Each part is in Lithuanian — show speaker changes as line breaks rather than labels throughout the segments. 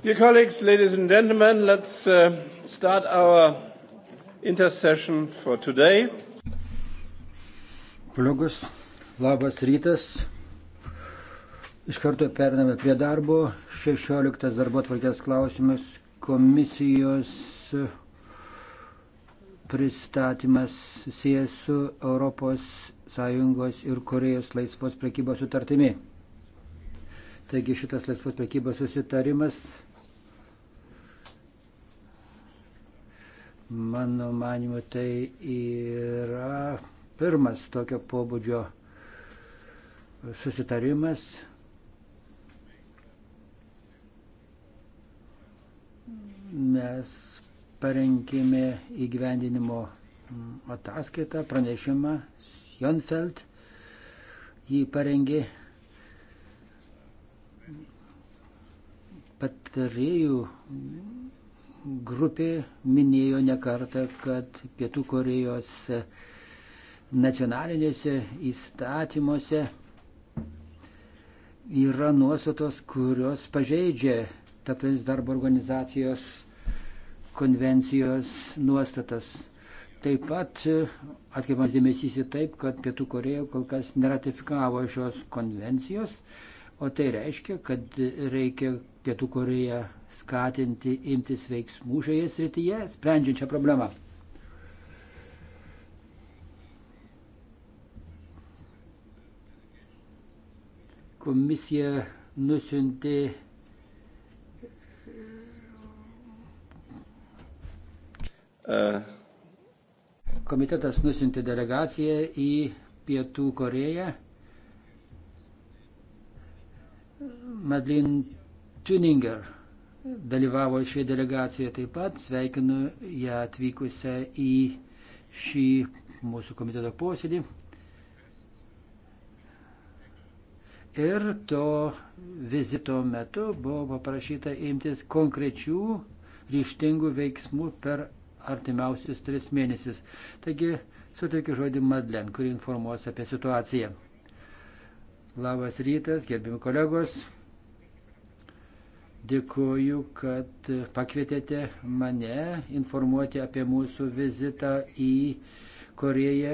Dear colleagues, ladies and gentlemen, let's uh, start our intersession for today.
Kolegos, labas rytas. Iš karto pername prie darbo. 16 darbo tvarkės klausimas komisijos pristatymas siejas su ES ir Korejos laisvos prekybos sutartimi. Taigi šitas laisvos prekybos susitarimas Mano manimu, tai yra pirmas tokio pobūdžio susitarimas. Mes parengėme įgyvendinimo ataskaitą, pranešimą. Jonfeld jį parengė patarėjų grupė minėjo nekartą, kad Pietų Korejos nacionalinėse įstatymuose yra nuostatos, kurios pažeidžia Tapins darbo organizacijos konvencijos nuostatas. Taip pat atkreipiamas dėmesys į taip, kad Pietų Koreja kol kas neratifikavo šios konvencijos, o tai reiškia, kad reikia Pietų Koreją skatinti imtis veiksmų šioje srityje, sprendžiančią problemą. Komisija nusinti Komitetas nusinti delegaciją į Pietų Koreją. Madeleine Tuninger dalyvavo šioje delegacijoje taip pat. Sveikinu ją atvykusią į šį mūsų komiteto posėdį. Ir to vizito metu buvo paprašyta imtis konkrečių ryštingų veiksmų per artimiausius tris mėnesius. Taigi suteikiu žodį Madlen, kuri informuos apie situaciją. Labas rytas, gerbimi kolegos. Dėkuoju, kad pakvietėte mane informuoti apie mūsų vizitą į Koreją.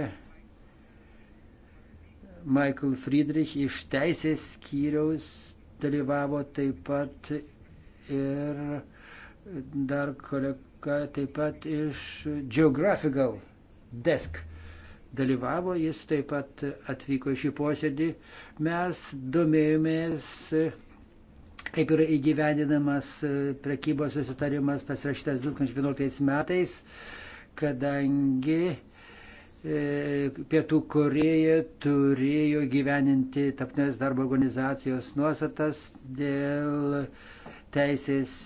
Michael Friedrich iš teisės skyriaus dalyvavo taip pat ir dar kolega taip pat iš Geographical Desk dalyvavo, jis taip pat atvyko į šį posėdį. Mes domėjomės kaip yra įgyvendinamas e, prekybos susitarimas pasirašytas 2011 metais, kadangi e, Pietų Koreja turėjo gyveninti tapnės darbo organizacijos nuostatas dėl teisės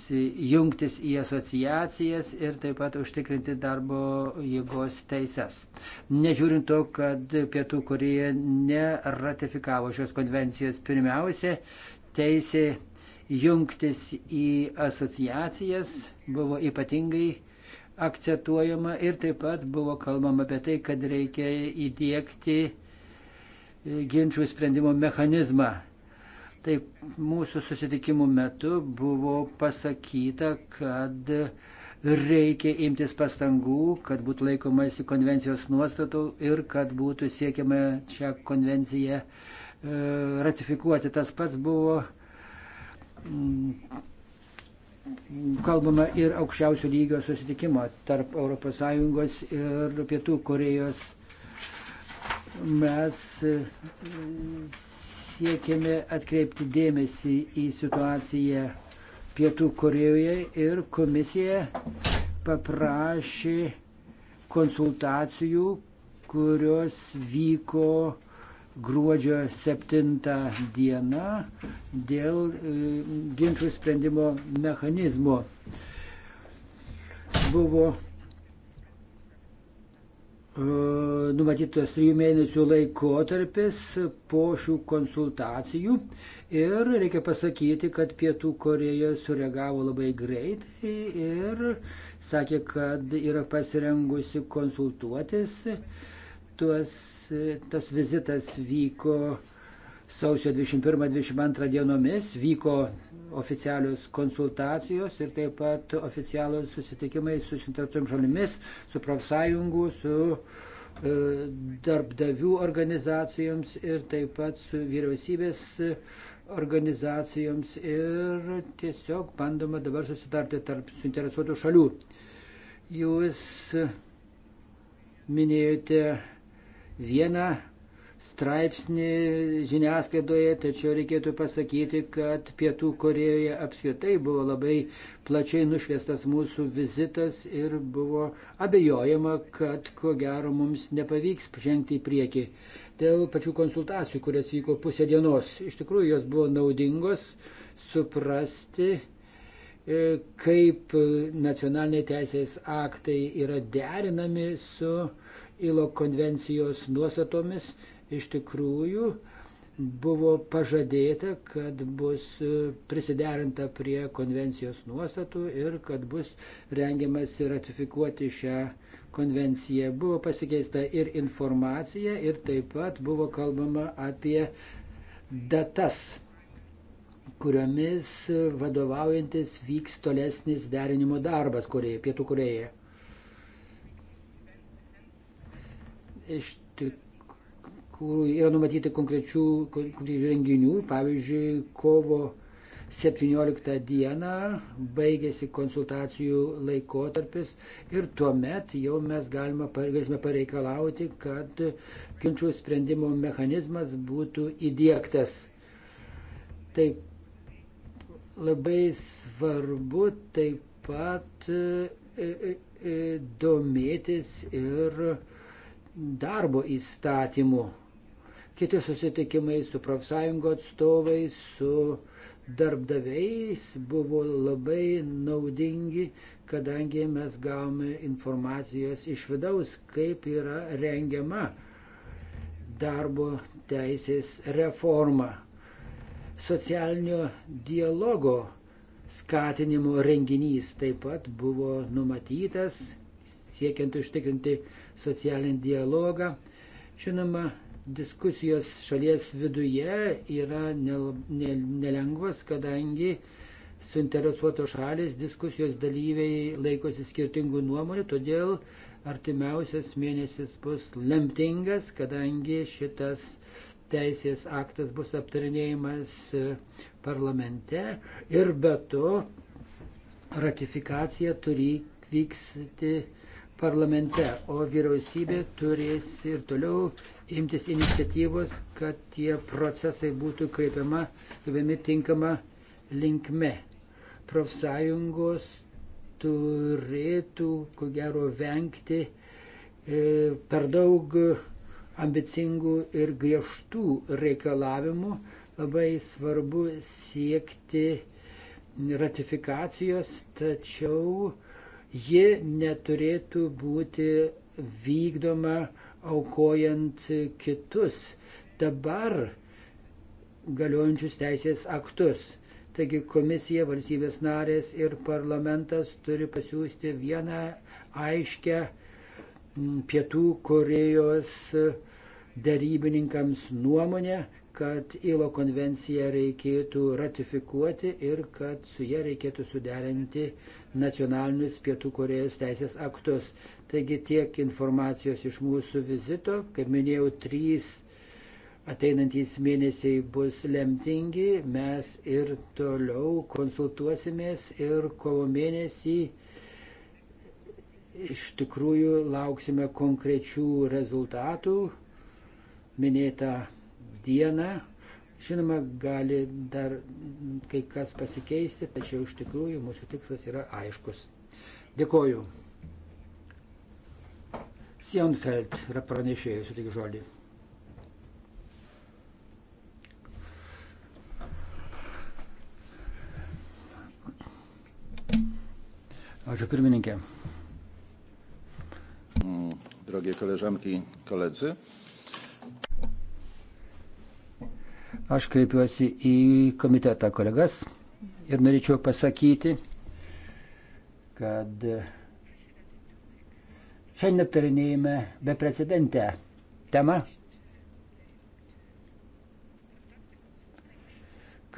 jungtis į asociacijas ir taip pat užtikrinti darbo jėgos teises. Nežiūrint to, kad Pietų Koreja neratifikavo šios konvencijos pirmiausia, teisė jungtis į asociacijas buvo ypatingai akcentuojama ir taip pat buvo kalbama apie tai, kad reikia įdėkti e, ginčių sprendimo mechanizmą. Taip mūsų susitikimų metu buvo pasakyta, kad reikia imtis pastangų, kad būtų laikomasi konvencijos nuostatų ir kad būtų siekiama šią konvenciją e, ratifikuoti. Tas pats buvo Mm. kalbama ir aukščiausio lygio susitikimo tarp ES ir Pietų Korejos. Mes e, siekėme atkreipti dėmesį į situaciją Pietų Korejoje ir komisija paprašė konsultacijų, kurios vyko gruodžio 7 dieną dėl e, ginčių sprendimo mechanizmo. Buvo e, numatytas trijų mėnesių laikotarpis po šių konsultacijų ir reikia pasakyti, kad Pietų Koreja sureagavo labai greitai ir sakė, kad yra pasirengusi konsultuotis tuos, tas vizitas vyko sausio 21-22 dienomis, vyko oficialios konsultacijos ir taip pat oficialūs susitikimai su suinteresuotim šalimis, su profsąjungų, su e, darbdavių organizacijoms ir taip pat su vyriausybės organizacijoms ir tiesiog bandoma dabar susitarti tarp suinteresuotų šalių. Jūs minėjote vieną straipsnį žiniasklaidoje, tačiau reikėtų pasakyti, kad Pietų Korejoje apskritai buvo labai plačiai nušviestas mūsų vizitas ir buvo abejojama, kad ko gero mums nepavyks žengti į priekį. Dėl pačių konsultacijų, kurias vyko pusę dienos, iš tikrųjų jos buvo naudingos suprasti e, kaip nacionaliniai teisės aktai yra derinami su uh, ILO konvencijos nuostatomis iš tikrųjų buvo pažadėta, kad bus e, prisiderinta prie konvencijos nuostatų ir kad bus rengiamas ratifikuoti šią konvenciją. Buvo pasikeista ir informacija ir taip pat buvo kalbama apie datas kuriomis vadovaujantis vyks tolesnis derinimo darbas Korėje, Pietų Korėje. iš tikrųjų yra numatyti konkrečių, konkrečių renginių. Pavyzdžiui, kovo 17 dieną baigėsi konsultacijų laikotarpis ir tuomet jau mes galima, galėsime pareikalauti, kad ginčių sprendimo mechanizmas būtų įdėktas. Taip labai svarbu taip pat e, e, e, domėtis ir darbo įstatymu. Kiti susitikimai su profsąjungo atstovais, su darbdaviais buvo labai naudingi, kadangi mes gavome informacijos iš vidaus, kaip yra rengiama darbo teisės reforma. Socialinio dialogo skatinimo renginys taip pat buvo numatytas, siekiant užtikrinti socialinį dialogą. Žinoma, diskusijos šalies viduje yra nelengvos, kadangi suinteresuotos šalis, diskusijos dalyviai laikosi skirtingų nuomonių, todėl artimiausias mėnesis bus lemtingas, kadangi šitas teisės aktas bus aptarinėjimas e, parlamente ir be to ratifikacija turi vyksti parlamente, o vyriausybė turės ir toliau imtis iniciatyvos, kad tie procesai būtų kreipiama, kreipiami tinkama linkme. Profsąjungos turėtų, ko gero, vengti e, per daug ambicingų ir griežtų reikalavimų. Labai svarbu siekti ratifikacijos, tačiau ji neturėtų būti vykdoma aukojant kitus dabar galiojančius teisės aktus. Taigi komisija, valstybės narės ir parlamentas turi pasiūsti vieną aiškę pietų Korejos darybininkams nuomonę, kad ILO konvenciją reikėtų ratifikuoti ir kad su ją reikėtų suderinti nacionalinius Pietų Korejos teisės aktus. Taigi tiek informacijos iš mūsų vizito. Kaip minėjau, trys ateinantys mėnesiai bus lemtingi. Mes ir toliau konsultuosimės ir kovo mėnesį iš tikrųjų lauksime konkrečių rezultatų. Minėta dieną. Žinoma, gali dar kai kas pasikeisti, tačiau iš tikrųjų mūsų tikslas yra aiškus. Dėkoju. Sionfeld yra pranešėjus, tik žodį. Ačiū pirmininkė. Mm, drogie koleżanki, koledzy. Aš kreipiuosi į komitetą kolegas ir norėčiau pasakyti, kad šiandien aptarinėjame beprecedentę temą,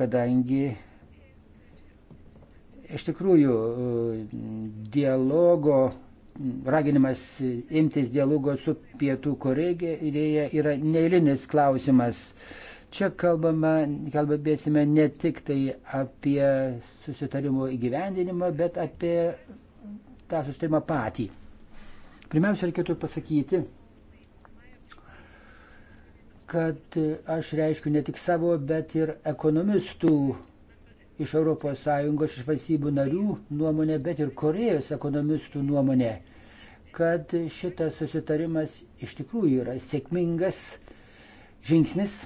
kadangi iš tikrųjų e, dialogo, raginimas imtis dialogo su Pietų Korejija yra neįlinis klausimas. Čia kalbame, kalbėsime ne tik tai apie susitarimo įgyvendinimą, bet apie tą susitarimą patį. Pirmiausia, reikėtų pasakyti, kad aš reiškiu ne tik savo, bet ir ekonomistų iš ES, iš valstybių narių nuomonę, bet ir Korejos ekonomistų nuomonę, kad šitas susitarimas iš tikrųjų yra sėkmingas žingsnis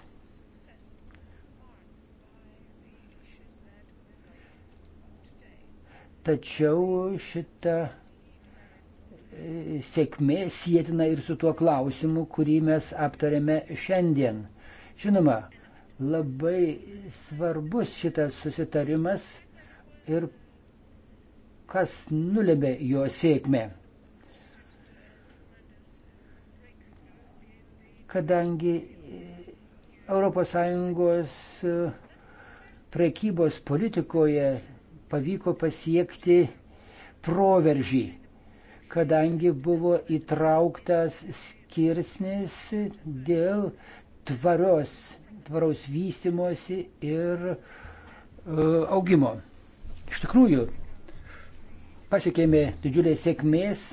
Tačiau šita e, sėkmė sėtina ir su tuo klausimu, kurį mes aptarėme šiandien. Žinoma, labai svarbus šitas susitarimas ir kas nulėmė jo sėkmę. Kadangi ES e, prekybos politikoje pavyko pasiekti proveržį, kadangi buvo įtrauktas skirsnis dėl tvarios, tvaraus vystimosi ir uh, augimo. Iš tikrųjų, pasiekėme didžiulės sėkmės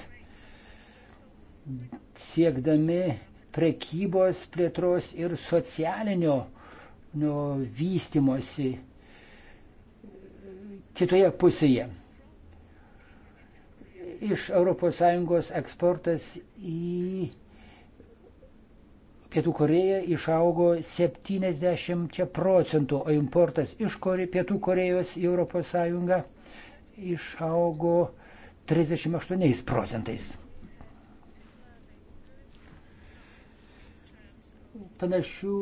siekdami prekybos plėtros ir socialinio vystimosi kitoje pusėje. Iš ES eksportas į Pietų Koreja išaugo 70 procentų, o importas iš Kore, Pietų Korejos į ES išaugo 38 procentais. Panašių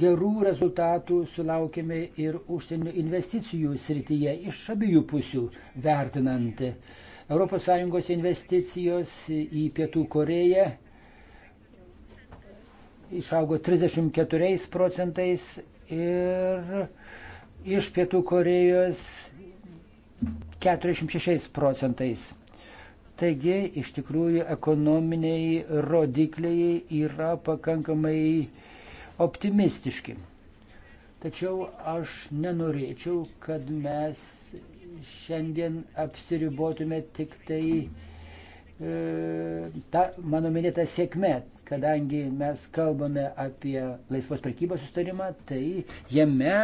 Gerų rezultatų sulaukėme ir užsienio investicijų srityje iš abiejų pusių vertinant. ES investicijos į Pietų Koreją išaugo 34 procentais ir iš Pietų Korejos 46 procentais. Taigi, iš tikrųjų, ekonominiai rodikliai yra pakankamai uh, optimistiški. Tačiau aš nenorėčiau, kad mes šiandien apsiribotume tik tai e, ta mano minėta sėkmė, kadangi mes kalbame apie laisvos prekybos sustarimą, tai jame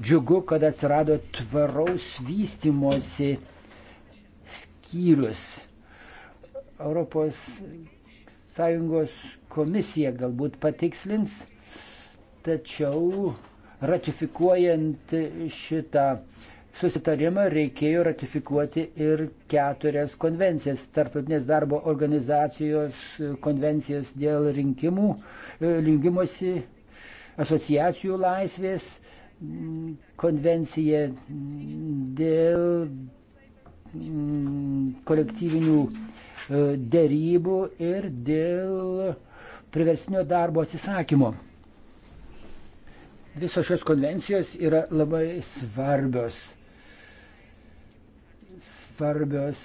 džiugu, kad atsirado tvaraus vystimosi skyrius. Europos Sąjungos komisija galbūt patikslins, Tačiau ratifikuojant šitą susitarimą reikėjo ratifikuoti ir keturias konvencijas. Tarptautinės darbo organizacijos konvencijas dėl rinkimų, rinkimosi, e, asociacijų laisvės, konvencija dėl kolektyvinių e, dėrybų ir dėl priverstinio darbo atsisakymo. Visos šios konvencijos yra labai svarbios. Svarbios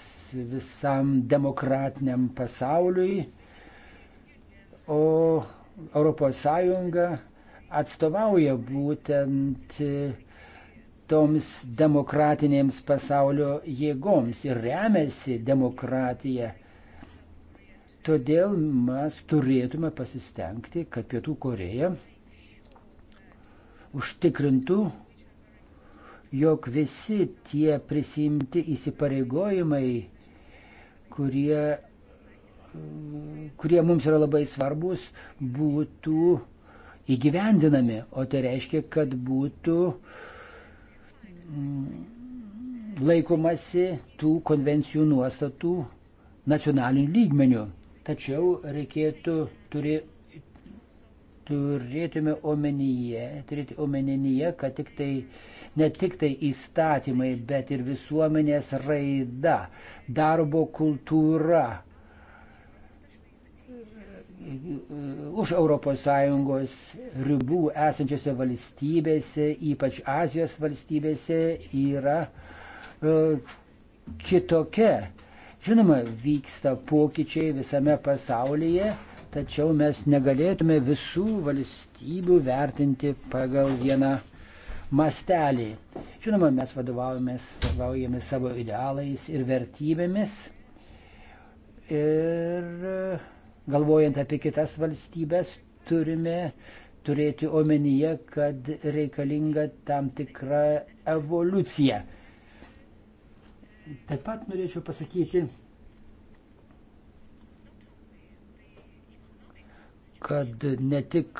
visam demokratiniam pasauliui. O ES atstovauja būtent toms demokratinėms pasaulio jėgoms ir remiasi demokratija. Todėl mes turėtume pasistengti, kad Pietų Koreja užtikrintų, jog visi tie prisimti įsipareigojimai, kurie, kurie mums yra labai svarbus, būtų įgyvendinami. O tai reiškia, kad būtų mm, laikomasi tų konvencijų nuostatų nacionaliniu lygmeniu. Tačiau reikėtų turi turėtume omenyje, turėti omenyje, kad tik tai, ne tik tai įstatymai, bet ir visuomenės raida, darbo kultūra už ES ribų esančiose valstybėse, ypač Azijos valstybėse, yra e, kitokia. Žinoma, vyksta pokyčiai visame pasaulyje, Tačiau mes negalėtume visų valstybių vertinti pagal vieną mastelį. Žinoma, mes vadovaujame savo idealais ir vertybėmis. Ir galvojant apie kitas valstybės, turime turėti omenyje, kad reikalinga tam tikra evoliucija. Taip pat norėčiau pasakyti, kad ne tik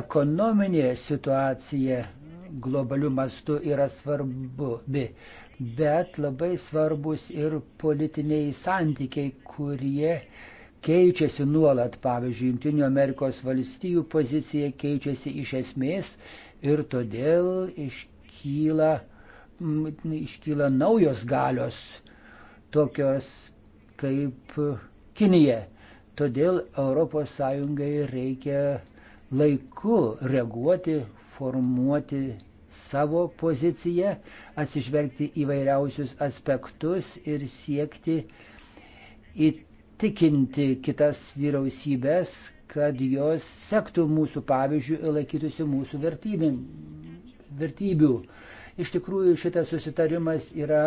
ekonominė situacija globalių mastų yra svarbu, bet labai svarbus ir politiniai santykiai, kurie keičiasi nuolat. Pavyzdžiui, Junktinių Amerikos valstijų pozicija keičiasi iš esmės ir todėl iškyla, iškyla naujos galios, tokios kaip Kinija. Todėl ES reikia laiku reaguoti, formuoti savo poziciją, atsižvelgti įvairiausius aspektus ir siekti įtikinti kitas vyriausybės, kad jos sektų mūsų pavyzdžių ir laikytųsi mūsų vertybėm, vertybių. Iš tikrųjų šitas susitarimas yra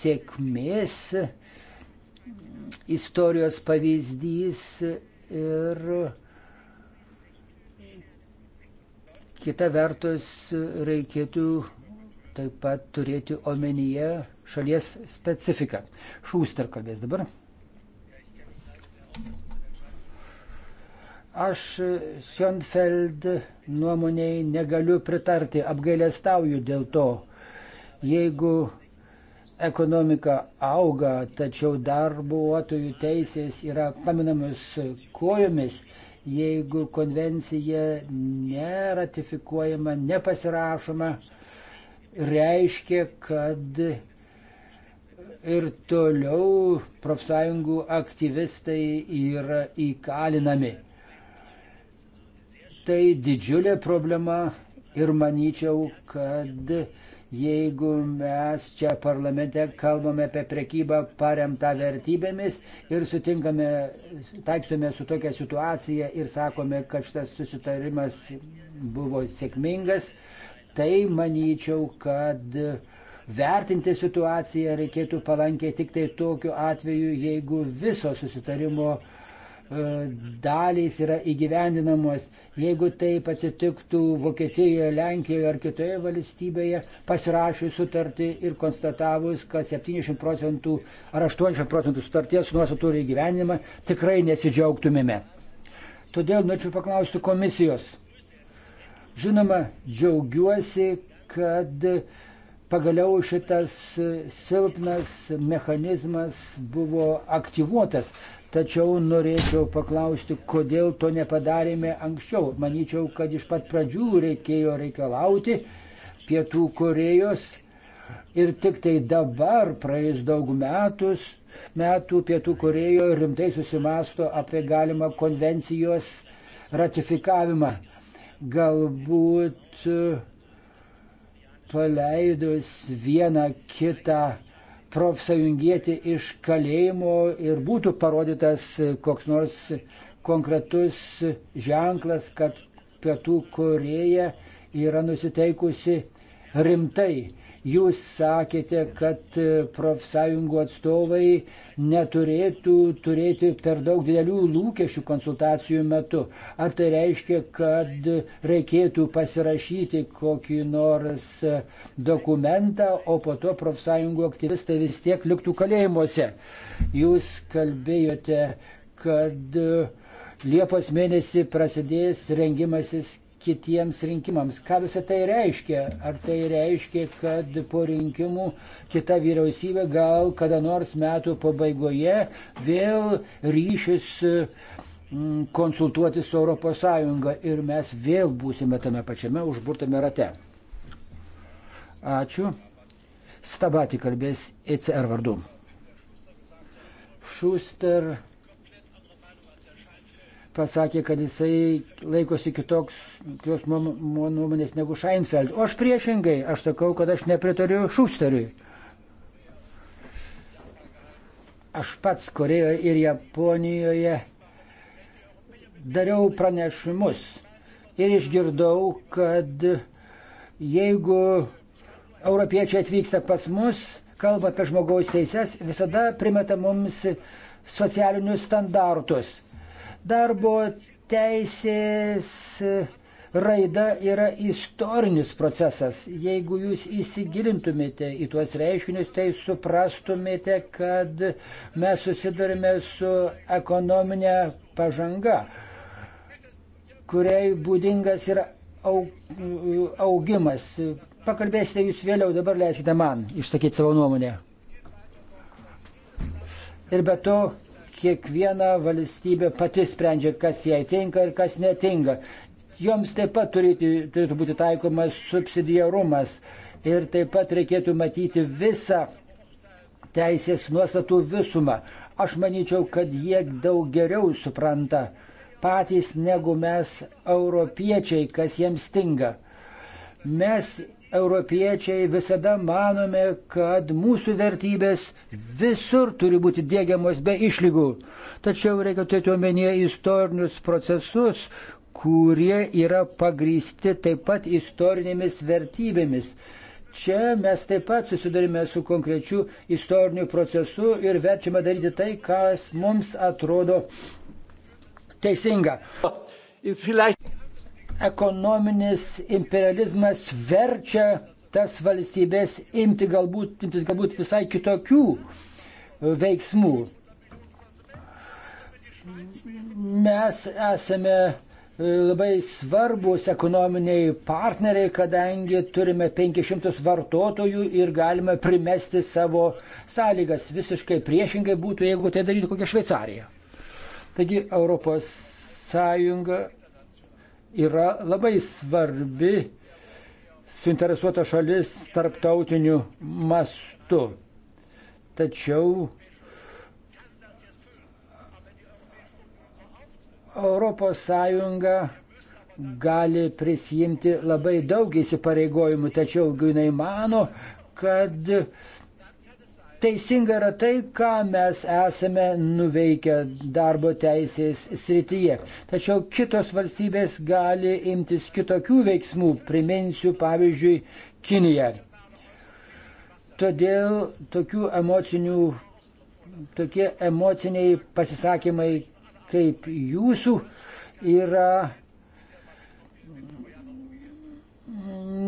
sėkmės istorijos pavyzdys ir kita vertus reikėtų taip pat turėti omenyje šalies specifiką. Šūster kalbės dabar. Aš Schönfeld nuomonėj negaliu pritarti, apgailestauju dėl to. Jeigu ekonomika auga, tačiau darbuotojų teisės yra paminamos kojomis, jeigu konvencija neratifikuojama, nepasirašoma, reiškia, kad ir toliau profsąjungų aktyvistai yra įkalinami. Tai didžiulė problema ir manyčiau, kad jeigu mes čia parlamente kalbame apie prekybą paremtą vertybėmis ir sutinkame, taiksime su tokia situacija ir sakome, kad šitas susitarimas buvo sėkmingas, tai manyčiau, kad vertinti situaciją reikėtų palankiai tik tai tokiu atveju, jeigu viso susitarimo E, dalys yra įgyvendinamos. Jeigu taip atsitiktų Vokietijoje, Lenkijoje ar kitoje valstybėje, pasirašius sutartį ir konstatavus, kad 70 procentų ar 80 procentų sutarties nuostatų yra įgyvendinama, tikrai nesidžiaugtumėme. Todėl norėčiau paklausti komisijos. Žinoma, džiaugiuosi, kad uh, Pagaliau šitas e, silpnas mechanizmas buvo aktyvuotas, tačiau norėčiau paklausti, kodėl to nepadarėme anksčiau. Manyčiau, kad iš pat pradžių reikėjo reikalauti pietų Korejos ir tik tai dabar, praėjus daug metus, metų Pietų Korejoje rimtai susimasto apie galimą konvencijos ratifikavimą. Galbūt e, paleidus vieną kitą profsąjungietį iš kalėjimo ir būtų parodytas koks nors konkretus ženklas, kad Pietų Koreja yra nusiteikusi rimtai. Jūs sakėte, kad e, profsąjungų atstovai neturėtų turėti per daug didelių lūkesčių konsultacijų metu. Ar tai reiškia, kad reikėtų pasirašyti kokį nors e, dokumentą, o po to profsąjungų aktyvistai vis tiek liktų kalėjimuose? Jūs kalbėjote, kad e, Liepos mėnesį prasidės rengimasis kitiems rinkimams. Ką visą tai reiškia? Ar tai reiškia, kad po rinkimų kita vyriausybė gal kada nors metų pabaigoje vėl ryšis mm, konsultuoti su ES ir mes vėl būsime tame pačiame užburtame rate? Ačiū. Stabati kalbės ECR vardu. Šuster pasakė, kad jisai laikosi kitoks nuomonės negu Scheinfeld. O aš priešingai, aš sakau, kad aš nepritariu Šusteriui. Aš pats Korejoje ir Japonijoje dariau pranešimus ir išgirdau, kad jeigu europiečiai atvyksta pas mus, kalba apie žmogaus teises, visada primeta mums socialinius standartus Darbo teisės raida yra istorinis procesas. Jeigu jūs įsigilintumėte į tuos reiškinius, tai suprastumėte, kad mes susidurime su ekonominė pažanga, kuriai būdingas yra augimas. Pakalbėsite jūs vėliau, dabar leiskite man išsakyti savo nuomonę. Ir be to kiekviena valstybė pati sprendžia, kas jai tinka ir kas netinka. Joms taip pat turėtų, turėtų būti taikomas subsidiarumas ir taip pat reikėtų matyti visą teisės nuostatų visumą. Aš manyčiau, kad jie daug geriau supranta patys negu mes, europiečiai, kas jiems stinga. Mes europiečiai visada manome, kad mūsų vertybės visur turi būti dėgiamos be išlygų. Tačiau reikia turėti omenyje istorinius procesus, kurie yra pagrysti taip pat istorinėmis vertybėmis. Čia mes taip pat susidurime su konkrečiu istoriniu procesu ir verčiame daryti tai, kas mums atrodo teisinga ekonominis imperializmas verčia tas valstybės imti galbūt, imtis galbūt visai kitokių e, veiksmų. Mes esame e, labai svarbus ekonominiai partneriai, kadangi turime 500 vartotojų ir galime primesti savo sąlygas. Visiškai priešingai būtų, jeigu tai darytų kokia Šveicarija. Taigi Europos Sąjunga yra labai svarbi suinteresuota šalis tarptautiniu mastu. Tačiau ES gali prisijimti labai daug įsipareigojimų, tačiau jinai mano, kad uh, Teisinga yra tai, ką mes esame nuveikę darbo teisės srityje. Tačiau kitos valstybės gali imtis kitokių veiksmų, priminsiu pavyzdžiui Kiniją. Todėl tokių emocinių, tokie emociniai pasisakymai kaip jūsų yra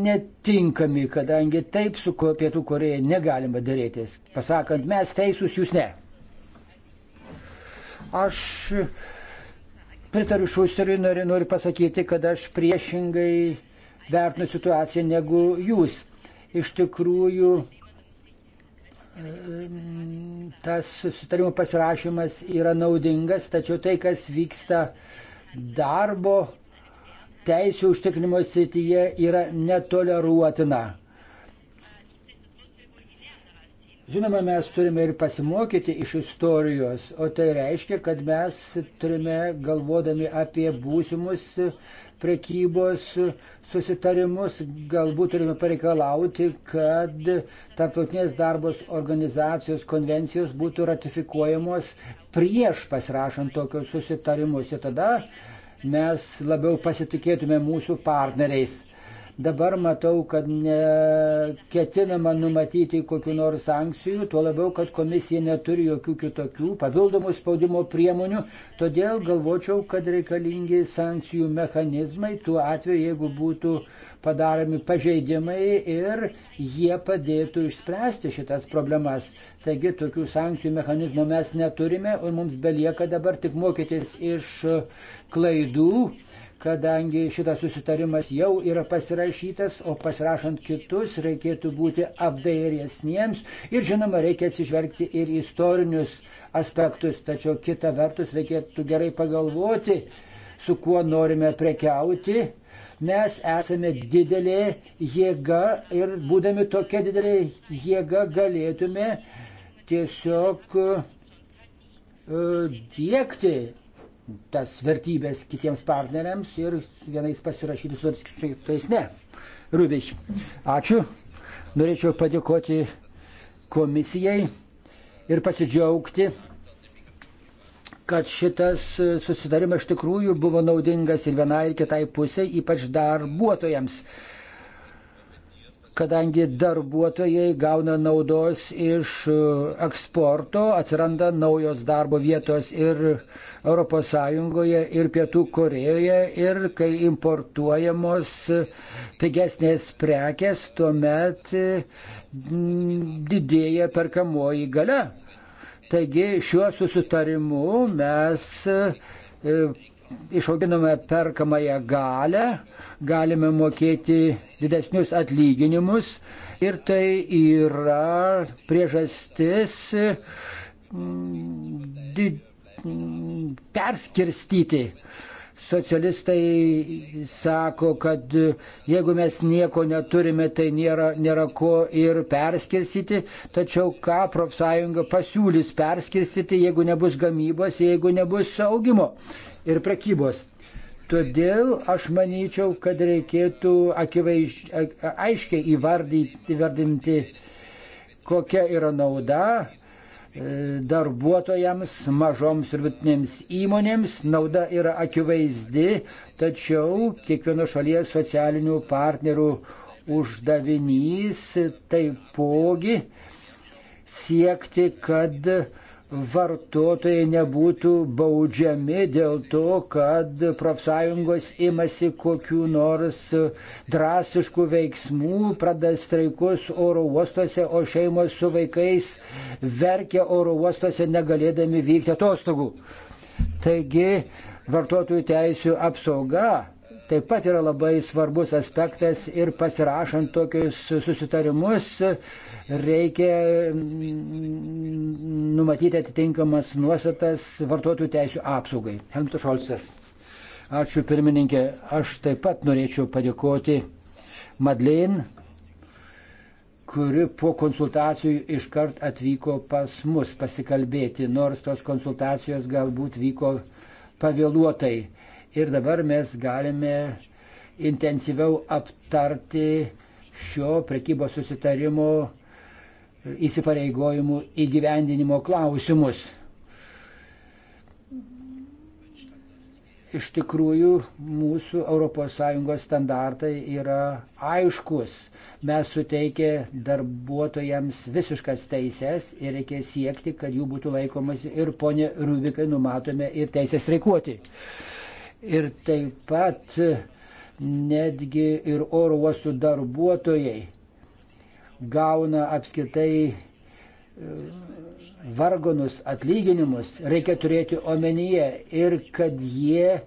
netinkami, kadangi taip su Pietų Koreja negalima dėrėtis, pasakant, mes teisūs, jūs ne. Aš pritariu Šusteriui, noriu, noriu pasakyti, kad aš priešingai vertinu situaciją negu jūs. Iš tikrųjų, tas sutarimo pasirašymas yra naudingas, tačiau tai, kas vyksta darbo teisų užtikrinimo srityje yra netoleruotina. Žinoma, mes turime ir pasimokyti iš istorijos, o tai reiškia, kad mes turime, galvodami apie būsimus prekybos susitarimus, galbūt turime pareikalauti, kad tarptautinės darbos organizacijos konvencijos būtų ratifikuojamos prieš pasirašant tokius susitarimus. Ir tada mes labiau pasitikėtume mūsų partneriais. Dabar matau, kad neketinama numatyti kokiu nors sankcijų, tuo labiau, kad komisija neturi jokių kitokių papildomų spaudimo priemonių. Todėl galvočiau, kad reikalingi sankcijų mechanizmai tuo atveju, jeigu būtų padaromi pažeidimai ir jie padėtų išspręsti šitas problemas. Taigi tokių sankcijų mechanizmų mes neturime ir mums belieka dabar tik mokytis iš klaidų kadangi šitas susitarimas jau yra pasirašytas, o pasirašant kitus reikėtų būti apdairesniems ir žinoma reikia atsižvelgti ir istorinius aspektus, tačiau kita vertus reikėtų gerai pagalvoti, su kuo norime prekiauti. Mes esame didelė jėga ir būdami tokia didelė jėga galėtume tiesiog uh, e, dėkti tas vertybės kitiems partneriams ir vienais pasirašyti su kitais ne. Rubiš, ačiū. Norėčiau padėkoti komisijai ir pasidžiaugti, kad šitas susitarimas iš tikrųjų buvo naudingas ir vienai ir kitai pusiai, ypač darbuotojams kadangi darbuotojai gauna naudos iš e, eksporto, atsiranda naujos darbo vietos ir ES, ir Pietų Korejoje, ir kai importuojamos pigesnės prekes, tuomet e, didėja perkamoji gale. Taigi šiuo susitarimu mes e, išauginome perkamąją galę, galime mokėti didesnius atlyginimus ir tai yra priežastis mm, did, mm, perskirstyti. Socialistai sako, kad jeigu mes nieko neturime, tai nėra, nėra ko ir perskirstyti. Tačiau ką profsąjunga pasiūlys perskirstyti, jeigu nebus gamybos, jeigu nebus augimo ir prekybos. Todėl aš manyčiau, kad reikėtų akivaiž, aiškiai įvardyti, įvardinti, kokia yra nauda e, darbuotojams, mažoms ir vidutinėms įmonėms. Nauda yra akivaizdi, tačiau kiekvieno šalies socialinių partnerių uždavinys taipogi siekti, kad vartotojai nebūtų baudžiami dėl to, kad profsąjungos imasi kokių nors drastiškų veiksmų, pradeda streikus oro uostuose, o šeimos su vaikais verkia oro uostuose negalėdami vykti atostogų. Taigi vartotojų teisų apsauga taip pat yra labai svarbus aspektas ir pasirašant tokius susitarimus reikia mm, numatyti atitinkamas nuostatas vartotojų teisų apsaugai. Helmutas Šolcas. Ačiū pirmininkė. Aš taip pat norėčiau padėkoti Madlin, kuri po konsultacijų iškart atvyko pas mus pasikalbėti, nors tos konsultacijos galbūt vyko pavėluotai ir dabar mes galime intensyviau aptarti šio prekybos susitarimo įsipareigojimų įgyvendinimo klausimus. Iš tikrųjų, mūsų ES standartai yra aiškus. Mes suteikė darbuotojams visiškas teises ir reikia siekti, kad jų būtų laikomasi ir ponė Rubikai numatome ir teisės reikuoti ir taip pat netgi ir oro uostų darbuotojai gauna apskritai e, vargonus atlyginimus, reikia turėti omenyje ir kad jie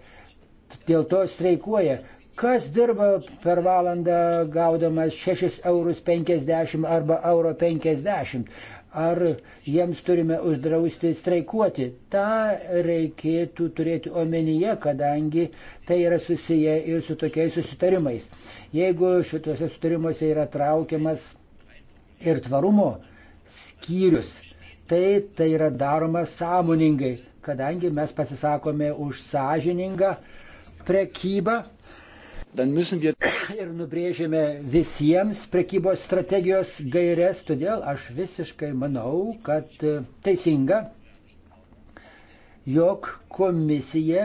dėl to streikuoja. Kas dirba per valandą gaudamas 6,50 eurus arba euro 50? ar jiems turime uždrausti streikuoti. Ta reikėtų turėti omenyje, kadangi tai yra susiję ir su tokiais susitarimais. Jeigu šituose susitarimuose yra traukiamas ir tvarumo skyrius, tai tai yra daroma sąmoningai, kadangi mes pasisakome už sąžiningą prekybą. Dann müssen wir ir nubrėžėme visiems prekybos strategijos gairias, todėl aš visiškai manau, kad teisinga, jog komisija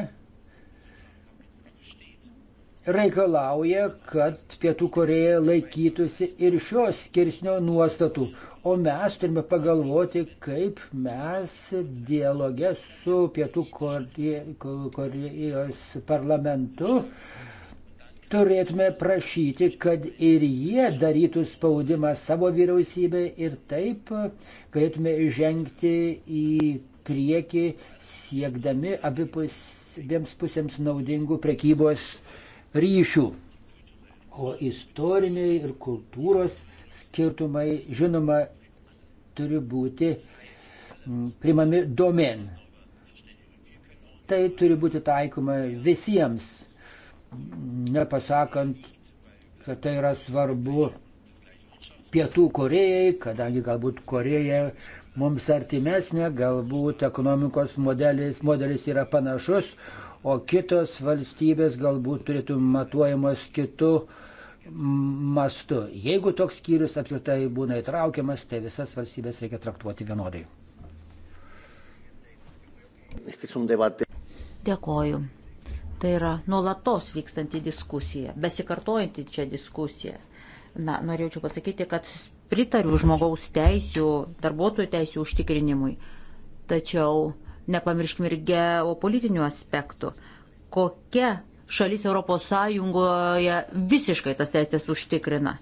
reikalauja, kad Pietų Koreja laikytųsi ir šios skirsnio nuostatų, o mes turime pagalvoti, kaip mes dialogę su Pietų Korejos parlamentu uh, turėtume prašyti, kad ir jie darytų spaudimą savo vyriausybė ir taip galėtume žengti į priekį siekdami abiems pusėms naudingų prekybos ryšių. O istoriniai ir kultūros skirtumai, žinoma, turi būti mm, primami domen. Tai turi būti taikoma visiems nepasakant, kad tai yra svarbu Pietų Korejai, kadangi galbūt Koreja mums artimesnė, galbūt ekonomikos modelis, modelis yra panašus, o kitos valstybės galbūt turėtų matuojamos kitų mastu. Jeigu toks skyrius apskritai būna įtraukiamas,
tai visas valstybės reikia traktuoti vienodai. Dėkoju. Tai yra nuolatos vykstanti diskusija, besikartojanti čia diskusija. Na, norėčiau pasakyti, kad pritariu žmogaus teisų, darbuotojų teisų užtikrinimui. Tačiau nepamirškime ir geopolitinių aspektų. Kokia šalis ES visiškai tas teisės užtikrina?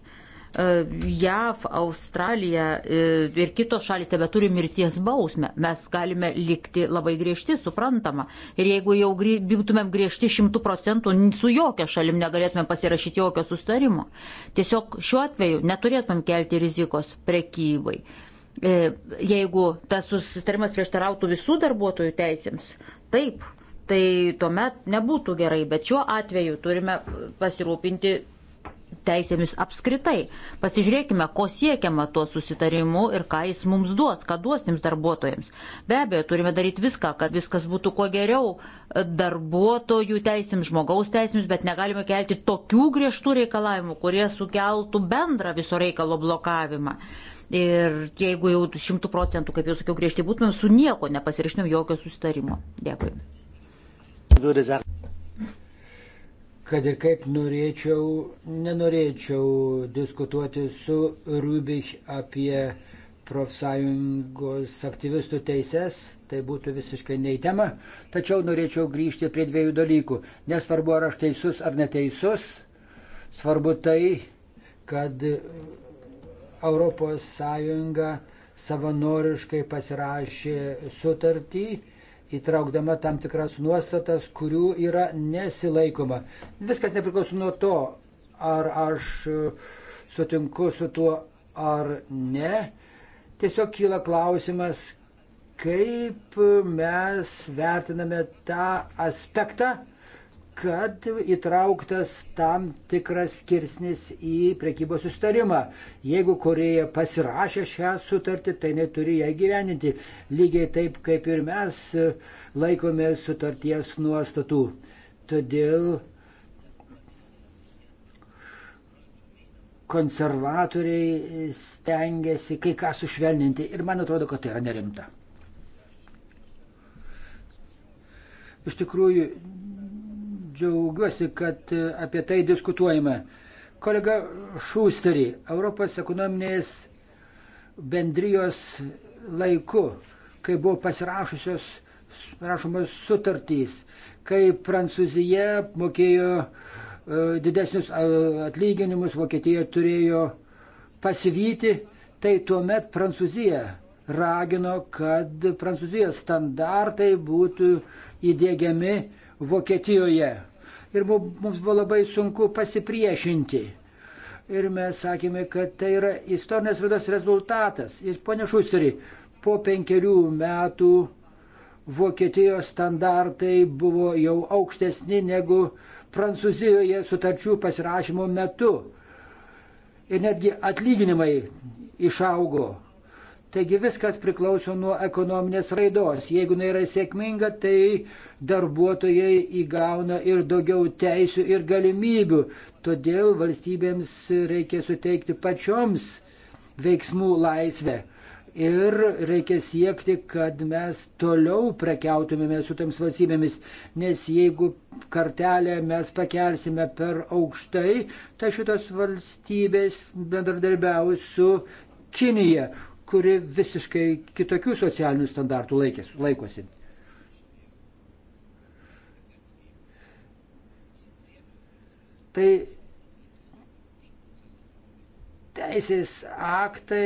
E, JAV, Australija e, ir kitos šalis tebe turi mirties bausmę. Mes galime likti labai griežti, suprantama. Ir jeigu jau būtumėm griežti šimtų procentų, su jokia šalim negalėtumėm pasirašyti jokio sustarimo. Tiesiog šiuo atveju neturėtumėm kelti rizikos prekybai. E, jeigu tas susitarimas prieštarautų visų darbuotojų teisėms, taip, tai tuomet nebūtų gerai, bet šiuo atveju turime pasirūpinti teisėmis apskritai. Pasižiūrėkime, ko siekiama tuo susitarimu ir ką jis mums duos, ką duos tiems darbuotojams. Be abejo, turime daryti viską, kad viskas būtų kuo geriau e, darbuotojų teisėms, žmogaus teisėms, bet negalime kelti tokių griežtų reikalavimų, kurie sukeltų bendrą viso reikalo blokavimą. Ir jeigu jau šimtų procentų, kaip jau sakiau, griežtai būtumėm, su nieko nepasirašinėm jokio susitarimo. Dėkui
kad ir kaip norėčiau, nenorėčiau diskutuoti su Rubik apie profsąjungos aktyvistų teises, tai būtų visiškai neįtema, tačiau norėčiau grįžti prie dviejų dalykų. Nesvarbu, ar aš teisus ar neteisus, svarbu tai, kad ES savanoriškai pasirašė sutartį įtraukdama tam tikras nuostatas, kurių yra nesilaikoma. Viskas nepriklauso nuo to, ar aš e, sutinku su tuo ar ne. Tiesiog kyla klausimas, kaip mes vertiname tą aspektą, kad įtrauktas tam tikras skirsnis į prekybos sustarimą. Jeigu Koreja pasirašė šią sutartį, tai neturi ją gyveninti. Lygiai taip, kaip ir mes laikomės sutarties nuostatų. Todėl konservatoriai stengiasi kai ką sušvelninti ir man atrodo, kad tai yra nerimta. Iš tikrųjų, džiaugiuosi, kad e, apie tai diskutuojame. Kolega Šūsterį, Europos ekonominės bendrijos laiku, kai buvo pasirašusios rašomos sutartys, kai Prancūzija mokėjo e, didesnius e, atlyginimus, Vokietija turėjo pasivyti, tai tuomet Prancūzija ragino, kad Prancūzijos standartai būtų įdėgiami Vokietijoje ir mums buvo labai sunku pasipriešinti. Ir mes sakėme, kad tai yra istorinės raidos rezultatas. Ir ponia Šusteri, po penkerių metų Vokietijos standartai buvo jau aukštesni negu Prancūzijoje sutarčių pasirašymo metu. Ir netgi atlyginimai išaugo Taigi viskas priklauso nuo ekonominės raidos. Jeigu jinai yra sėkminga, tai darbuotojai įgauna ir daugiau teisių ir galimybių. Todėl valstybėms reikia suteikti pačioms veiksmų laisvę. Ir reikia siekti, kad mes toliau prekiautumėme su toms valstybėmis, nes jeigu kartelę mes pakelsime per aukštai, tai šitos valstybės bendradarbiaus su Kinija, kuri visiškai kitokių socialinių standartų laikės, laikosi. Tai teisės aktai,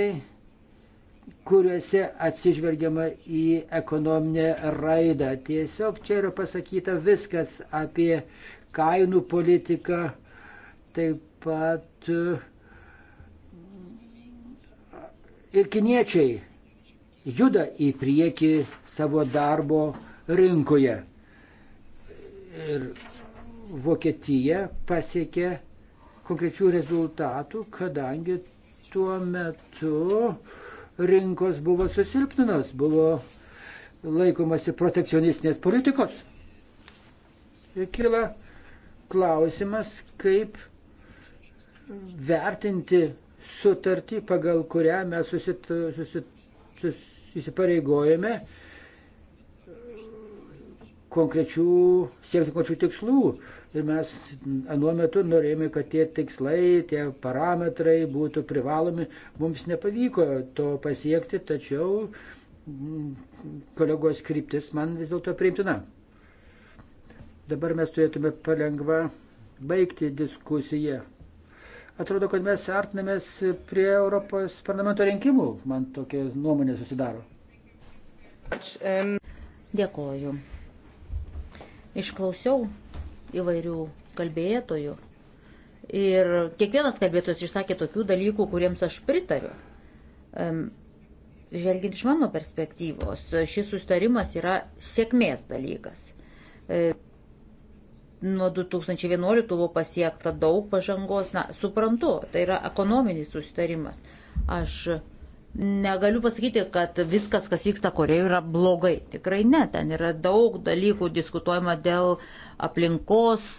kuriuose atsižvelgiama į ekonominę raidą. Tiesiog čia yra pasakyta viskas apie kainų politiką, taip pat uh, ir kiniečiai juda į priekį savo darbo rinkoje. Ir Vokietija pasiekė konkrečių rezultatų, kadangi tuo metu rinkos buvo susilpninos, buvo laikomasi protekcionistinės politikos. Ir kyla klausimas, kaip vertinti sutartį, pagal kurią mes susit, susit, sus, įsipareigojame konkrečių, siekti konkrečių tikslų. Ir mes anuo metu norėjome, kad tie tikslai, tie parametrai būtų privalomi. Mums nepavyko to pasiekti, tačiau mm, kolegos kryptis man vis dėlto priimtina. Dabar mes turėtume palengva baigti diskusiją. Atrodo, kad mes artinamės prie Europos parlamento rinkimų. Man tokia nuomonė susidaro.
Dėkoju. Išklausiau įvairių kalbėtojų. Ir kiekvienas kalbėtojas išsakė tokių dalykų, kuriems aš pritariu. Žvelgiant iš mano perspektyvos, šis sustarimas yra sėkmės dalykas. E, Nuo 2011 buvo pasiekta daug pažangos. Na, suprantu, tai yra ekonominis susitarimas. Aš negaliu pasakyti, kad viskas, kas vyksta Korejoje, yra blogai. Tikrai ne. Ten yra daug dalykų diskutuojama dėl aplinkos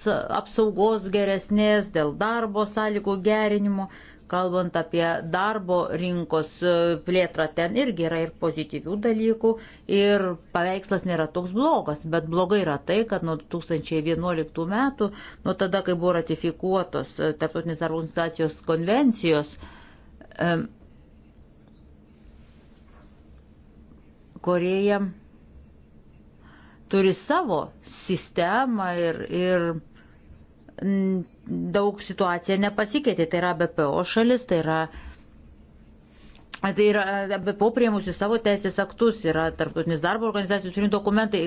apsaugos geresnės, dėl darbo sąlygų gerinimo kalbant apie darbo rinkos e, plėtrą, ten irgi yra ir pozityvių dalykų, ir paveikslas nėra toks blogas, bet blogai yra tai, kad nuo 2011 metų, nuo tada, kai buvo ratifikuotos e, Tarptautinės darbo organizacijos konvencijos, e, Koreja turi savo sistemą ir, ir daug situacija nepasikeitė. Tai yra BPO šalis, tai yra. Tai yra BPO priemusi savo teisės aktus, yra tarptautinis darbo organizacijos turim dokumentai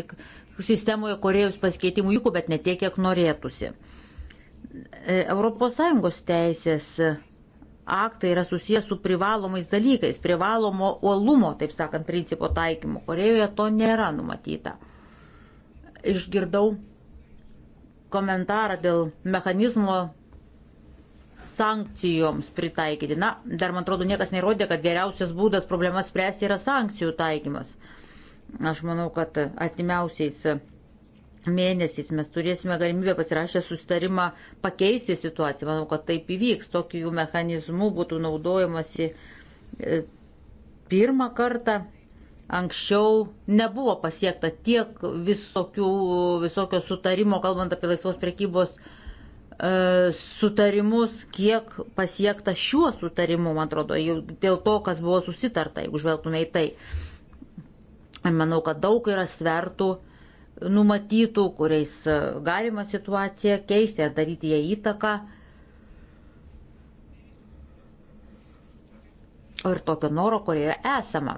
sistemoje, kuriejus pasikeitimų juk, bet ne tiek, kiek norėtųsi. ES teisės aktai yra susijęs su privalomais dalykais, privalomo uolumo, taip sakant, principo taikymu. Korejoje to nėra numatyta. Išgirdau komentarą dėl mechanizmo sankcijoms pritaikyti. Na, dar man atrodo, niekas nerodė, kad geriausias būdas problemas spręsti yra sankcijų taikymas. Aš manau, kad atimiausiais mėnesiais mes turėsime galimybę pasirašę sustarimą pakeisti situaciją. Manau, kad taip įvyks. Tokiu mechanizmu būtų naudojamasi e, pirmą kartą anksčiau nebuvo pasiekta tiek visokių, visokio sutarimo, kalbant apie laisvos prekybos e, sutarimus, kiek pasiekta šiuo sutarimu, man atrodo, dėl to, kas buvo susitarta, jeigu žvelgtume į tai. Manau, kad daug yra svertų numatytų, kuriais e, galima situaciją keisti ar daryti ją įtaką. O ir tokio noro, kurioje esama.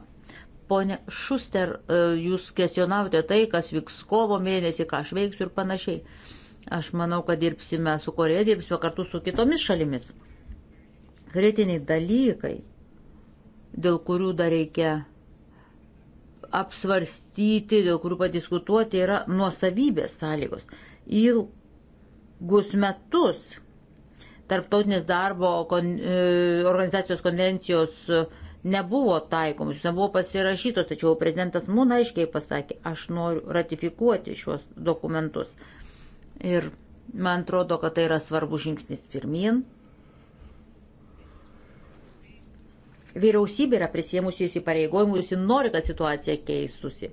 Pone Šuster, e, jūs kesionavote tai, kas vyks kovo mėnesį, ką aš veiksiu ir panašiai. Aš manau, kad dirbsime su Koreja, dirbsime kartu su kitomis šalimis. Kritiniai dalykai, dėl kurių dar reikia apsvarstyti, dėl kurių padiskutuoti, yra nuosavybės sąlygos. Ilgus metus Tarptautinės darbo kon, e, organizacijos konvencijos nebuvo taikomus, nebuvo pasirašytos, tačiau prezidentas Mūna aiškiai pasakė, aš noriu ratifikuoti šiuos dokumentus. Ir man atrodo, kad tai yra svarbus žingsnis pirmin. Vyriausybė yra prisėmusi įsipareigojimus, ji nori, kad situacija keistusi.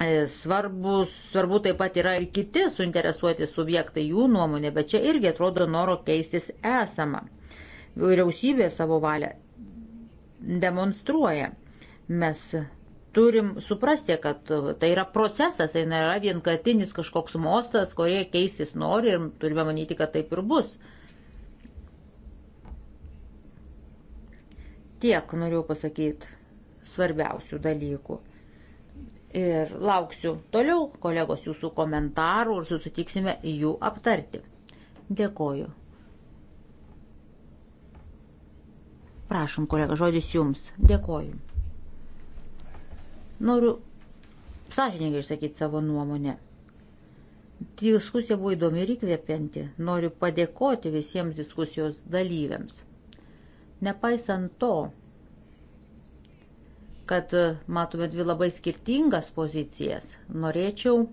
E, svarbu, svarbu taip pat yra ir kiti suinteresuoti subjektai jų nuomonė, bet čia irgi atrodo noro keistis esama. Vyriausybė savo valią demonstruoja. Mes turim suprasti, kad tai yra procesas, tai nėra vienkartinis kažkoks mostas, kurie keistis nori ir turime manyti, kad taip ir bus. Tiek noriu pasakyti svarbiausių dalykų. Ir lauksiu toliau kolegos jūsų komentarų ir susitiksime jų aptarti. Dėkoju. Prašom, kolega, žodis jums. Dėkoju. Noriu sąžininkai išsakyti savo nuomonę. Diskusija buvo įdomi ir įkvėpianti. Noriu padėkoti visiems diskusijos dalyviams. Nepaisant to, kad matome dvi labai skirtingas pozicijas, norėčiau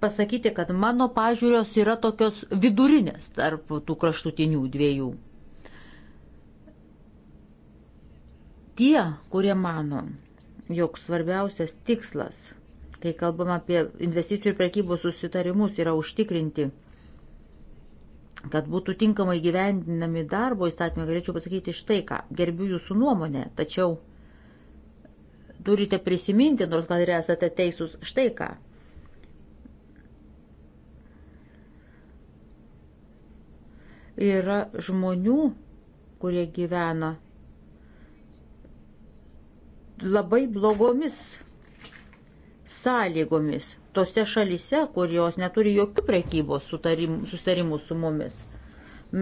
pasakyti, kad mano pažiūrios yra tokios vidurinės tarp tų kraštutinių dviejų. Tie, kurie mano, jog svarbiausias tikslas, kai kalbam apie investicijų ir prekybos susitarimus, yra užtikrinti, kad būtų tinkamai gyvendinami darbo įstatymai, galėčiau pasakyti štai ką. Gerbiu jūsų nuomonę, tačiau turite prisiminti, nors gal ir esate teisūs, štai ką yra žmonių, kurie gyvena labai blogomis sąlygomis tose šalise, kur jos neturi jokių prekybos sustarimų su mumis.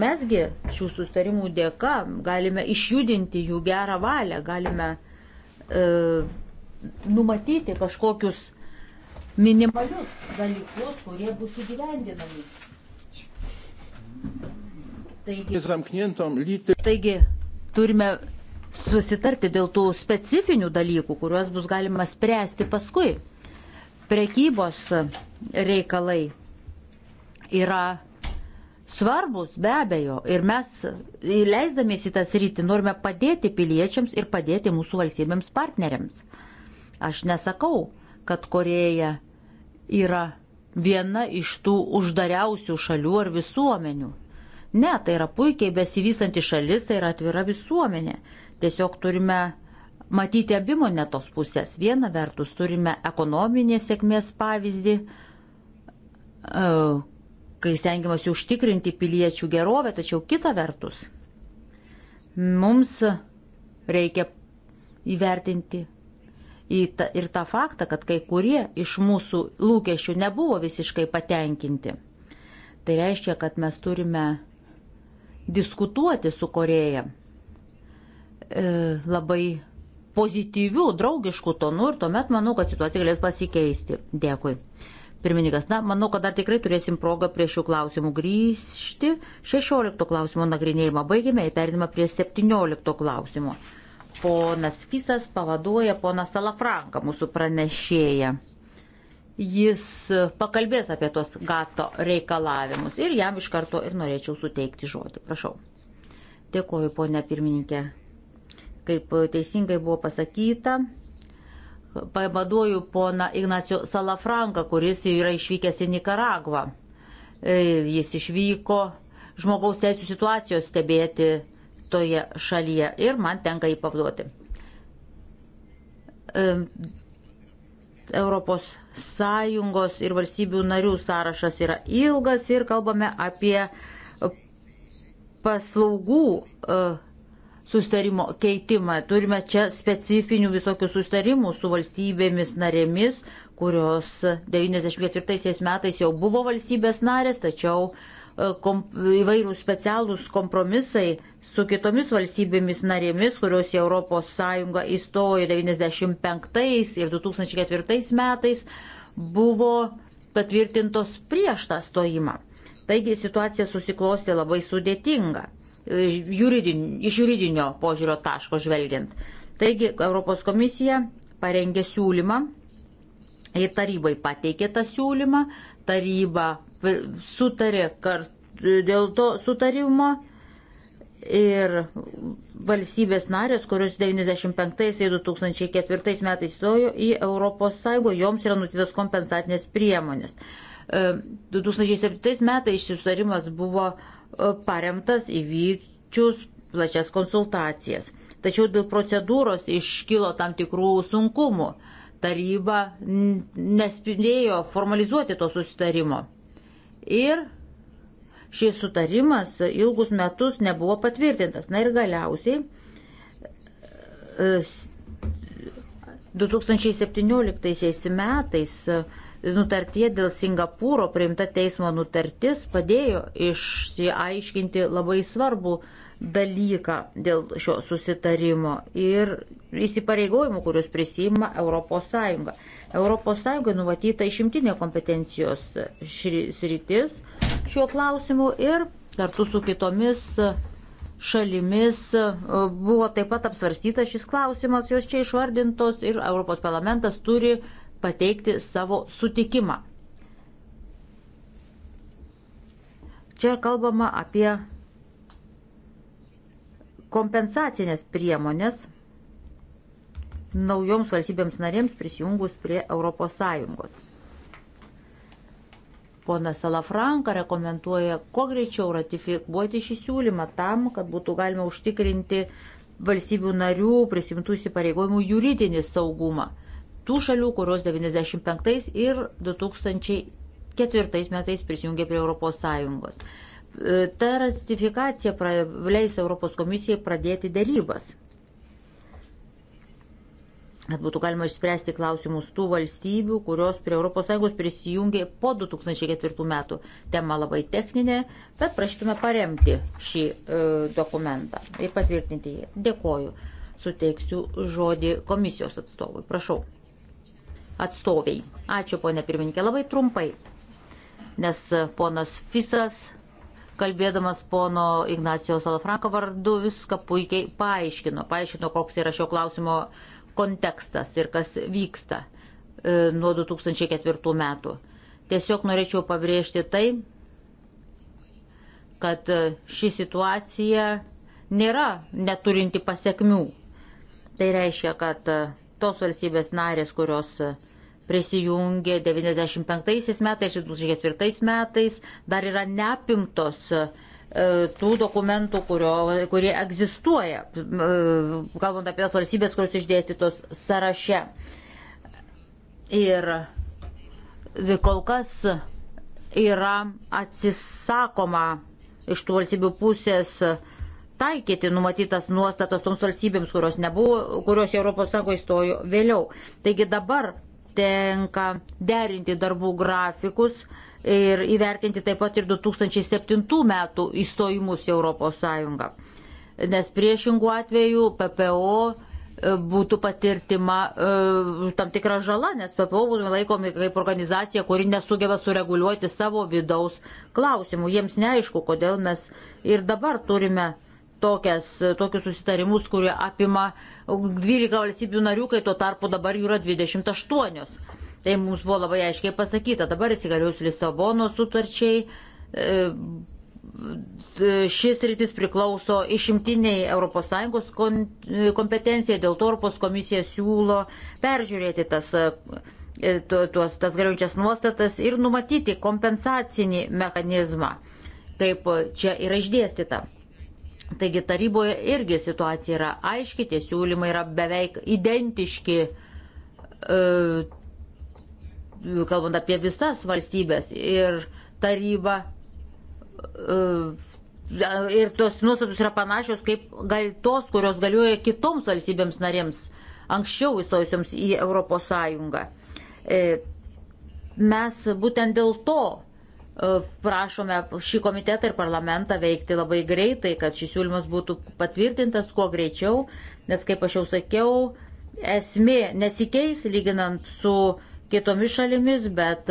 Mesgi šių sustarimų dėka galime išjudinti jų gerą valią, galime e, numatyti kažkokius minimalius dalykus, kurie bus įgyvendinami. Taigi, taigi turime susitarti dėl tų specifinių dalykų, kuriuos bus galima spręsti paskui. Prekybos reikalai yra svarbus be abejo ir mes leisdamiesi į tą sritį norime padėti piliečiams ir padėti mūsų valstybėms partneriams. Aš nesakau, kad Koreja yra viena iš tų uždariausių šalių ar visuomenių. Ne, tai yra puikiai besivystanti šalis, tai yra atvira visuomenė. Tiesiog turime matyti abi monetos pusės. Viena vertus turime ekonominės sėkmės pavyzdį, e, kai stengiamasi užtikrinti piliečių gerovę, tačiau kita vertus mums reikia įvertinti ir tą faktą, kad kai kurie iš mūsų lūkesčių nebuvo visiškai patenkinti. Tai reiškia, kad mes turime diskutuoti su Koreja e, labai pozityvių, draugiškų tonų ir tuomet manau, kad situacija galės pasikeisti. Dėkui. Pirmininkas, na, manau, kad dar tikrai turėsim progą prie šių klausimų grįžti. 16 klausimo nagrinėjimą baigėme, įperdimą prie 17 klausimo. Ponas Fisas pavaduoja poną Salafranką, mūsų pranešėją jis pakalbės apie tos gato reikalavimus ir jam iš karto ir norėčiau suteikti žodį. Prašau. Dėkoju, ponė pirmininkė. Kaip teisingai buvo pasakyta, pavaduoju poną Ignacio Salafranką, kuris yra išvykęs į Nikaragvą. E, jis išvyko žmogaus teisų situacijos stebėti toje šalyje ir man tenka jį pavaduoti e, ES ir valstybių narių sąrašas yra ilgas ir kalbame apie paslaugų e, sustarimo keitimą. Turime čia specifinių visokių sustarimų su valstybėmis narėmis, kurios 94 metais jau buvo valstybės narės, tačiau uh, įvairių specialūs kompromisai su kitomis valstybėmis narėmis, kurios į ES įstojo 95 ir 2004 metais, buvo patvirtintos prieš tą stojimą. Taigi situacija susiklosti labai sudėtinga e, juridin, iš juridinio požiūrio taško žvelgiant. Taigi Europos komisija parengė siūlymą ir tarybai pateikė tą siūlymą, taryba sutarė kart, dėl to sutarimo ir valstybės narės, kurios 95-2004 metais stojo į ES, joms yra nutytos kompensatinės priemonės. 2007 e, metais šis sutarimas buvo e, paremtas įvykčius plačias konsultacijas. Tačiau dėl procedūros iškilo tam tikrų sunkumų taryba nespindėjo formalizuoti to susitarimo. Ir šis sutarimas ilgus metus nebuvo patvirtintas. Na ir galiausiai 2017 e, metais e, nutartie dėl Singapūro priimta teismo nutartis padėjo išsiaiškinti labai svarbų dalyką dėl šio susitarimo ir įsipareigojimų, kuriuos prisima ES. ES numatyta išimtinė kompetencijos sritis šiuo klausimu ir kartu su kitomis šalimis e, buvo taip pat apsvarstytas šis klausimas, jos čia išvardintos ir Europos parlamentas turi pateikti savo sutikimą. Čia kalbama apie kompensacinės priemonės naujoms valstybėms narėms prisijungus prie ES. Ponas Salafranka rekomenduoja kuo greičiau ratifikuoti šį siūlymą tam, kad būtų galima užtikrinti valstybių narių prisimtų įsipareigojimų juridinį saugumą. Tų šalių, kurios 95 ir 2004 metais prisijungė prie ES. Ta ratifikacija leis Europos komisijai pradėti dėrybas. Kad būtų galima išspręsti klausimus tų valstybių, kurios prie ES prisijungė po 2004 metų. Tema labai techninė, bet prašytume paremti šį e, dokumentą ir patvirtinti jį. Dėkoju. Suteiksiu žodį komisijos atstovui. Prašau. Atstoviai. Ačiū, ponė pirmininkė. Labai trumpai, nes ponas Fisas kalbėdamas pono Ignacijos Alafranko vardu, viską puikiai paaiškino. Paaiškino, koks yra šio klausimo kontekstas ir kas vyksta e, nuo 2004 metų. Tiesiog norėčiau pabrėžti tai, kad e, ši situacija nėra neturinti pasiekmių. Tai reiškia, kad e, tos valstybės narės, kurios e, prisijungė 95 metais, 2004 metais, dar yra neapimtos e, tų dokumentų, kurio, kurie egzistuoja, e, kalbant apie tas valstybės, kurios išdėstytos sąraše. Ir kol kas yra atsisakoma iš tų valstybių pusės taikyti numatytas nuostatas toms valstybėms, kurios, nebuvo, kurios Europos Sąjungo įstojo vėliau. Taigi dabar tenka derinti darbų grafikus ir įvertinti taip pat ir 2007 metų įstojimus į ES. Nes priešingų atveju PPO e, būtų patirtima e, tam tikra žala, nes PPO būtų laikomi kaip organizacija, kuri nesugeba sureguliuoti savo vidaus klausimų. Jiems neaišku, kodėl mes ir dabar turime tokias, tokius susitarimus, kurie apima 12 valstybių narių, kai tuo tarpu dabar jų yra 28. Tai mums buvo labai aiškiai pasakyta, dabar įsigaliaus Lisabono sutarčiai, e, šis rytis priklauso išimtiniai ES kompetencijai, dėl to Europos komisija siūlo peržiūrėti tas, e, tuos, tas galiojančias nuostatas ir numatyti kompensacinį mechanizmą, kaip čia yra išdėstyta. Taigi taryboje irgi situacija yra aiški, tie siūlymai yra beveik identiški, e, kalbant apie visas valstybės. Ir taryba e, ir tos nuostatos yra panašios kaip gal tos, kurios galioja kitoms valstybėms narėms anksčiau įstojusiams į Europos Sąjungą. E, mes būtent dėl to prašome šį komitetą ir parlamentą veikti labai greitai, kad šis siūlymas būtų patvirtintas kuo greičiau, nes, kaip aš jau sakiau, esmė nesikeis lyginant su kitomis šalimis, bet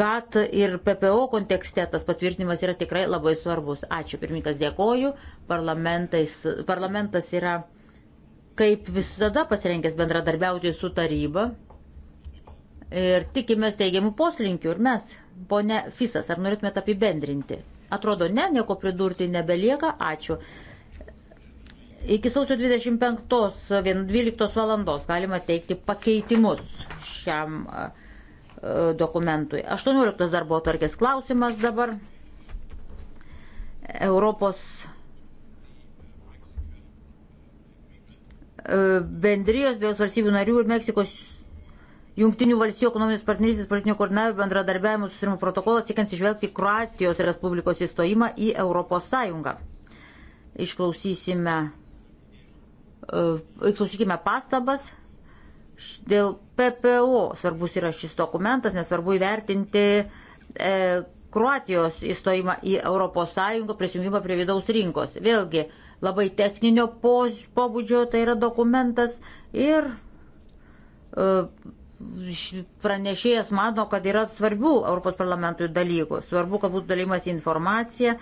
GAT ir PPO kontekste tas patvirtinimas yra tikrai labai svarbus. Ačiū, pirmininkas, dėkoju. Parlamentas yra, kaip visada, pasirengęs bendradarbiauti su taryba ir tikimės teigiamų poslinkių ir mes Pone Fisas, ar norėtumėte apibendrinti? Atrodo, ne, nieko pridurti nebelieka. Ačiū. Iki sausio 25.12 valandos galima teikti pakeitimus šiam dokumentui. 18 darbo atvarkės klausimas dabar. Europos e, bendrijos, be jos valstybių narių ir Meksikos Junktinių valstybių ekonominės partnerystės politinio koordinavimo bendradarbiavimo susirimų protokolas siekiant išvelgti Kroatijos Respublikos įstojimą į Europos Sąjungą. Išklausysime, e, išklausykime pastabas. Dėl PPO svarbus yra šis dokumentas, nesvarbu įvertinti e, Kroatijos įstojimą į ES, prisijungimą prie vidaus rinkos. Vėlgi, labai techninio pobūdžio tai yra dokumentas ir e, pranešėjas mano, kad yra svarbių Europos parlamentui dalykų. Svarbu, kad būtų dalymas informacija.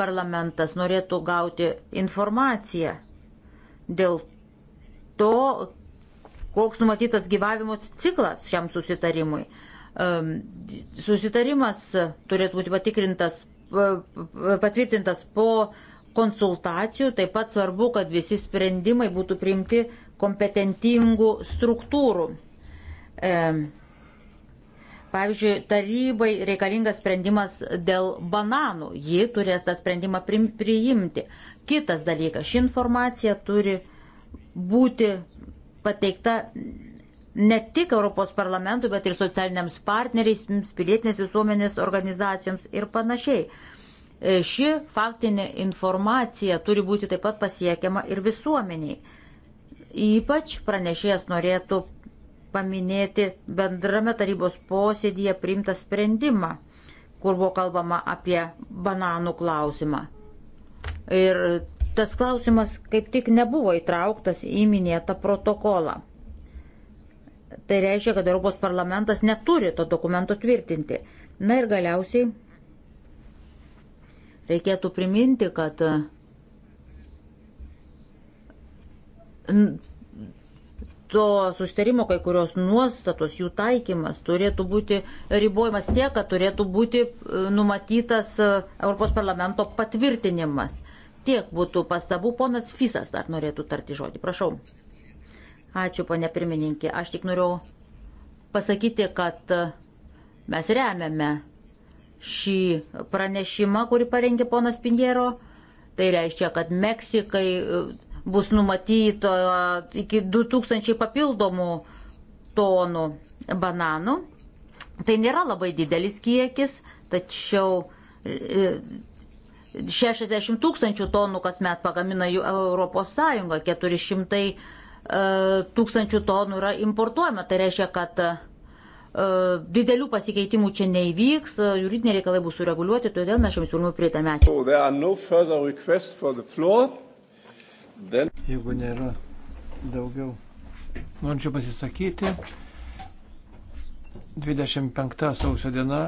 Parlamentas norėtų gauti informaciją dėl to, koks numatytas gyvavimo ciklas šiam susitarimui. Susitarimas turėtų būti patikrintas, patvirtintas po konsultacijų. Taip pat svarbu, kad visi sprendimai būtų priimti kompetentingų struktūrų Pavyzdžiui, tarybai reikalingas sprendimas dėl bananų. Ji turės tą sprendimą priimti. Kitas dalykas, ši informacija turi būti pateikta ne tik Europos parlamentui, bet ir socialiniams partneriais, pilietinės visuomenės organizacijoms ir panašiai. E, ši faktinė informacija turi būti taip pat pasiekiama ir visuomeniai. Ypač pranešėjas norėtų paminėti bendrame tarybos posėdėje priimtą sprendimą, kur buvo kalbama apie bananų klausimą. Ir tas klausimas kaip tik nebuvo įtrauktas į minėtą protokolą. Tai reiškia, kad Europos parlamentas neturi to dokumento tvirtinti. Na ir galiausiai reikėtų priminti, kad to sustarimo kai kurios nuostatos, jų taikymas turėtų būti ribojimas tiek, kad turėtų būti e, numatytas e, Europos parlamento patvirtinimas. Tiek būtų pastabų, ponas Fisas dar norėtų tarti žodį. Prašau. Ačiū, ponė pirmininkė. Aš tik noriu pasakyti, kad e, mes remiame šį pranešimą, kurį parengė ponas Pinjero. Tai reiškia, kad Meksikai bus numatyta iki 2000 papildomų tonų bananų. Tai nėra labai didelis kiekis, tačiau 60 e, tūkstančių tonų kasmet pagamina ES, 400 e, tūkstančių tonų yra importuojama. Tai reiškia, kad e, didelių pasikeitimų čia neįvyks, juridiniai reikalai bus sureguliuoti, todėl mes šiam siūlymui pritarėme. Ačiū.
So oh, Then... Jeigu nėra daugiau
norinčių pasisakyti,
25 sausio diena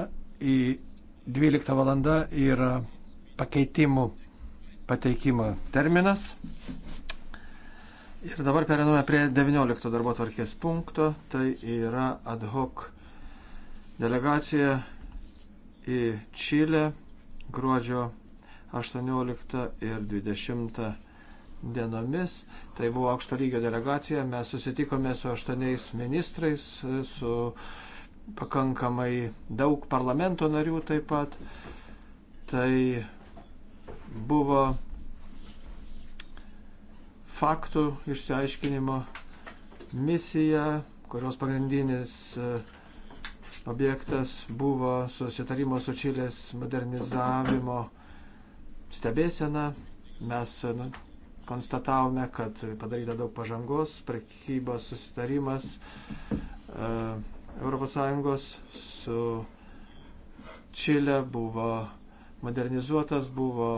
į 12 valandą yra pakeitimų pateikimo terminas. Ir dabar periname prie 19 darbo tvarkės punkto. Tai yra ad hoc delegacija į Čilę gruodžio 18 ir 20 dienomis. Tai buvo aukšto lygio delegacija, mes susitikome su aštuoniais ministrais, su pakankamai daug parlamento narių taip pat. Tai buvo faktų išsiaiškinimo misija, kurios pagrindinis e, objektas buvo susitarimo su Čilės modernizavimo stebėsena. Mes nu, konstatavome, kad padaryta daug pažangos, prekybos susitarimas ES su Čilė buvo modernizuotas, buvo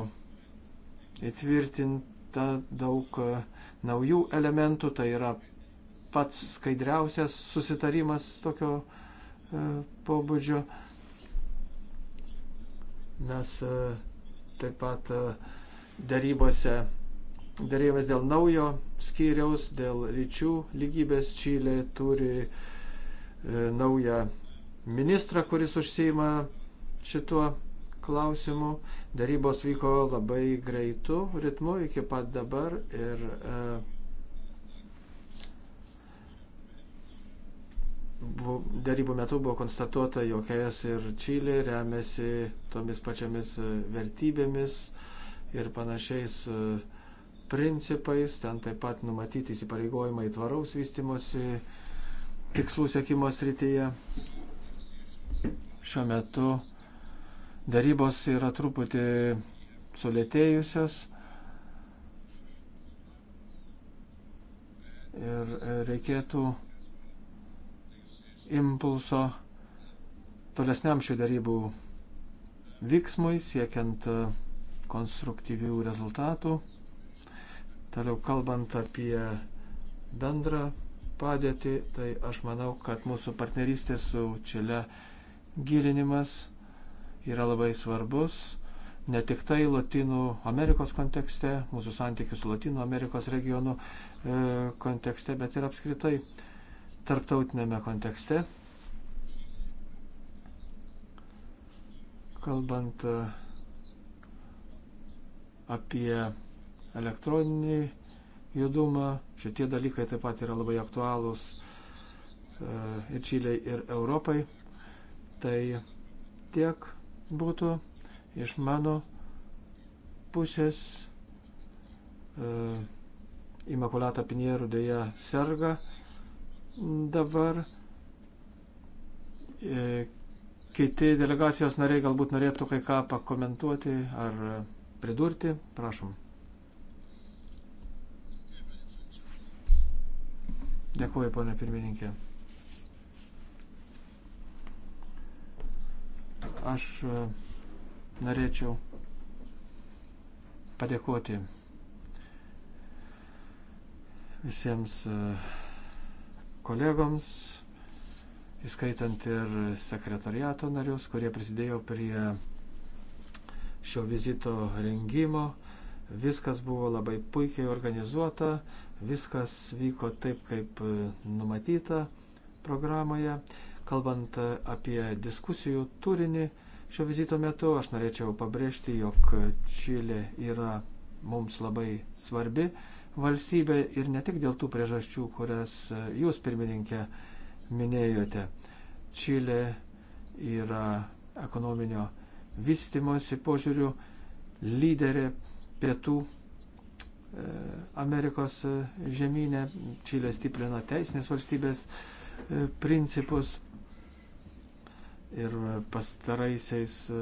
įtvirtinta daug e, naujų elementų, tai yra pats skaidriausias susitarimas tokio e, pobūdžio. Mes e, taip pat e, darybose dėrėjimas dėl naujo skyriaus, dėl ryčių lygybės. Čilė turi e, naują ministrą, kuris užsima šituo klausimu. Darybos vyko labai greitų ritmų iki pat dabar ir e, Darybų metu buvo konstatuota, jog ES ir Čilė remiasi tomis pačiamis e, vertybėmis ir panašiais uh, principais, ten taip pat numatyti įsipareigojimai tvaraus vystimosi tikslų sėkimo srityje. Šiuo metu darybos yra truputį sulėtėjusios ir reikėtų impulso tolesniam šių darybų vyksmui, siekiant konstruktyvių rezultatų. Toliau kalbant apie bendrą padėtį, tai aš manau, kad mūsų partnerystė su Čile gilinimas yra labai svarbus, ne tik tai Latinų Amerikos kontekste, mūsų santykių su Latinų Amerikos regionu e, kontekste, bet ir apskritai tarptautinėme kontekste. Kalbant e, apie elektroninį judumą. Šitie dalykai taip pat yra labai aktualūs e, ir Čiliai, ir Europai. Tai tiek būtų iš mano pusės. E, Imakulata Pinierų dėja serga dabar. E, kiti delegacijos nariai galbūt norėtų kai ką pakomentuoti ar pridurti. Prašom. Dėkuoju, ponė pirmininkė. Aš e, norėčiau padėkoti visiems e, kolegoms, įskaitant ir sekretariato narius, kurie prisidėjo prie šio vizito rengimo. Viskas buvo labai puikiai organizuota, Viskas vyko taip, kaip e, numatyta programoje. Kalbant e, apie diskusijų turinį šio vizito metu, aš norėčiau pabrėžti, jog Čilė yra mums labai svarbi valstybė ir ne tik dėl tų priežasčių, kurias e, jūs pirmininkė minėjote. Čilė yra ekonominio vystimosi požiūrių lyderė pietų Amerikos e, žemynė, Čilė stiprina teisinės valstybės e, principus ir pastaraisiais e,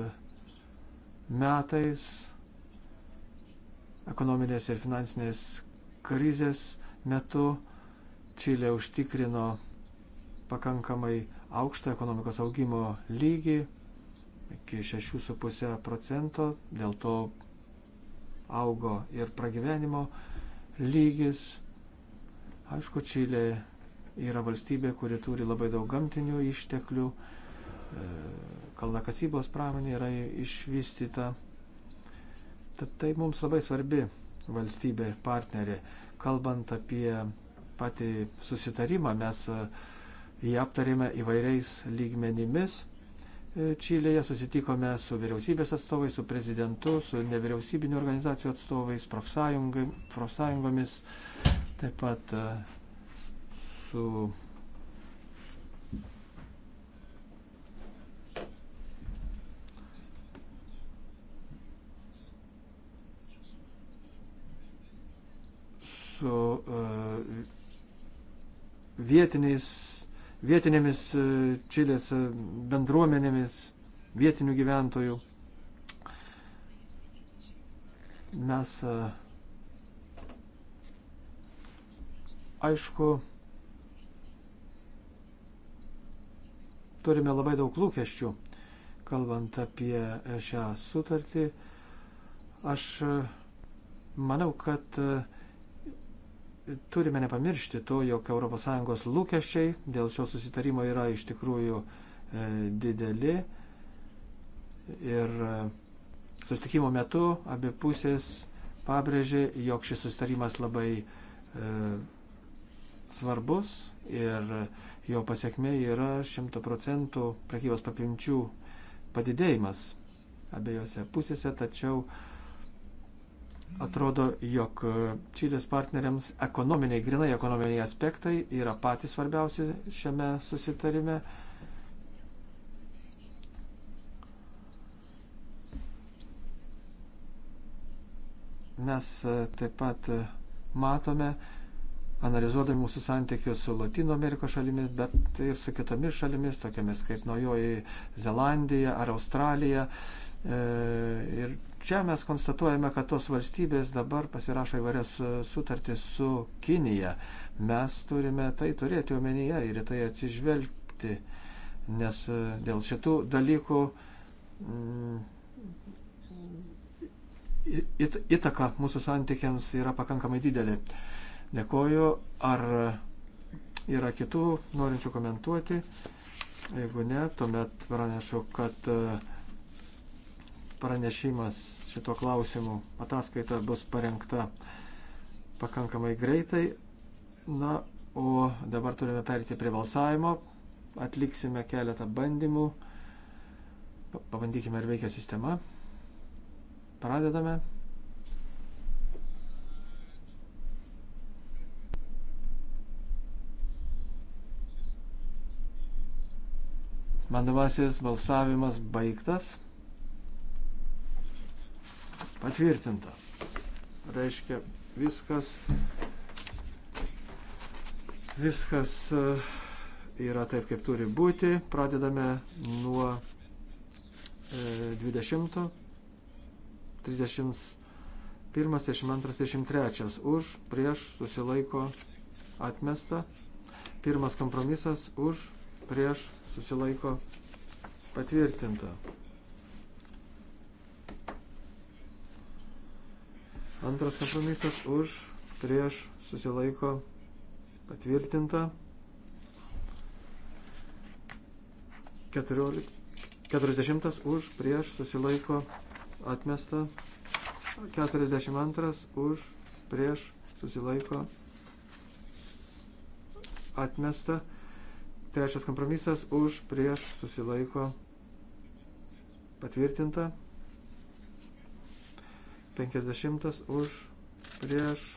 metais ekonominės ir finansinės krizės metu Čilė užtikrino pakankamai aukštą ekonomikos augimo lygį iki 6,5 procento, dėl to augo ir pragyvenimo lygis. Aišku, Čilė yra valstybė, kuri turi labai daug gamtinių išteklių, e, kalnakasybos pramonė yra išvystyta. Tad tai mums labai svarbi valstybė partnerė. Kalbant apie patį susitarimą, mes e, jį aptarėme įvairiais lygmenimis Čilėje susitikome su vyriausybės atstovais, su prezidentu, su nevyriausybinio organizacijų atstovais, profsąjungomis, taip pat e, su su uh, vietiniais vietinėmis e, Čilės e, bendruomenėmis, vietinių gyventojų. Mes e, aišku turime labai daug lūkesčių, kalbant apie šią sutartį. Aš manau, kad uh, turime nepamiršti to, jog ES lūkesčiai dėl šio susitarimo yra iš tikrųjų e, dideli. Ir e, sustikimo metu abi pusės pabrėžė, jog šis susitarimas labai e, svarbus ir jo pasiekme yra 100 procentų prekybos papimčių padidėjimas abiejose pusėse, tačiau uh, Atrodo, jog e, Čilės partneriams ekonominiai, grinai ekonominiai aspektai yra patys svarbiausi šiame susitarime. Mes e, taip pat e, matome, analizuodami mūsų santykius su Latino Amerikos šalimis, bet ir su kitomis šalimis, tokiamis kaip Naujoji Zelandija ar Australija, uh, E, ir čia mes konstatuojame, kad tos valstybės dabar pasirašo įvairias sutartis su Kinija. Mes turime tai turėti omenyje ir tai atsižvelgti, nes e, dėl šitų dalykų mm, įtaka mūsų santykiams yra pakankamai didelė. Dėkoju. Ar yra kitų norinčių komentuoti? Jeigu ne, tuomet pranešu, kad uh, pranešimas šito klausimu, ataskaita bus parengta pakankamai greitai. Na, o dabar turime perėti prie balsavimo. Atliksime keletą bandymų. Pabandykime, ar veikia sistema. Pradedame. Bandomasis balsavimas baigtas patvirtinta. Reiškia, viskas, viskas e, yra taip, kaip turi būti. Pradedame nuo 20, 31, 32, 33. Už, prieš, susilaiko, atmesta. Pirmas kompromisas už, prieš, susilaiko, patvirtinta. Antras kompromisas už, prieš, susilaiko, patvirtinta. 14, 40 už, prieš, susilaiko, atmesta. 42 už, prieš, susilaiko, atmesta. Trečias kompromisas už, prieš, susilaiko, patvirtinta. 50 už prieš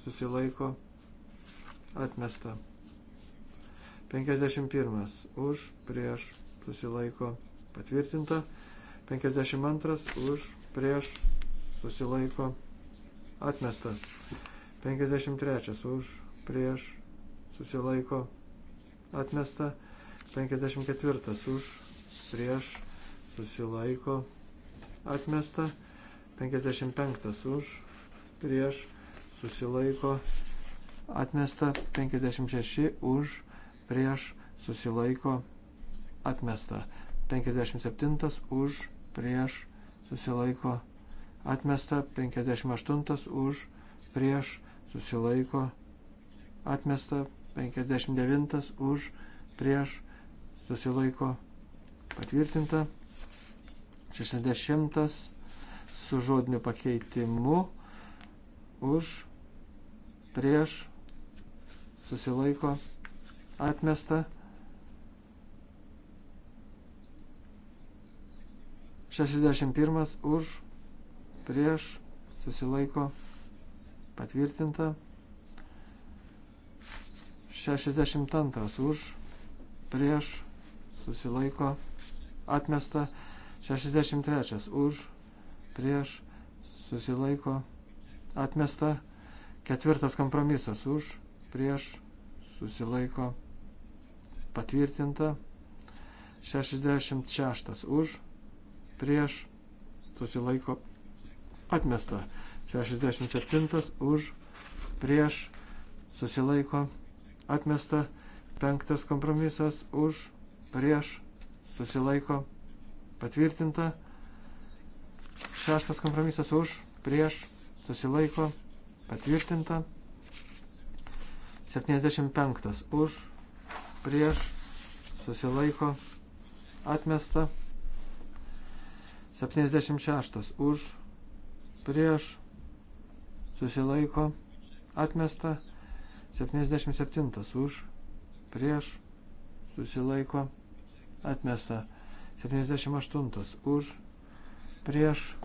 susilaiko atmesta. 51 už prieš susilaiko patvirtinta. 52 už prieš susilaiko atmesta. 53 už prieš susilaiko atmesta. 54 už prieš susilaiko atmesta. 55 už, prieš, susilaiko, atmesta. 56 už, prieš, susilaiko, atmesta. 57 už, prieš, susilaiko, atmesta. 58 už, prieš, susilaiko, atmesta. 59 už, prieš, susilaiko, atmesta patvirtinta. 60 su žodiniu pakeitimu už prieš susilaiko atmesta. 61 už prieš susilaiko patvirtinta. 62 už prieš susilaiko atmesta. 63 už prieš, susilaiko, atmesta. Ketvirtas kompromisas už, prieš, susilaiko, patvirtinta. 66 už, prieš, susilaiko, atmesta. 67 už, prieš, susilaiko, atmesta. Penktas kompromisas už, prieš, susilaiko, patvirtinta. Šeštas kompromisas už, prieš, susilaiko, patvirtinta. 75 už, prieš, susilaiko, atmesta. 76 už, prieš, susilaiko, atmesta. 77 už, prieš, susilaiko, atmesta. 78 už, prieš,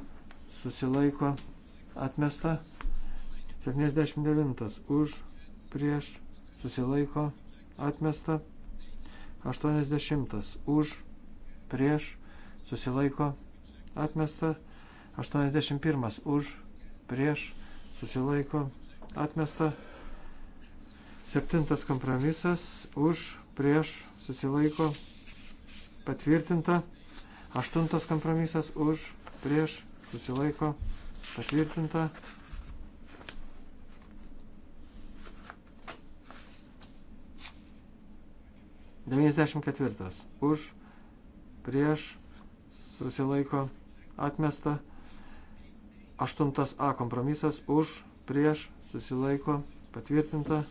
susilaiko atmesta. 79 už prieš susilaiko atmesta. 80 už prieš susilaiko atmesta. 81 už prieš susilaiko atmesta. 7 kompromisas už prieš susilaiko patvirtinta. Aštuntas kompromisas už prieš susilaiko, patvirtinta. Devyniasdešimt ketvirtas už, prieš, susilaiko, atmesta. Aštuntas A kompromisas už, prieš, susilaiko, patvirtinta.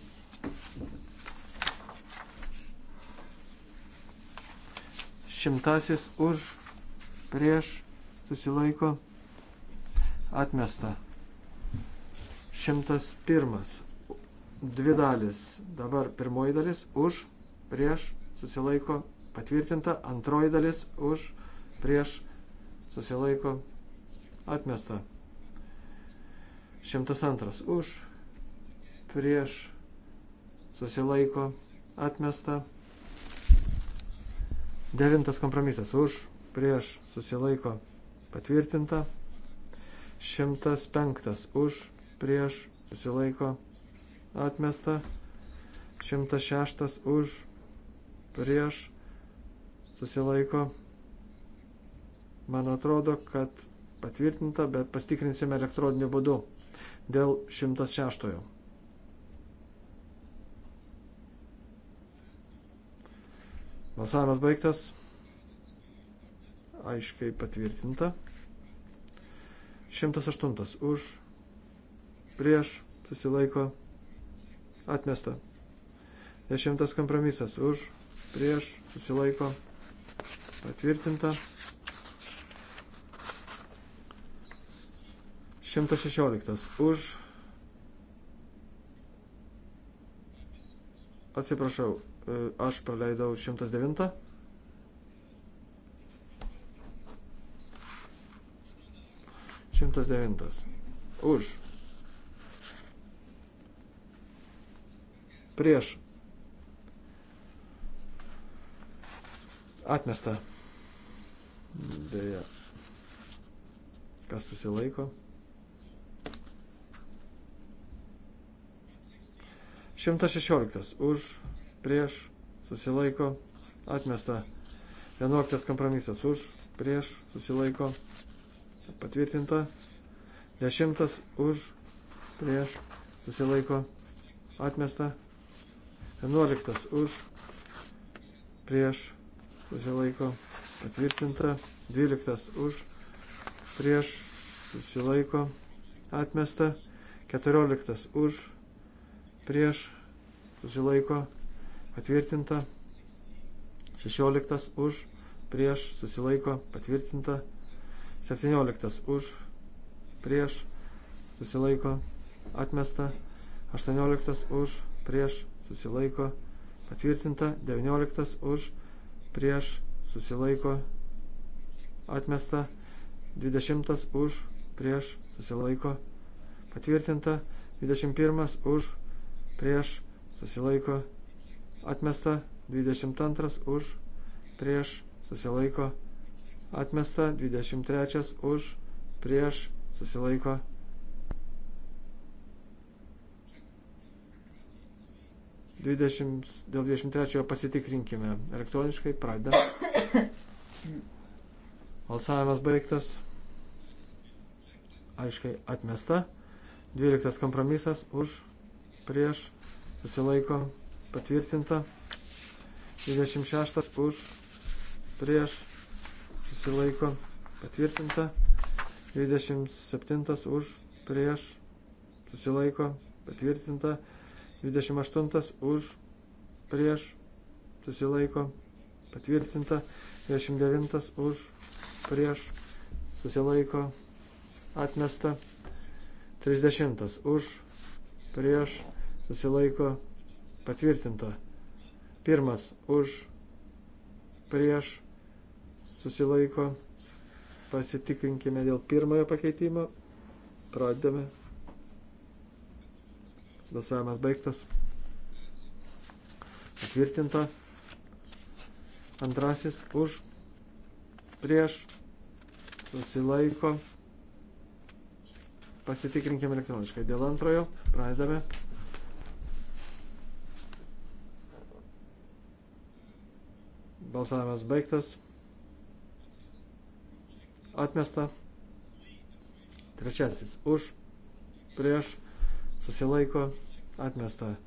100 už prieš susilaiko atmesta. 101. Dvi dalis. Dabar pirmoji dalis už, prieš, susilaiko, patvirtinta. Antroji dalis už, prieš, susilaiko, atmesta. 102. Už, prieš, susilaiko, atmesta. Devintas kompromisas. Už, prieš, susilaiko, patvirtinta. 105 už, prieš, susilaiko, atmesta. 106 už, prieš, susilaiko. Man atrodo, kad patvirtinta, bet pastikrinsime elektroniniu būdu dėl 106. Balsavimas baigtas. Aiškiai patvirtinta. 108 už, prieš, susilaiko, atmesta. 10 kompromisas už, prieš, susilaiko, patvirtinta. 116 už, atsiprašau, e, aš praleidau 109. 109. Už. Prieš. Atmesta. Deja. Kas susilaiko? 116. Už, prieš, susilaiko, atmesta. 11 kompromisas. Už, prieš, susilaiko, patvirtinta. Dešimtas už, prieš, susilaiko, atmesta. Vienuoliktas už, prieš, susilaiko, patvirtinta. Dvyliktas už, prieš, susilaiko, atmesta. Keturioliktas už, prieš, susilaiko, patvirtinta. Šešioliktas už, prieš, susilaiko, patvirtinta. 17 už, prieš, susilaiko, atmesta, 18 už, prieš, susilaiko, patvirtinta, 19 už, prieš, susilaiko, atmesta, 20 už, prieš, susilaiko, patvirtinta, 21 už, prieš, susilaiko, atmesta, 22 už, prieš, susilaiko, atmesta atmesta, 23 už, prieš, susilaiko. Dėl 23 pasitikrinkime elektroniškai, pradedame. Balsavimas baigtas. Aiškiai atmesta. 12 kompromisas už, prieš, susilaiko, patvirtinta. 26 už, prieš, susilaiko patvirtinta, 27 už prieš susilaiko patvirtinta, 28 už prieš susilaiko patvirtinta, 29 už prieš susilaiko atmesta, 30 už prieš susilaiko patvirtinta, 1 už prieš susilaiko. Pasitikrinkime dėl pirmojo pakeitimo. Pradedame. Balsavimas baigtas. Patvirtinta. Antrasis už. Prieš. Susilaiko. Pasitikrinkime elektroniškai. Dėl antrojo. Pradedame. Balsavimas baigtas atmesta. Trečiasis už, prieš, susilaiko, atmesta.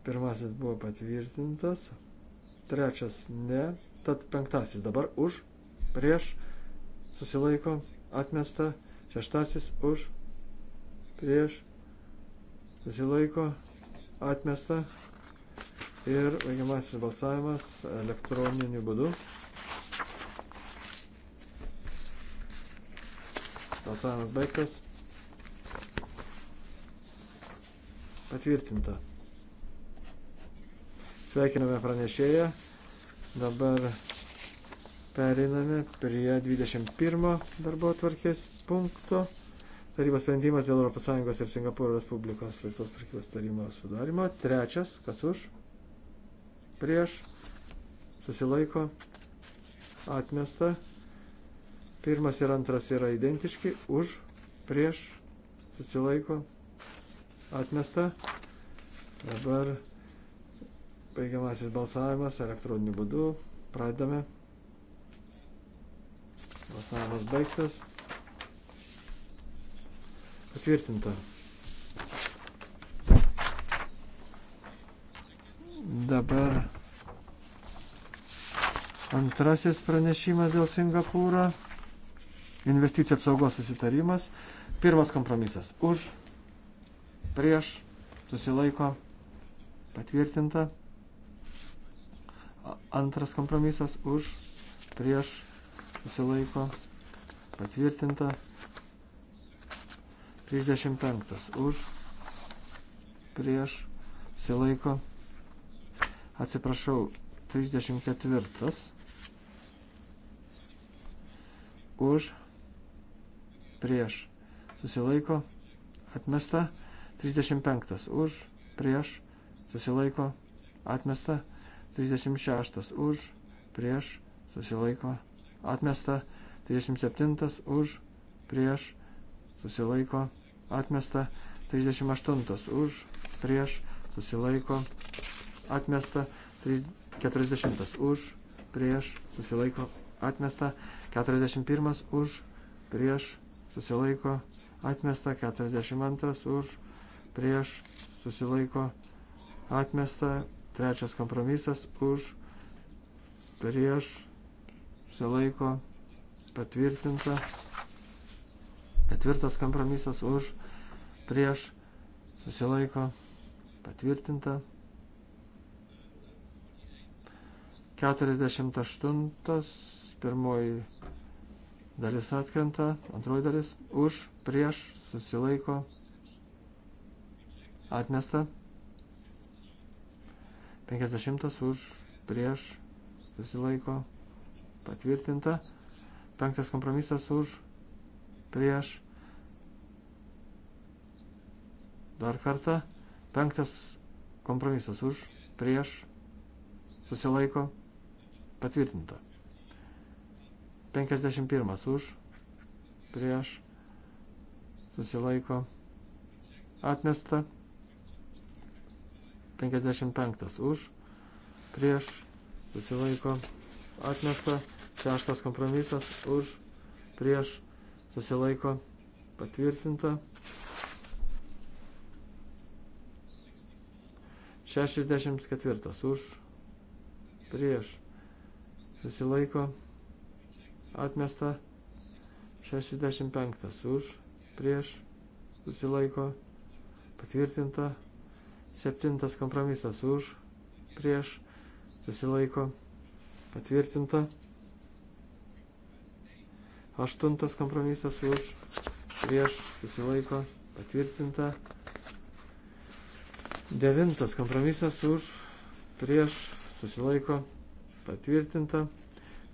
Pirmasis buvo patvirtintas, trečias ne, tad penktasis dabar už, prieš, susilaiko, atmesta, šeštasis už, prieš, susilaiko, atmesta ir baigiamasis balsavimas elektroniniu būdu. Balsavimas baigtas. Patvirtinta. Sveikiname pranešėją. Dabar periname prie 21 darbo tvarkės punkto. Tarybos sprendimas dėl ES ir Singapūro Respublikos laisvos prekybos tarimo sudarimo. Trečias, kas už? prieš, susilaiko, atmesta. Pirmas ir antras yra identiški, už, prieš, susilaiko, atmesta. Dabar baigiamasis balsavimas elektroniniu būdu. Pradedame. Balsavimas baigtas. Patvirtinta. Dabar antrasis pranešimas dėl Singapūro. Investicijų apsaugos susitarimas. Pirmas kompromisas. Už, prieš, susilaiko, patvirtinta. Antras kompromisas. Už, prieš, susilaiko, patvirtinta. 35. Už, prieš, susilaiko, patvirtinta atsiprašau, 34 už prieš susilaiko atmesta, 35 už prieš susilaiko atmesta, 36 už prieš susilaiko atmesta, 37 už prieš susilaiko atmesta, 38 už prieš susilaiko atmesta, 40 už, prieš, susilaiko, atmesta, 41 už, prieš, susilaiko, atmesta, 42 už, prieš, susilaiko, atmesta, trečias kompromisas už, prieš, susilaiko, patvirtinta, ketvirtas kompromisas už, prieš, susilaiko, patvirtinta. 48, pirmoji dalis atkrenta, antroji dalis už, prieš, susilaiko, atmesta. 50 už, prieš, susilaiko, patvirtinta. Penktas kompromisas už, prieš. Dar kartą. Penktas kompromisas už, prieš, susilaiko, patvirtinta Patvirtinta. 51 už, prieš, susilaiko, atmesta. 55 už, prieš, susilaiko, atmesta. Šeštas kompromisas už, prieš, susilaiko, patvirtinta. 64 už, prieš, susilaiko atmesta 65 už prieš susilaiko patvirtinta 7 kompromisas už prieš susilaiko patvirtinta 8 kompromisas už prieš susilaiko patvirtinta 9 kompromisas už prieš susilaiko patvirtinta patvirtinta.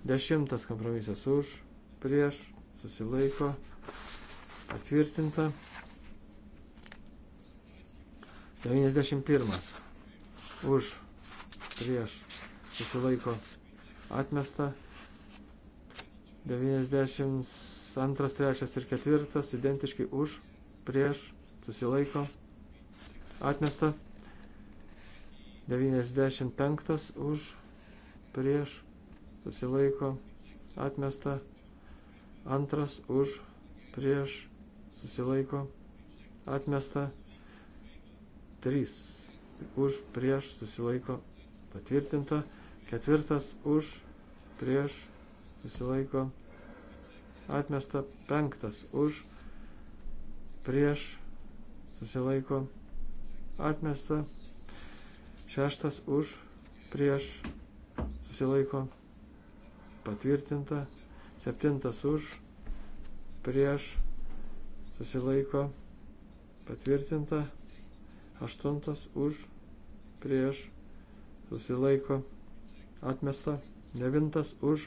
Dešimtas kompromisas už, prieš, susilaiko, patvirtinta. 91 už, prieš, susilaiko, atmesta. 92, 3 ir 4 identiškai už, prieš, susilaiko, atmesta. 95 už, prieš, susilaiko, atmesta. Antras už, prieš, susilaiko, atmesta. Trys už, prieš, susilaiko, patvirtinta. Ketvirtas už, prieš, susilaiko, atmesta. Penktas už, prieš, susilaiko, atmesta. Šeštas už, prieš, susilaiko patvirtinta, septintas už, prieš susilaiko patvirtinta, aštuntas už, prieš susilaiko atmesta, devintas už,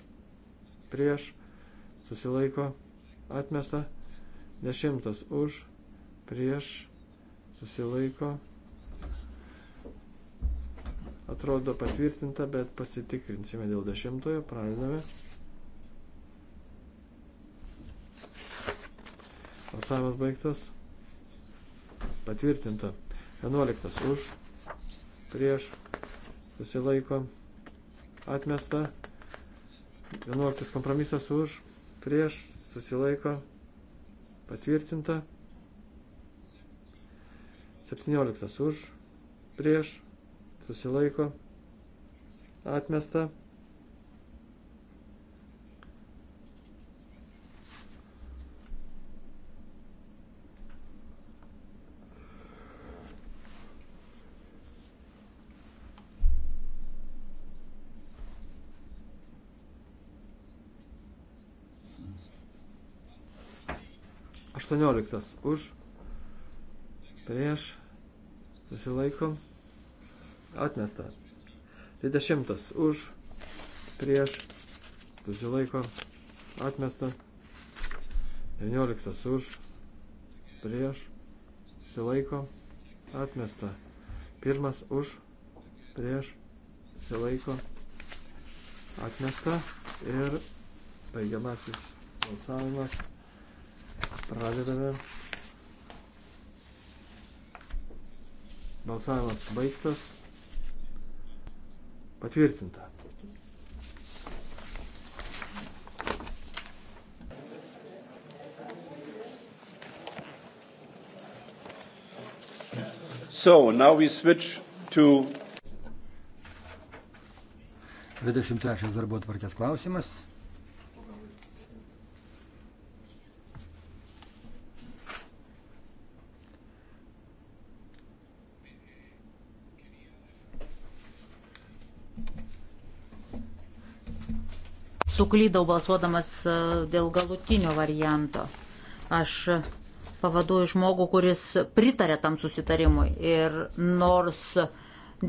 prieš susilaiko atmesta, dešimtas už, prieš susilaiko atmesta Atrodo patvirtinta, bet pasitikrinsime dėl dešimtojo. Pradedame. Balsavimas baigtas. Patvirtinta. 11 už. Prieš. Susilaiko. Atmesta. 11 kompromisas už. Prieš. Susilaiko. Patvirtinta. 17 už. Prieš susilaiko, atmesta. Aštuonioliktas už prieš susilaikom Atmesta. 20 už, prieš, susilaiko, atmesta. 19 už, prieš, susilaiko, atmesta. Pirmas už, prieš, susilaiko, atmesta. Ir baigiamasis balsavimas. Pradedame. Balsavimas baigtas. Patvirtinta. So, now we switch to
23 darbo tvarkės klausimas.
suklydau balsuodamas e, dėl galutinio varianto. Aš pavaduoju žmogų, kuris pritarė tam susitarimui. Ir nors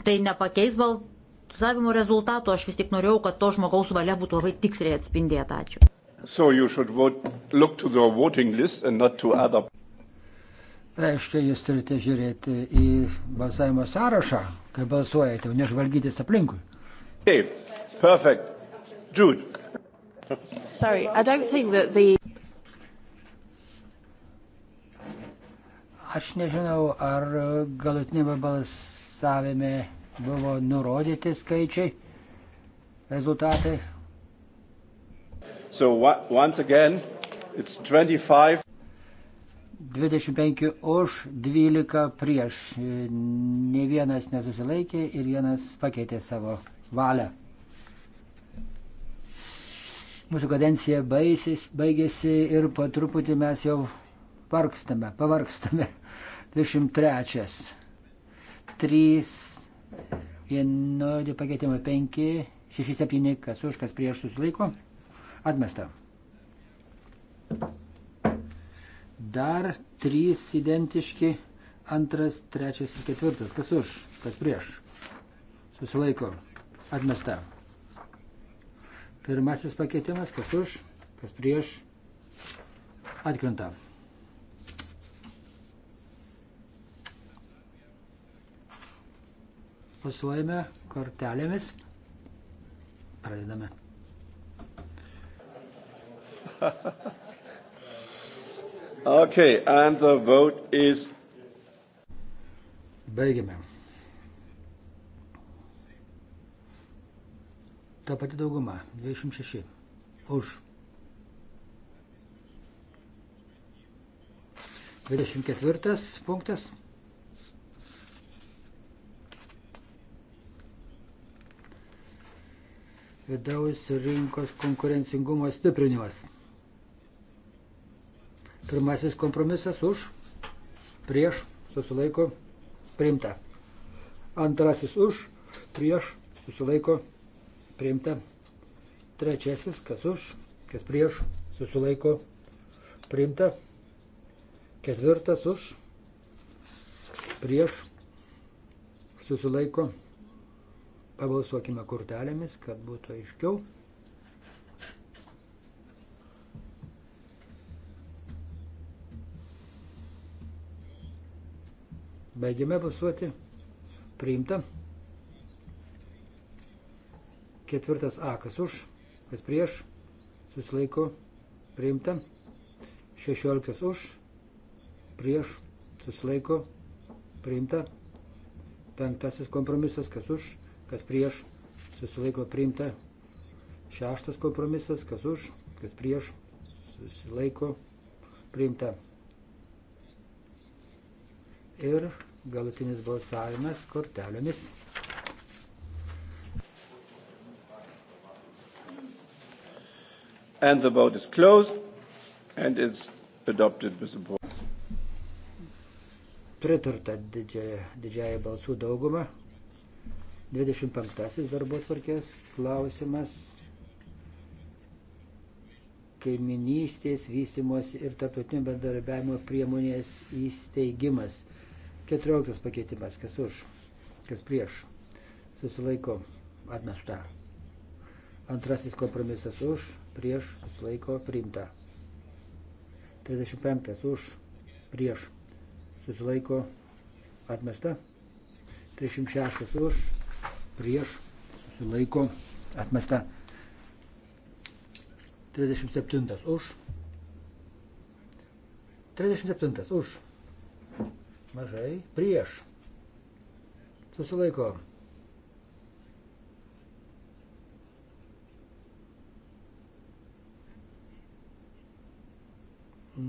tai nepakeis balsavimo rezultatų, aš vis tik norėjau, kad to žmogaus valia būtų labai tiksliai atspindėta. Ačiū.
So vote,
Reiškia, jūs turite žiūrėti į balsavimo sąrašą, kai balsuojate, o nežvalgytis aplinkui.
Dave, perfect.
Jude. Sorry, I don't think that the...
Aš nežinau, ar galutinėme balsavime buvo nurodyti skaičiai, rezultatai.
So once again, it's 25.
25 už, 12 prieš. Ne vienas nesusilaikė ir vienas pakeitė savo valią. Mūsų kadencija baisės, baigėsi ir po truputį mes jau vargstame, pavargstame. 23. 3. Vienodi pakeitimai 5, 6, 7, kas už, kas prieš susilaiko. Atmesta. Dar 3 identiški antras, trečias ir ketvirtas. Kas už, kas prieš? Susilaiko. Atmesta. Pirmasis pakeitimas, kas už, kas prieš, atkrenta. Pasuojame kortelėmis. Pradedame.
okay, and the vote is. Baigiame.
Ta pati dauguma, 26. Už. 24 punktas. Vidaus rinkos konkurencingumo stiprinimas. Pirmasis kompromisas už, prieš, susilaiko, priimta. Antrasis už, prieš, susilaiko, priimta priimta. Trečiasis, kas už, kas prieš, susilaiko priimta. Ketvirtas už, prieš, susilaiko. Pabalsuokime kortelėmis, kad būtų aiškiau. Baigiame balsuoti. Priimta. Ketvirtas A, kas už, kas prieš, susilaiko priimta. Šešioliktas už, prieš, susilaiko priimta. Penktasis kompromisas, kas už, kas prieš, susilaiko priimta. Šeštas kompromisas, kas už, kas prieš, susilaiko priimta. Ir galutinis balsavimas
kortelėmis. And the vote is closed and it's adopted with support.
Pritarta didžiaja balsų dauguma. 25 darbo tvarkės klausimas kaiminystės vystimos ir tarptautinio bendarbiavimo priemonės įsteigimas. 14 pakeitimas. Kas už? Kas prieš? Susilaiko atmesta. Antrasis kompromisas už prieš susilaiko priimta. 35 už prieš susilaiko atmesta. 36 už prieš susilaiko atmesta. 37 už. 37 už. Mažai prieš. Susilaiko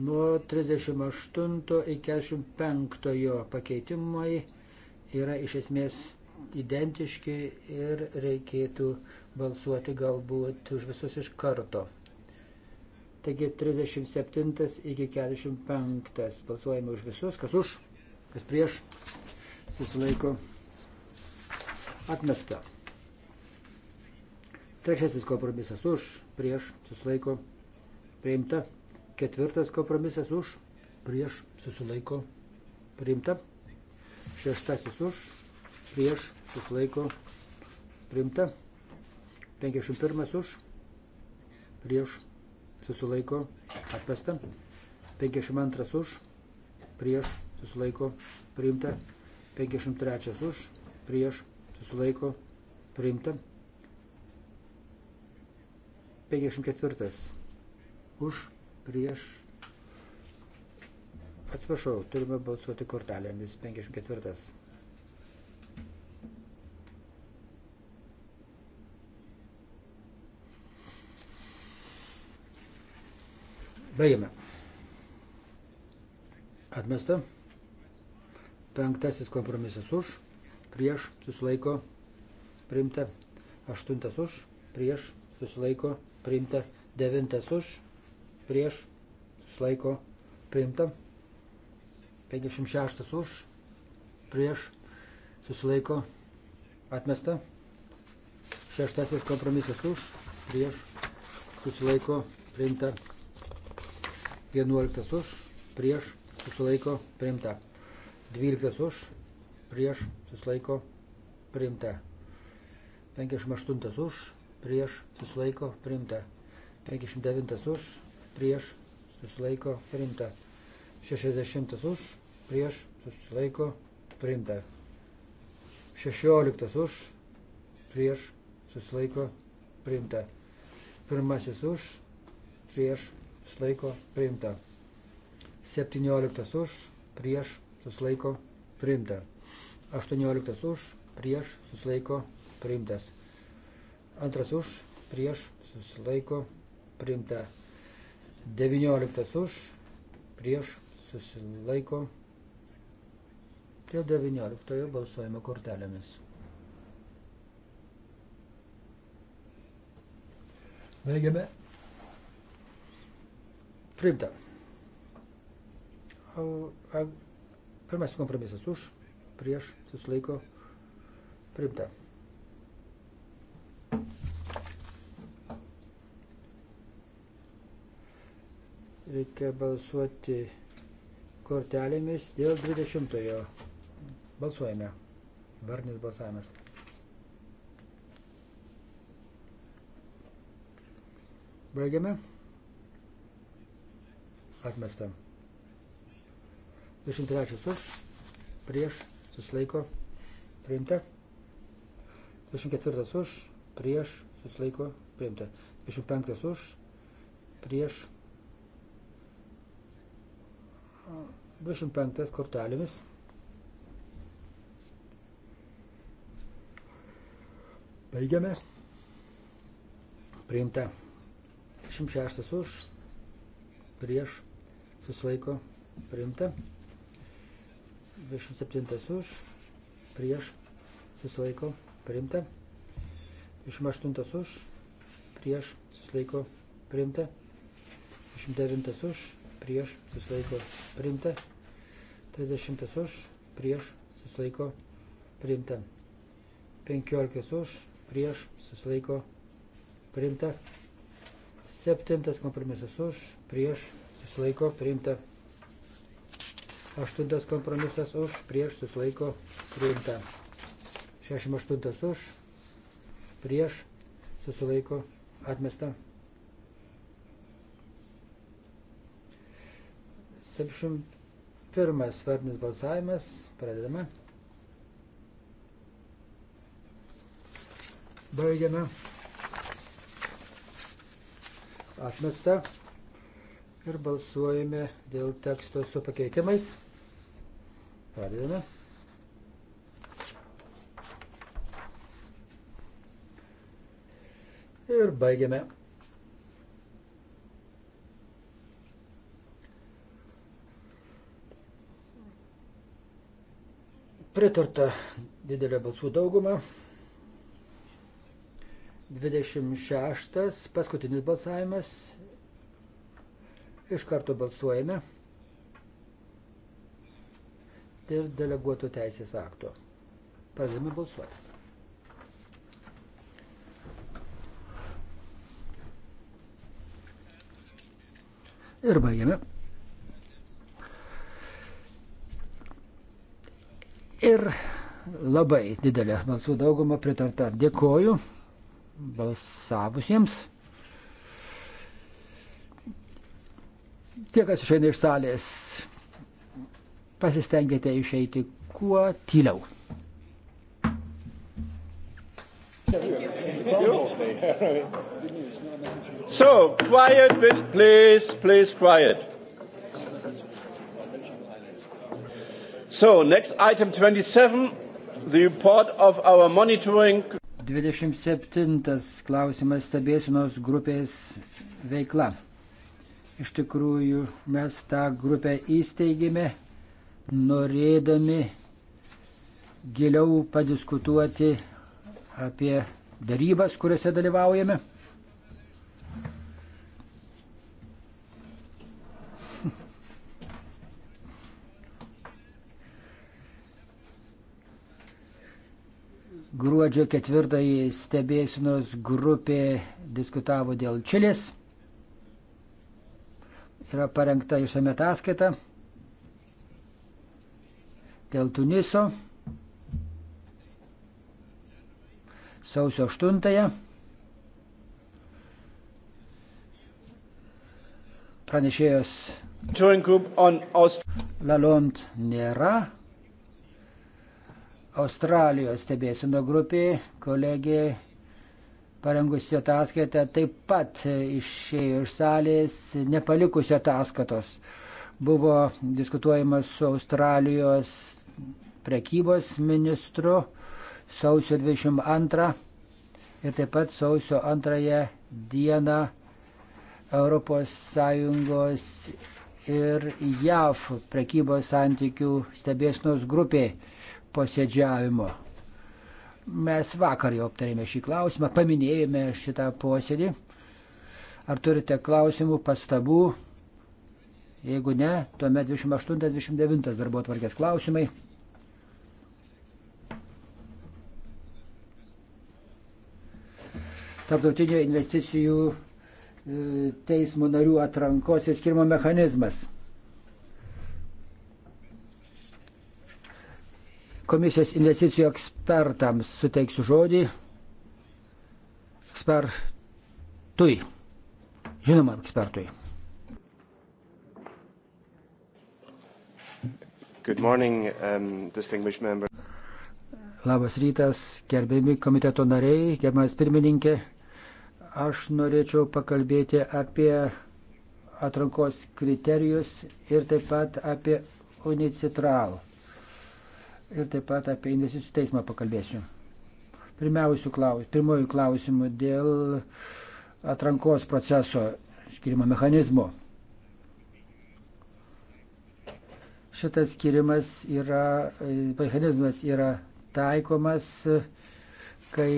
Nuo 38 iki 45 pakeitimai yra iš esmės identiški ir reikėtų balsuoti galbūt už visus iš karto. Taigi 37 iki 45 balsuojame už visus, kas už, kas prieš, susilaiko atmesta. Trečiasis kompromisas už, prieš, susilaiko priimta. Ketvirtas kompromisas už, prieš, susilaiko, priimta. Šeštasis už, prieš, susilaiko, priimta. 51 už, prieš, susilaiko, atmesta. 52 už, prieš, susilaiko, priimta. 53 už, prieš, susilaiko, priimta. 54 už, prieš. Atsiprašau, turime balsuoti kortelėmis 54. Baigime. Atmesta. Penktasis kompromisas už, prieš, susilaiko, priimta. Aštuntas už, prieš, susilaiko, priimta. Devintas už, prieš, susilaiko priimta. 56 už, prieš, susilaiko atmesta. Šeštasis kompromisas už, prieš, susilaiko priimta. 11 už, prieš, susilaiko priimta. 12 už, prieš, susilaiko priimta. 58 už, prieš, susilaiko priimta. 59 už, prieš susilaiko priimta. 60 už, prieš susilaiko priimta. 16 už, prieš susilaiko priimta. Pirmasis už, prieš susilaiko priimta. 17 už, prieš susilaiko priimta. 18 už, prieš susilaiko priimtas. Antras už, prieš susilaiko priimta. 19 už, prieš susilaiko. Dėl 19 balsuojame kortelėmis. Baigiame. Priimta. Pirmasis kompromisas už, prieš, susilaiko, priimta. Reikia balsuoti kortelėmis dėl 20-ojo. Balsuojame. Varnis balsavimas. Baigiame. Atmesta. 23 už, prieš, susilaiko, priimta. 24 už, prieš, susilaiko, priimta. 25 už, prieš, 25 kortelėmis. Baigiame. Priimta. 106 už, prieš, susilaiko, priimta. 27 už, prieš, susilaiko, priimta. 28 už, prieš, susilaiko, priimta. 29 už, prieš susilaiko priimta. 30 už prieš susilaiko priimta. 15 už prieš susilaiko priimta. 7 kompromisas už prieš susilaiko priimta. 8 kompromisas už prieš susilaiko priimta. 68 už prieš susilaiko atmesta. 71 vardinis balsavimas. Pradedame. Baigiame. Atmesta. Ir balsuojame dėl teksto su pakeitimais. Pradedame. Ir baigiame. pritarta didelė balsų dauguma. 26. Paskutinis balsavimas. Iš karto balsuojame. Dėl deleguoto teisės akto. Pradedame balsuoti. Ir baigiame. Ir labai didelė balsų dauguma pritarta. Dėkoju balsavusiems. Tie, kas išeina iš salės, pasistengėte išeiti kuo tyliau.
So, quiet, please, please, quiet. So, next item 27, the report
of our monitoring. 27 klausimas stebėsinos grupės veikla. Iš tikrųjų, mes tą grupę įsteigėme, norėdami giliau padiskutuoti apie darybas, kuriuose dalyvaujame. Gruodžio ketvirtąjį stebėsinos grupė diskutavo dėl Čilės. Yra parengta išsame ataskaita dėl Tuniso. Sausio 8-ąją pranešėjos Lalond nėra, Australijos stebėsino grupė, kolegė parengusi ataskaitą, taip pat išėjo iš salės, nepalikusi ataskaitos. Buvo diskutuojama su Australijos prekybos ministru sausio 22 ir taip pat sausio 2 dieną ES ir JAV prekybos santykių stebėsnos grupė posėdžiavimo. Mes vakar jau aptarėme šį klausimą, paminėjome šitą posėdį. Ar turite klausimų, pastabų? Jeigu ne, tuomet 28-29 darbo tvarkės klausimai. Tarptautinio investicijų e, teismo narių atrankos ir skirimo mechanizmas. komisijos investicijų ekspertams suteiksiu žodį. Ekspertui. Žinoma, ekspertui.
Good morning, um, distinguished member.
Labas rytas, gerbėmi komiteto nariai, gerbiamas pirmininkė. Aš norėčiau pakalbėti apie atrankos kriterijus ir taip pat apie unicitral ir taip pat apie investicijų teismą pakalbėsiu. Pirmiausių klausimų, pirmojų klausimų dėl atrankos proceso skirimo mechanizmo. Šitas skirimas yra, mechanizmas yra taikomas, kai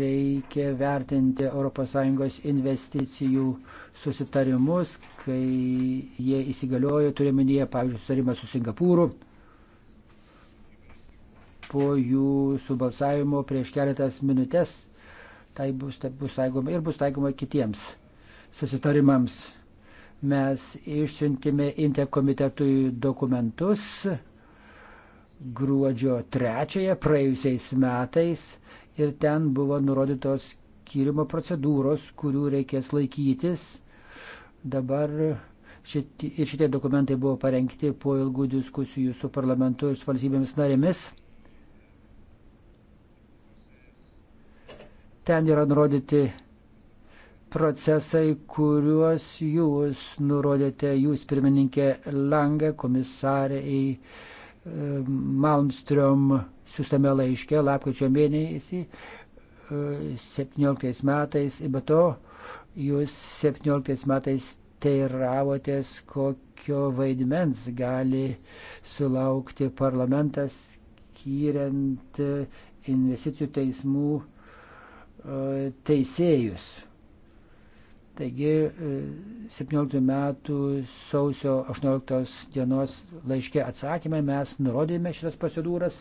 reikia vertinti ES investicijų susitarimus, kai jie įsigaliojo, turime minėję, pavyzdžiui, susitarimą su Singapūru po jų subalsavimo prieš keletas minutės. Tai bus, tai bus taikoma ir bus taikoma kitiems susitarimams. Mes išsiuntėme interkomitetui dokumentus gruodžio 3-ąją praėjusiais metais ir ten buvo nurodytos tyrimo procedūros, kurių reikės laikytis. Dabar šitie, ir šitie dokumentai buvo parengti po ilgų diskusijų su parlamentu ir su valstybėmis narėmis. Ten yra nurodyti procesai, kuriuos jūs nurodėte, jūs pirmininkė Lange, komisariai Malmström siūstame laiške lapkričio mėnesį 17 e, metais. Be to, jūs 17 metais teiravotės, kokio vaidmens gali sulaukti parlamentas, skiriant e, investicijų teismų E, teisėjus. Taigi 17 e, metų sausio 18 dienos laiškė atsakymai mes nurodėme šitas procedūras.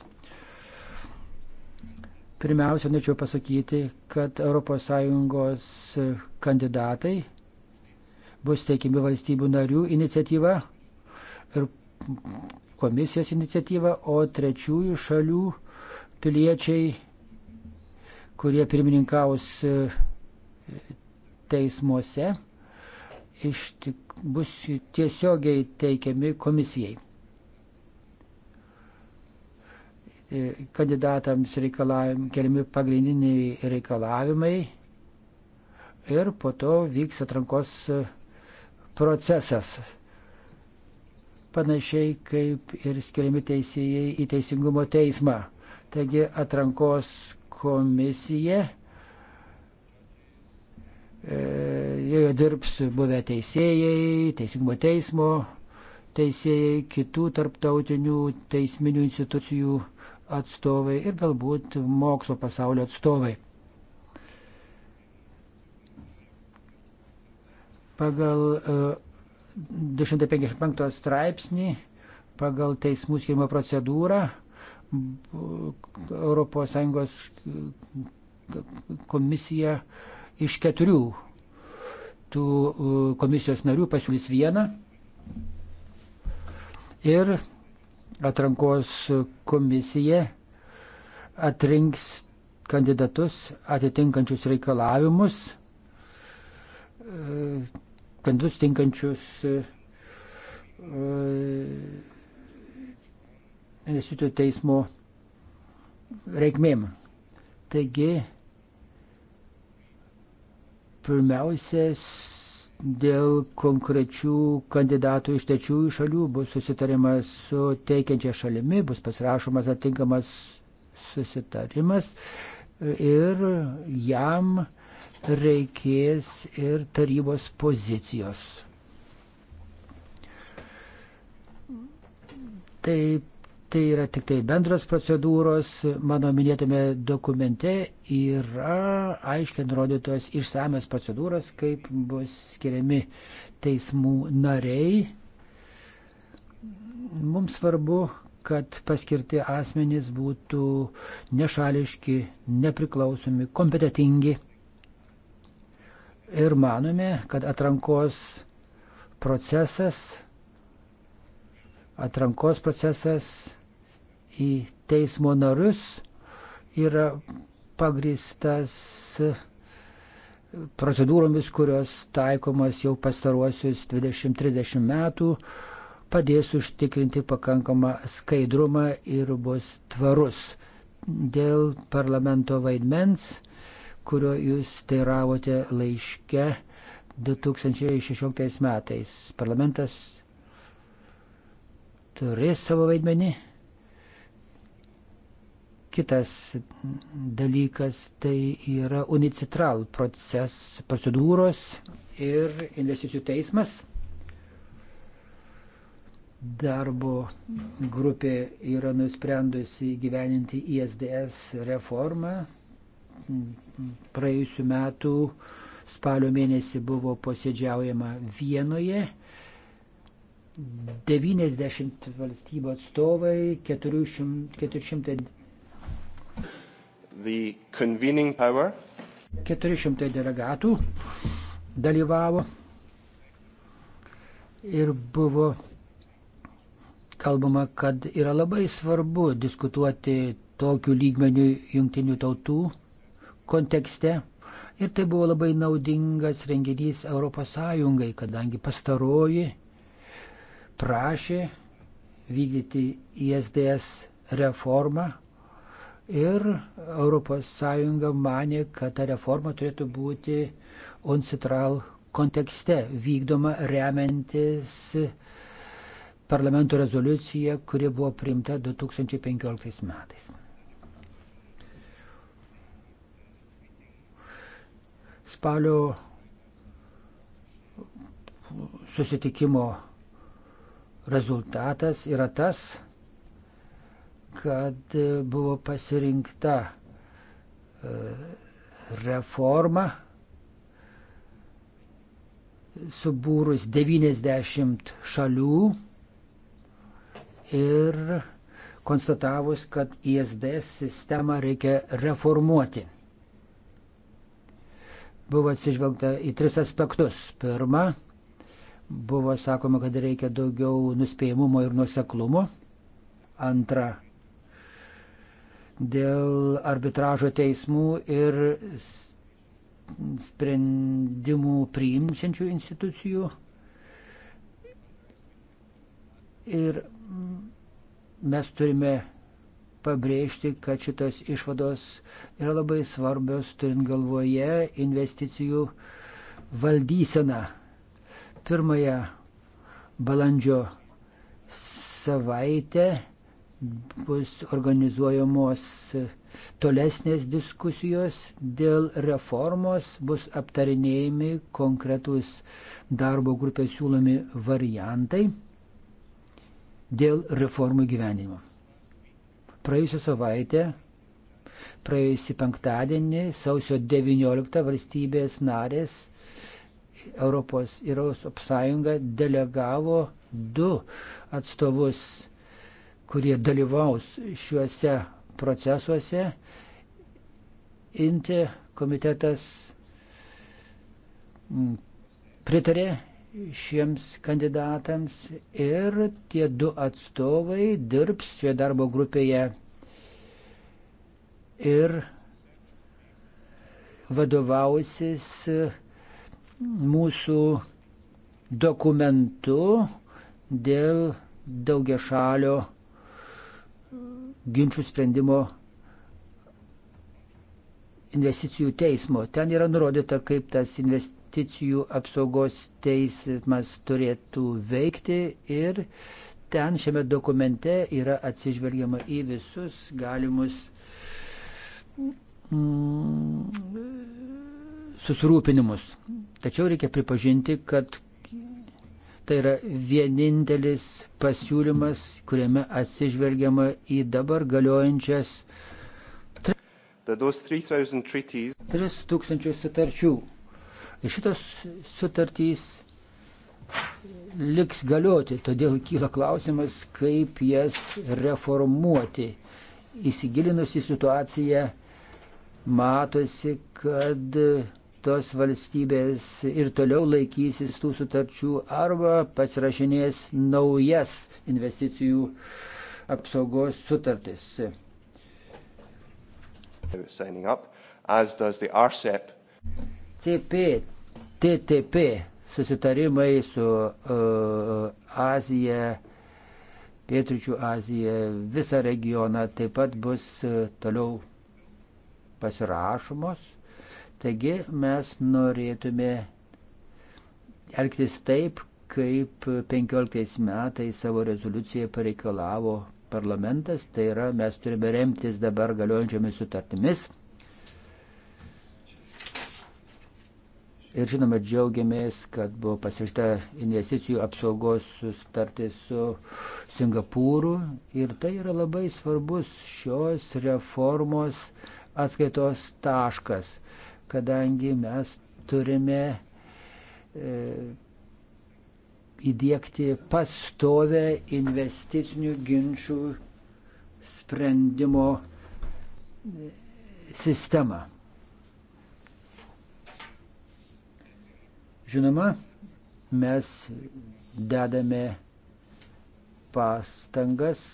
Pirmiausia, norėčiau pasakyti, kad ES kandidatai bus teikiami valstybių narių iniciatyva ir komisijos iniciatyva, o trečiųjų šalių piliečiai kurie pirmininkaus e, teismuose, iš tik bus tiesiogiai teikiami komisijai. E, kandidatams keliami pagrindiniai reikalavimai ir po to vyks atrankos e, procesas. Panašiai kaip ir skiriami teisėjai į teisingumo teismą. Taigi atrankos komisija e, joje dirbs buvę teisėjai, teisingumo teismo teisėjai, kitų tarptautinių teisminių institucijų atstovai ir galbūt mokslo pasaulio atstovai. Pagal 255 e, straipsnį, pagal teismų skirimo procedūrą ES komisija iš keturių tų e, komisijos narių pasiūlys vieną ir atrankos komisija atrinks kandidatus atitinkančius reikalavimus, e, kandidatus tinkančius e, šito teismo reikmėm. Taigi, pirmiausia, dėl konkrečių kandidatų iš tečiųjų šalių bus susitarimas su teikiančia šalimi, bus pasirašomas atinkamas susitarimas ir jam reikės ir tarybos pozicijos. Taip Tai yra tik tai bendros procedūros, mano minėtame dokumente yra aiškiai nurodytos išsamios procedūros, kaip bus skiriami teismų nariai. Mums svarbu, kad paskirti asmenys būtų nešališki, nepriklausomi, kompetitingi. Ir manome, kad atrankos procesas, atrankos procesas į teismo narius yra pagristas procedūromis, kurios taikomas jau pastaruosius 20-30 metų, padės užtikrinti pakankamą skaidrumą ir bus tvarus. Dėl parlamento vaidmens, kurio jūs teiravote laiške 2016 metais, parlamentas turės savo vaidmenį Kitas dalykas tai yra unicitral proces procedūros ir investicijų teismas. Darbo grupė yra nusprendusi gyveninti ISDS reformą. Praėjusiu metu spalio mėnesį buvo posėdžiaujama Vienoje 90 valstybių atstovai, 400, 400
400
delegatų dalyvavo ir buvo kalbama, kad yra labai svarbu diskutuoti tokiu lygmeniu jungtinių tautų kontekste. Ir tai buvo labai naudingas renginys ES, kadangi pastaroji prašė vykdyti ISDS reformą Ir ES manė, kad ta reforma turėtų būti uncitral kontekste vykdoma remiantis parlamento rezoliucija, kuri buvo priimta 2015 metais. Spalio susitikimo rezultatas yra tas, kad e, buvo pasirinkta e, reforma subūrus 90 šalių ir konstatavus, kad ISDS sistemą reikia reformuoti. Buvo atsižvelgta į tris aspektus. Pirma, buvo sakoma, kad reikia daugiau nuspėjimumo ir nuseklumo. Antra, dėl arbitražo teismų ir sprendimų priimsiančių institucijų. Ir mes turime pabrėžti, kad šitos išvados yra labai svarbios, turint galvoje investicijų valdyseną. Pirmąją balandžio savaitę bus organizuojamos tolesnės diskusijos dėl reformos, bus aptarinėjami konkretūs darbo grupės siūlomi variantai dėl reformų gyvenimo. Praėjusią savaitę, praėjusią penktadienį, sausio 19 valstybės narės Europos ir Europos Sąjunga delegavo du atstovus kurie dalyvaus šiuose procesuose. Inti komitetas mm, pritarė šiems kandidatams ir tie du atstovai dirbs šioje darbo grupėje ir vadovausis mm, mūsų dokumentu dėl daugiašalio ginčių sprendimo investicijų teismo. Ten yra nurodyta, kaip tas investicijų apsaugos teismas turėtų veikti ir ten šiame dokumente yra atsižvelgiama į visus galimus mm, susirūpinimus. Tačiau reikia pripažinti, kad Tai yra vienintelis pasiūlymas, kuriame atsižvelgiama į dabar galiojančias
3000
sutarčių. Šitos sutartys liks galioti, todėl kyla klausimas, kaip jas reformuoti. Įsigilinus į situaciją, matosi, kad tos valstybės ir toliau laikysis tų sutarčių arba pasirašinės naujas investicijų apsaugos sutartis. CP, e TTP susitarimai su uh, uh Azija, Pietričių Azija, visą regioną taip pat bus uh, toliau pasirašomos. Taigi mes norėtume elgtis taip, kaip 15 metais savo rezoliuciją pareikalavo parlamentas, tai yra mes turime remtis dabar galiojančiomis sutartimis. Ir žinoma, džiaugiamės, kad buvo pasirašyta investicijų apsaugos sutartis su Singapūru ir tai yra labai svarbus šios reformos atskaitos taškas kadangi mes turime e, įdėkti pastovę investicinių ginčių sprendimo e, sistemą. Žinoma, mes dedame pastangas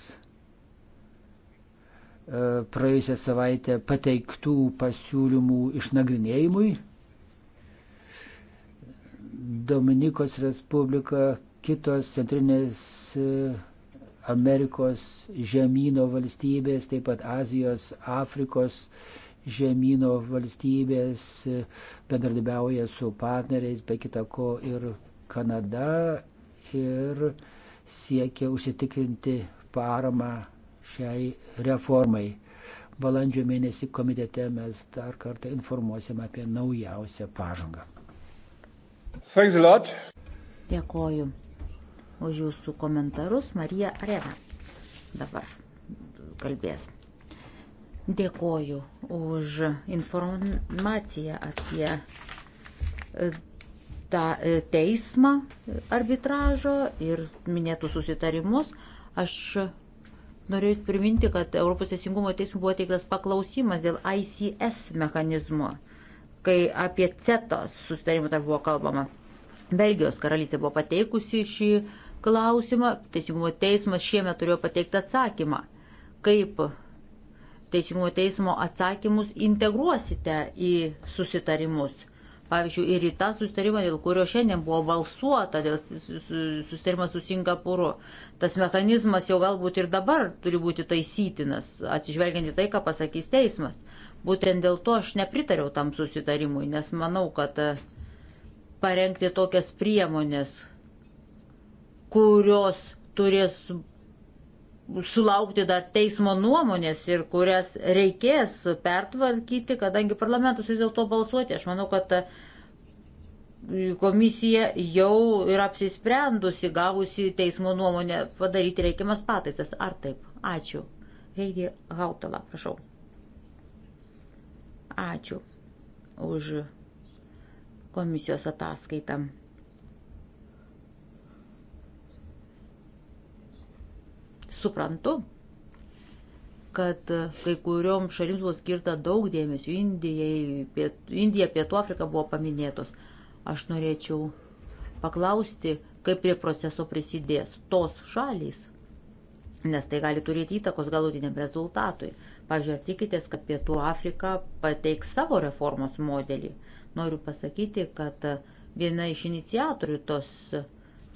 E, praėjusią savaitę pateiktų pasiūlymų išnagrinėjimui. Dominikos Respublika, kitos Centrinės e, Amerikos žemynų valstybės, taip pat Azijos, Afrikos žemynų valstybės e, bendradarbiauja su partneriais, be kitako ir Kanada ir siekia užsitikrinti paramą šiai reformai. Balandžio mėnesį komitete mes dar kartą informuosim apie naujausią pažangą.
Dėkoju už jūsų komentarus. Marija Arena dabar kalbės. Dėkoju už informaciją apie e, tą e, teismą arbitražo ir minėtų susitarimus. Aš Norėjau priminti, kad Europos Teisingumo teismų buvo teiktas paklausimas dėl ICS mechanizmo, kai apie CETA sustarimą dar buvo kalbama. Belgijos karalystė buvo pateikusi šį klausimą, Teisingumo teismas šiemet turėjo pateikti atsakymą, kaip Teisingumo teismo atsakymus integruosite į susitarimus. Pavyzdžiui, ir į tą sustarimą, dėl kurio šiandien buvo balsuota, dėl sustarimą su Singapūru, tas mechanizmas jau galbūt ir dabar turi būti taisytinas, atsižvelgiant į tai, ką pasakys teismas. Būtent dėl to aš nepritariau tam susitarimui, nes manau, kad e, parengti tokias priemonės, kurios turės sulaukti dar teismo nuomonės ir kurias reikės pertvarkyti, kadangi parlamentus vis dėlto balsuoti. Aš manau, kad e, komisija jau yra apsisprendusi, gavusi teismo nuomonę padaryti reikiamas pataisas. Ar taip? Ačiū. Heidi Hautala, prašau. Ačiū už komisijos ataskaitą. Suprantu, kad kai kuriuom šalims buvo skirta daug dėmesio. Indijai, piet, Indija, Pietų Afrika buvo paminėtos. Aš norėčiau paklausti, kaip prie proceso prisidės tos šalys, nes tai gali turėti įtakos galutiniam rezultatui. Pavyzdžiui, ar tikitės, kad Pietų Afrika pateiks savo reformos modelį? Noriu pasakyti, kad viena iš iniciatorių tos,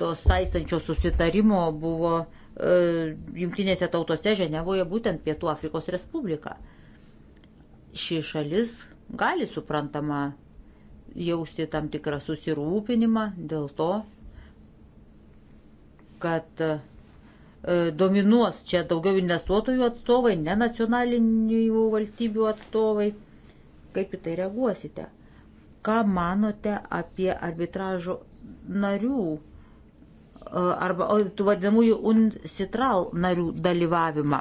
tos saistančio susitarimo buvo jungtinėse tautose Ženevoje būtent Pietų Afrikos Respubliką. Ši šalis gali suprantama jausti tam tikrą susirūpinimą dėl to, kad e, dominuos čia daugiau investuotojų atstovai, ne nacionalinių valstybių atstovai. Kaip į tai reaguosite? Ką manote apie arbitražo narių E, arba tų vadinamųjų uncitral narių dalyvavimą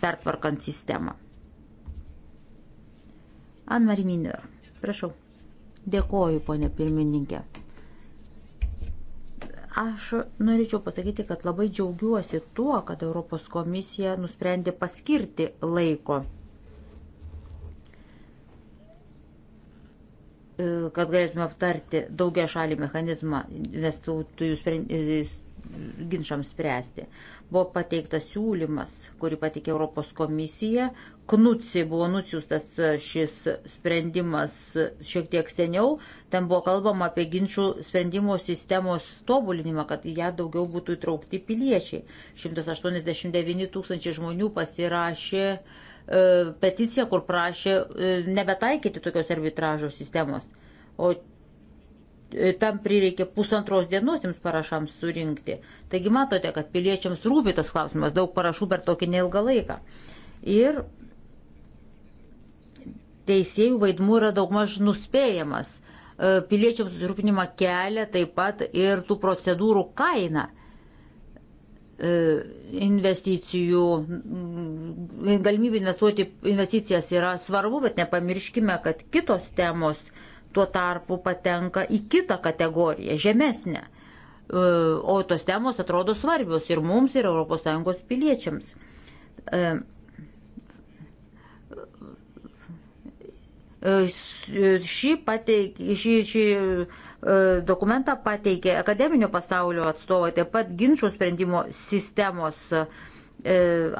pertvarkant sistemą. Anna Riminio, prašau. Dėkoju, ponė pirmininkė. Aš norėčiau pasakyti, kad labai džiaugiuosi tuo, kad Europos komisija nusprendė paskirti laiko kad galėtume aptarti daugia šalį mechanizmą investuotojų ginčiams spręsti. Buvo pateiktas siūlymas, kurį pateikė Europos komisija. Knutsi buvo nusiųstas šis sprendimas šiek tiek seniau. Ten buvo kalbama apie ginčių sprendimo sistemos tobulinimą, kad ją daugiau būtų įtraukti piliečiai. 189 tūkstančiai žmonių pasirašė uh, E, peticiją, kur prašė e, nebetaikyti tokios arbitražo sistemos. O e, tam prireikė pusantros dienos jums parašams surinkti. Taigi matote, kad piliečiams rūpi tas klausimas, daug parašų per tokį neilgą laiką. Ir teisėjų vaidmuo yra daugmaž nuspėjamas. Piliečiams susirūpinimą kelia taip pat ir tų procedūrų kaina. E, investicijų, galimybė investuoti investicijas yra svarbu, bet nepamirškime, kad kitos temos tuo tarpu patenka į kitą kategoriją, žemesnę. E, o tos temos atrodo svarbios ir mums, ir ES piliečiams. E, šį pateikį, šį, šį E, dokumentą pateikė akademinio pasaulio atstovai, taip pat ginčių sprendimo sistemos e,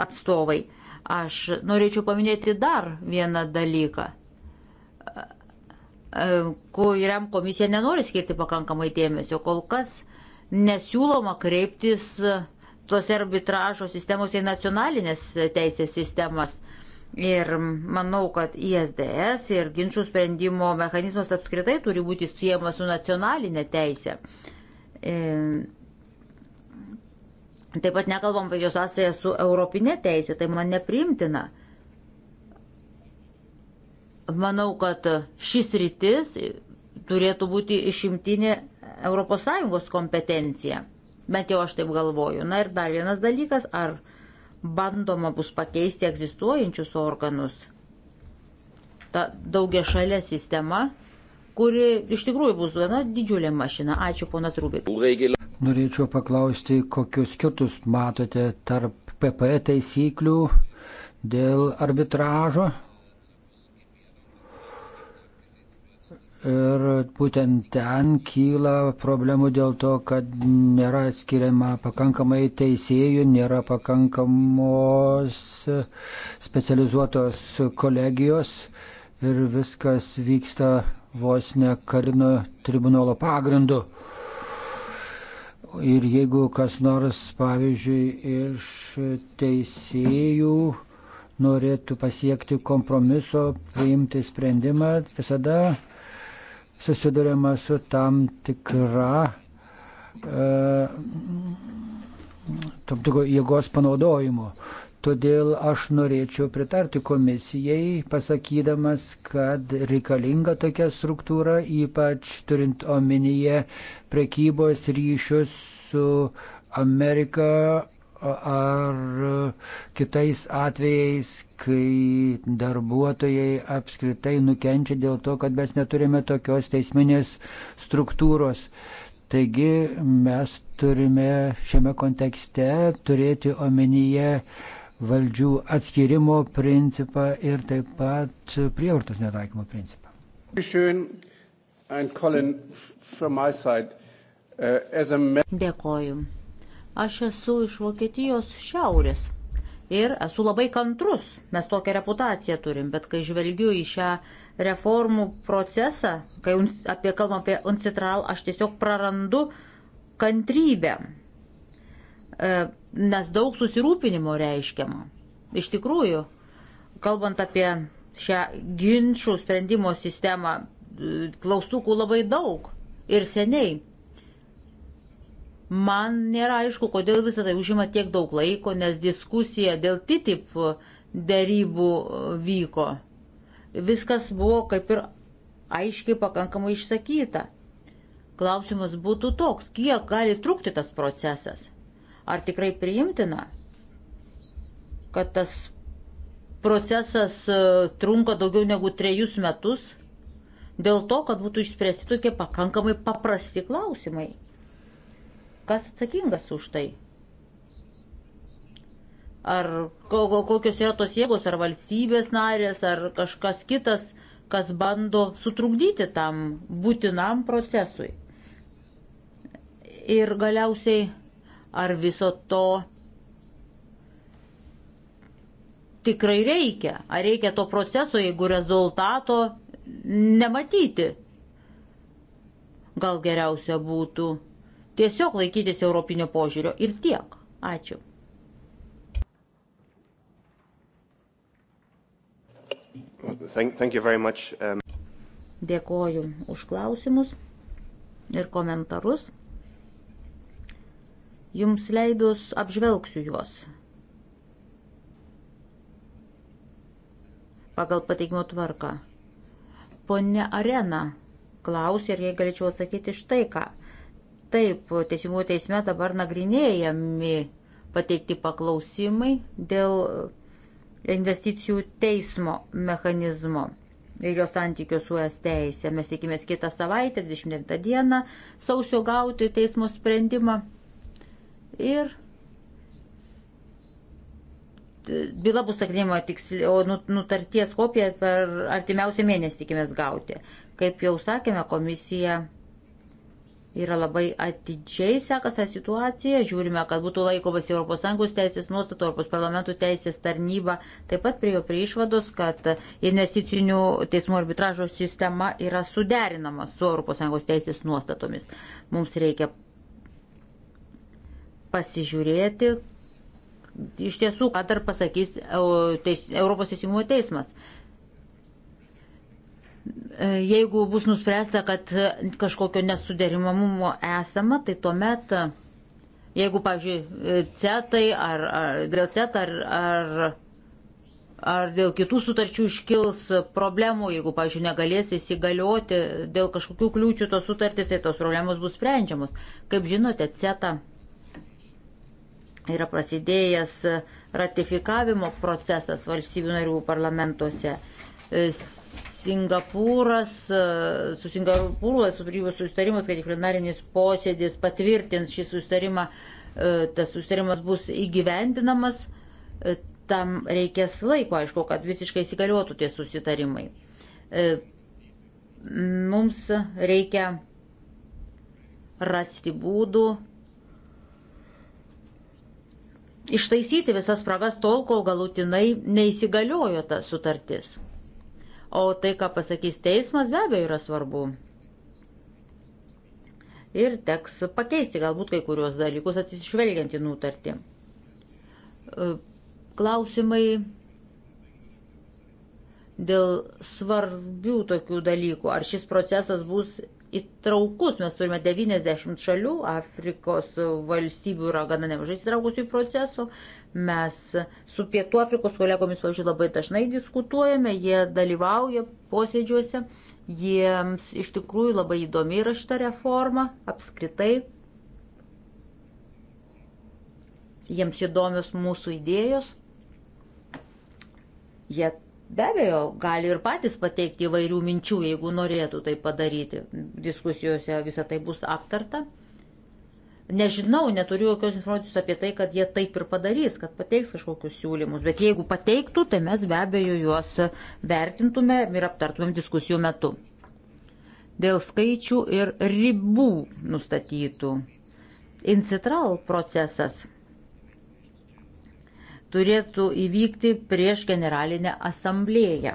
atstovai. Aš norėčiau paminėti dar vieną dalyką e, kuriam komisija nenori skirti pakankamai dėmesio. Kol kas nesiūloma kreiptis tos arbitražo sistemos į nacionalinės teisės sistemas. Ir manau, kad ISDS ir ginčių sprendimo mechanizmas apskritai turi būti siejamas su nacionalinė teisė. E, taip pat nekalbam apie jos sąsąją su europinė teisė, tai man neprimtina. Manau, kad šis rytis turėtų būti išimtinė ES kompetencija. Bet jau aš taip galvoju. Na ir dar vienas dalykas, ar bandoma bus pakeisti egzistuojančius organus. Ta daugia šalia sistema, kuri iš tikrųjų bus gana didžiulė mašina. Ačiū, ponas Rubik.
Norėčiau paklausti, kokius kitus matote tarp PPE taisyklių dėl arbitražo Ir būtent ten kyla problemų dėl to, kad nėra skiriama pakankamai teisėjų, nėra pakankamos specializuotos kolegijos ir viskas vyksta vos ne karino tribunolo pagrindu. Ir jeigu kas nors, pavyzdžiui, iš teisėjų norėtų pasiekti kompromiso, priimti sprendimą, visada susidurėma su tam tikra e, tam tikro jėgos panaudojimo. Todėl aš norėčiau pritarti komisijai, pasakydamas, kad reikalinga tokia struktūra, ypač turint omenyje prekybos ryšius su Amerika, ar e, kitais atvejais, kai darbuotojai apskritai nukenčia dėl to, kad mes neturime tokios teisminės struktūros. Taigi mes turime šiame kontekste turėti omenyje valdžių atskirimo principą ir taip pat prievartos netaikymo principą.
Uh, Dėkoju. Aš esu iš Vokietijos šiaurės ir esu labai kantrus, mes tokią reputaciją turim, bet kai žvelgiu į šią reformų procesą, kai apie, kalbam apie uncitral, aš tiesiog prarandu kantrybę, e, nes daug susirūpinimo reiškiama. Iš tikrųjų, kalbant apie šią ginčių sprendimo sistemą, e, klaustukų labai daug ir seniai. Man nėra aišku, kodėl visą tai užima tiek daug laiko, nes diskusija dėl TTIP dėrybų e, vyko. Viskas buvo kaip ir aiškiai pakankamai išsakyta. Klausimas būtų toks, kiek gali trukti tas procesas. Ar tikrai priimtina, kad tas procesas e, trunka daugiau negu trejus metus dėl to, kad būtų išspręsti tokie pakankamai paprasti klausimai. Kas atsakingas už tai? Ar kokios yra tos jėgos, ar valstybės narės, ar kažkas kitas, kas bando sutrukdyti tam būtinam procesui. Ir galiausiai, ar viso to tikrai reikia, ar reikia to proceso, jeigu rezultato nematyti. Gal geriausia būtų tiesiog laikytis europinio požiūrio ir tiek. Ačiū. Thank, thank you very much. Um... Dėkoju už klausimus ir komentarus. Jums leidus apžvelgsiu juos. Pagal pateikimo tvarką. Pone Arena klausė, ar jei galėčiau atsakyti štai ką. Taip, teisingumo teisme dabar nagrinėjami pateikti paklausimai dėl investicijų teismo mechanizmo ir jo santykių su es teisė. Mes tikimės kitą savaitę, 29 dieną, sausio gauti teismo sprendimą. Ir byla bus nagrinėjama tiksliai, o nu, nutarties kopiją per artimiausią mėnesį tikimės gauti. Kaip jau sakėme, komisija yra labai atidžiai sekas tą situaciją, žiūrime, kad būtų laikomas ES teisės nuostatų, ES parlamentų teisės tarnyba, taip pat prie jo prie išvados, kad investicinių teismų arbitražo sistema yra suderinama su ES teisės nuostatomis. Mums reikia pasižiūrėti, iš tiesų, ką dar pasakys Europos teisingumo teismas. E, jeigu bus nuspręsta, kad kažkokio nesuderimamumo esama, tai tuomet, jeigu, pavyzdžiui, cetai ar, ar dėl cetą ar, ar, ar dėl kitų sutarčių iškils problemų, jeigu, pavyzdžiui, negalės įsigalioti dėl kažkokių kliūčių tos sutartys, tai tos problemos bus sprendžiamos. Kaip žinote, cetą yra prasidėjęs ratifikavimo procesas valstybių narių parlamentuose e, Singapūras, e, su Singapūru esu priimus sustarimus, kad disciplinarinis posėdis patvirtins šį sustarimą, e, tas sustarimas bus įgyvendinamas, e, tam reikės laiko, aišku, kad visiškai įsigaliotų tie susitarimai. Mums reikia rasti būdų ištaisyti visas spragas tol, kol galutinai neįsigaliojo ta sutartis. O tai, ką pasakys teismas, be abejo yra svarbu. Ir teks pakeisti galbūt kai kurios dalykus atsižvelgiant į nutartį. E, klausimai dėl svarbių tokių dalykų. Ar šis procesas bus įtraukus? Mes turime 90 šalių, Afrikos valstybių yra gana nemažai įsitraukusių į procesų. Mes su Pietų Afrikos kolegomis, pavyzdžiui, labai dažnai diskutuojame, jie dalyvauja posėdžiuose, jiems iš tikrųjų labai įdomi yra šita reforma apskritai. Jiems įdomios mūsų idėjos. Jie be abejo gali ir patys pateikti įvairių minčių, jeigu norėtų tai padaryti. Diskusijose visą tai bus aptarta. Nežinau, neturiu jokios informacijos apie tai, kad jie taip ir padarys, kad pateiks kažkokius siūlymus, bet jeigu pateiktų, tai mes be abejo juos vertintume ir aptartumėm diskusijų metu. Dėl skaičių ir ribų nustatytų. Incitral procesas turėtų įvykti prieš generalinę asamblėją,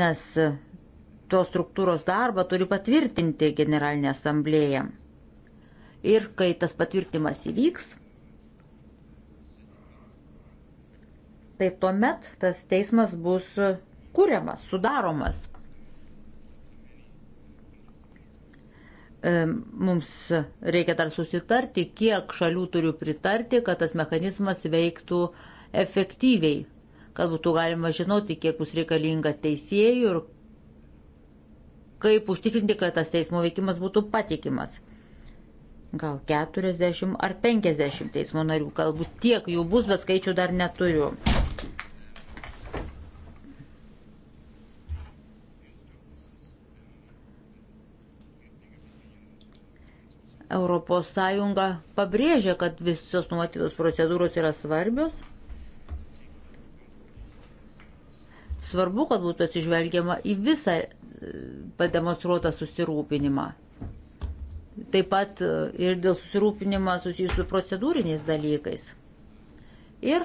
nes tos struktūros darbą turi patvirtinti generalinė asamblėja ir kai tas patvirtimas įvyks, tai tuomet tas teismas bus kūriamas, sudaromas. Mums reikia dar susitarti, kiek šalių turiu pritarti, kad tas mechanizmas veiktų efektyviai, kad būtų galima žinoti, kiek bus reikalinga teisėjų ir kaip užtikrinti, kad tas teismo veikimas būtų patikimas gal 40 ar 50 teismo narių, galbūt tiek jų bus, bet skaičių dar neturiu. Europos Sąjunga pabrėžia, kad visos numatytos procedūros yra svarbios. Svarbu, kad būtų atsižvelgiama į visą e, pademonstruotą susirūpinimą taip pat e, ir dėl susirūpinimą susijusių procedūriniais dalykais. Ir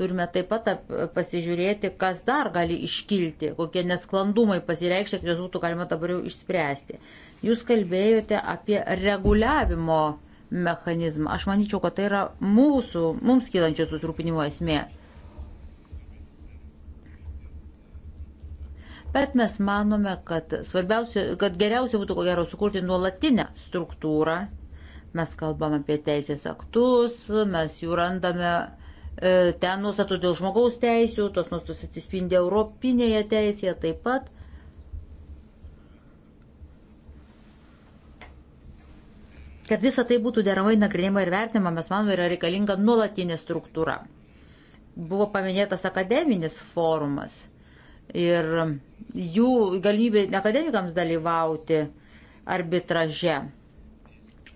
turime taip pat pasižiūrėti, kas dar gali iškilti, kokie nesklandumai pasireikšti, kad juos būtų galima dabar jau išspręsti. Jūs kalbėjote apie reguliavimo mechanizmą. Aš manyčiau, kad tai yra mūsų, mums kylančio susirūpinimo esmė. bet mes manome, kad, kad geriausia būtų ko gero sukurti nuolatinę struktūrą. Mes kalbam apie teisės aktus, mes jų randame e, ten nusatų dėl žmogaus teisių, tos nustatos atsispindi Europinėje teisėje taip pat. Kad visa tai būtų deramai nagrinėjama ir vertinama, mes manome, yra reikalinga nuolatinė struktūra. Buvo paminėtas akademinis forumas ir jų galimybė akademikams dalyvauti arbitraže.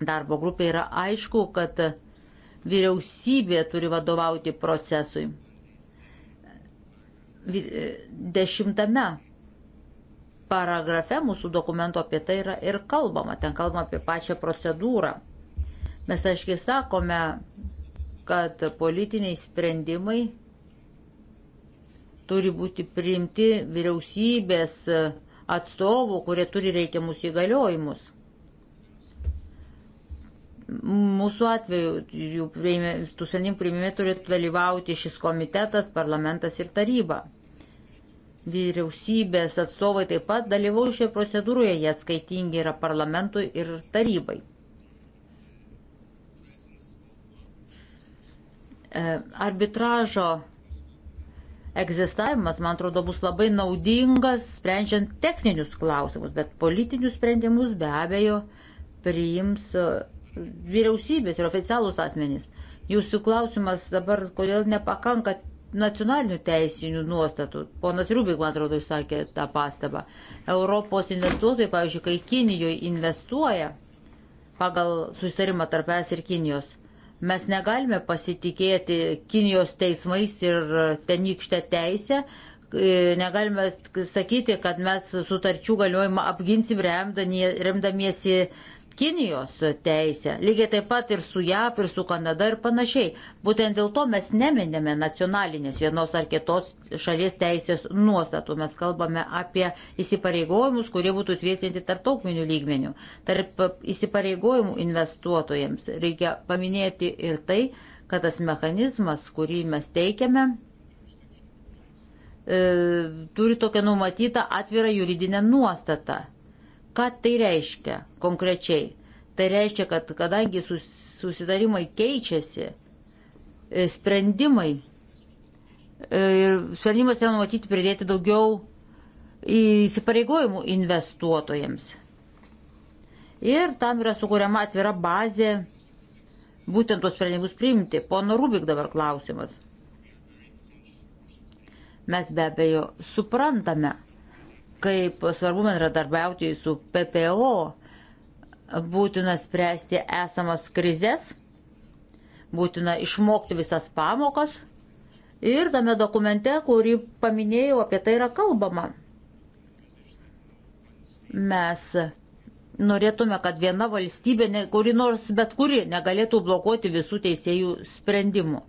Darbo grupė yra aišku, kad vyriausybė turi vadovauti procesui. E, dešimtame paragrafe mūsų dokumento apie tai yra ir kalbama. Ten kalbama apie pačią procedūrą. Mes aiškiai sakome, kad politiniai sprendimai turi būti priimti vyriausybės atstovų, kurie turi reikiamus įgaliojimus. Mūsų atveju prieimė, tų sprendimų priimime turėtų dalyvauti šis komitetas, parlamentas ir taryba. Vyriausybės atstovai taip pat dalyvau šioje procedūroje, jie atskaitingi yra parlamentui ir tarybai. E, arbitražo egzistavimas, man atrodo, bus labai naudingas, sprendžiant techninius klausimus, bet politinius sprendimus be abejo priims e, vyriausybės ir oficialūs asmenys. Jūsų klausimas dabar, kodėl nepakanka nacionalinių teisinių nuostatų. Ponas Rubik, man atrodo, išsakė tą pastabą. Europos investuotojai, pavyzdžiui, kai Kinijoje investuoja pagal susitarimą tarp es ir Kinijos, Mes negalime pasitikėti Kinijos teismais ir tenykštę teisę, e, negalime sakyti, kad mes sutarčių galiojimą apginsim remdamiesi Kinijos teisę, lygiai taip pat ir su JAV, ir su Kanada ir panašiai. Būtent dėl to mes neminėme nacionalinės vienos ar kitos šalies teisės nuostatų. Mes kalbame apie įsipareigojimus, kurie būtų tvirtinti tarptautinių lygmenių. Tarp įsipareigojimų investuotojams reikia paminėti ir tai, kad tas mechanizmas, kurį mes teikiame, e, turi tokią numatytą atvirą juridinę nuostatą. Ką tai reiškia konkrečiai? Tai reiškia, kad kadangi susitarimai keičiasi, e, sprendimai e, ir sprendimas yra numatyti pridėti daugiau įsipareigojimų investuotojams. Ir tam yra sukūriama atvira bazė būtent tuos sprendimus priimti. Pono Rubik dabar klausimas. Mes be abejo suprantame, kaip svarbu bendradarbiauti su PPO, būtina spręsti esamas krizės, būtina išmokti visas pamokas ir tame dokumente, kurį paminėjau, apie tai yra kalbama. Mes norėtume, kad viena valstybė, kuri nors bet kuri, negalėtų blokuoti visų teisėjų sprendimų.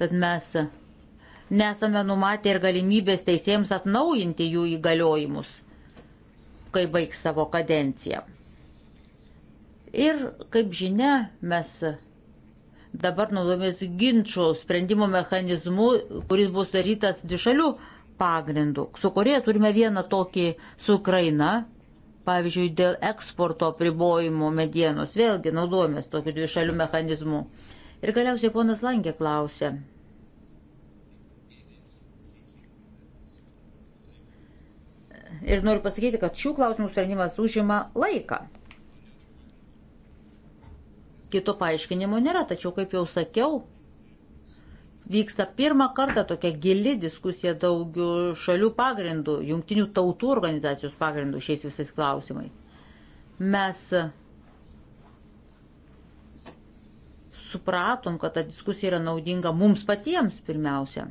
Tad mes nesame numatę ir galimybės teisėjams atnaujinti jų įgaliojimus, kai baigs savo kadenciją. Ir, kaip žinia, mes dabar naudojamės ginčio sprendimo mechanizmu, kuris bus darytas dvišalių pagrindų. Su Koreja turime vieną tokį su Ukraina, pavyzdžiui, dėl eksporto pribojimų medienos. Vėlgi naudojamės tokiu dvišalių mechanizmu. Ir galiausiai ponas Langė klausė ir noriu pasakyti, kad šių klausimų sprendimas užima laiką. Kito paaiškinimo nėra, tačiau, kaip jau sakiau, vyksta pirmą kartą tokia gili diskusija daugių šalių pagrindų, jungtinių tautų organizacijos pagrindų šiais visais klausimais. Mes supratom, kad ta diskusija yra naudinga mums patiems pirmiausia.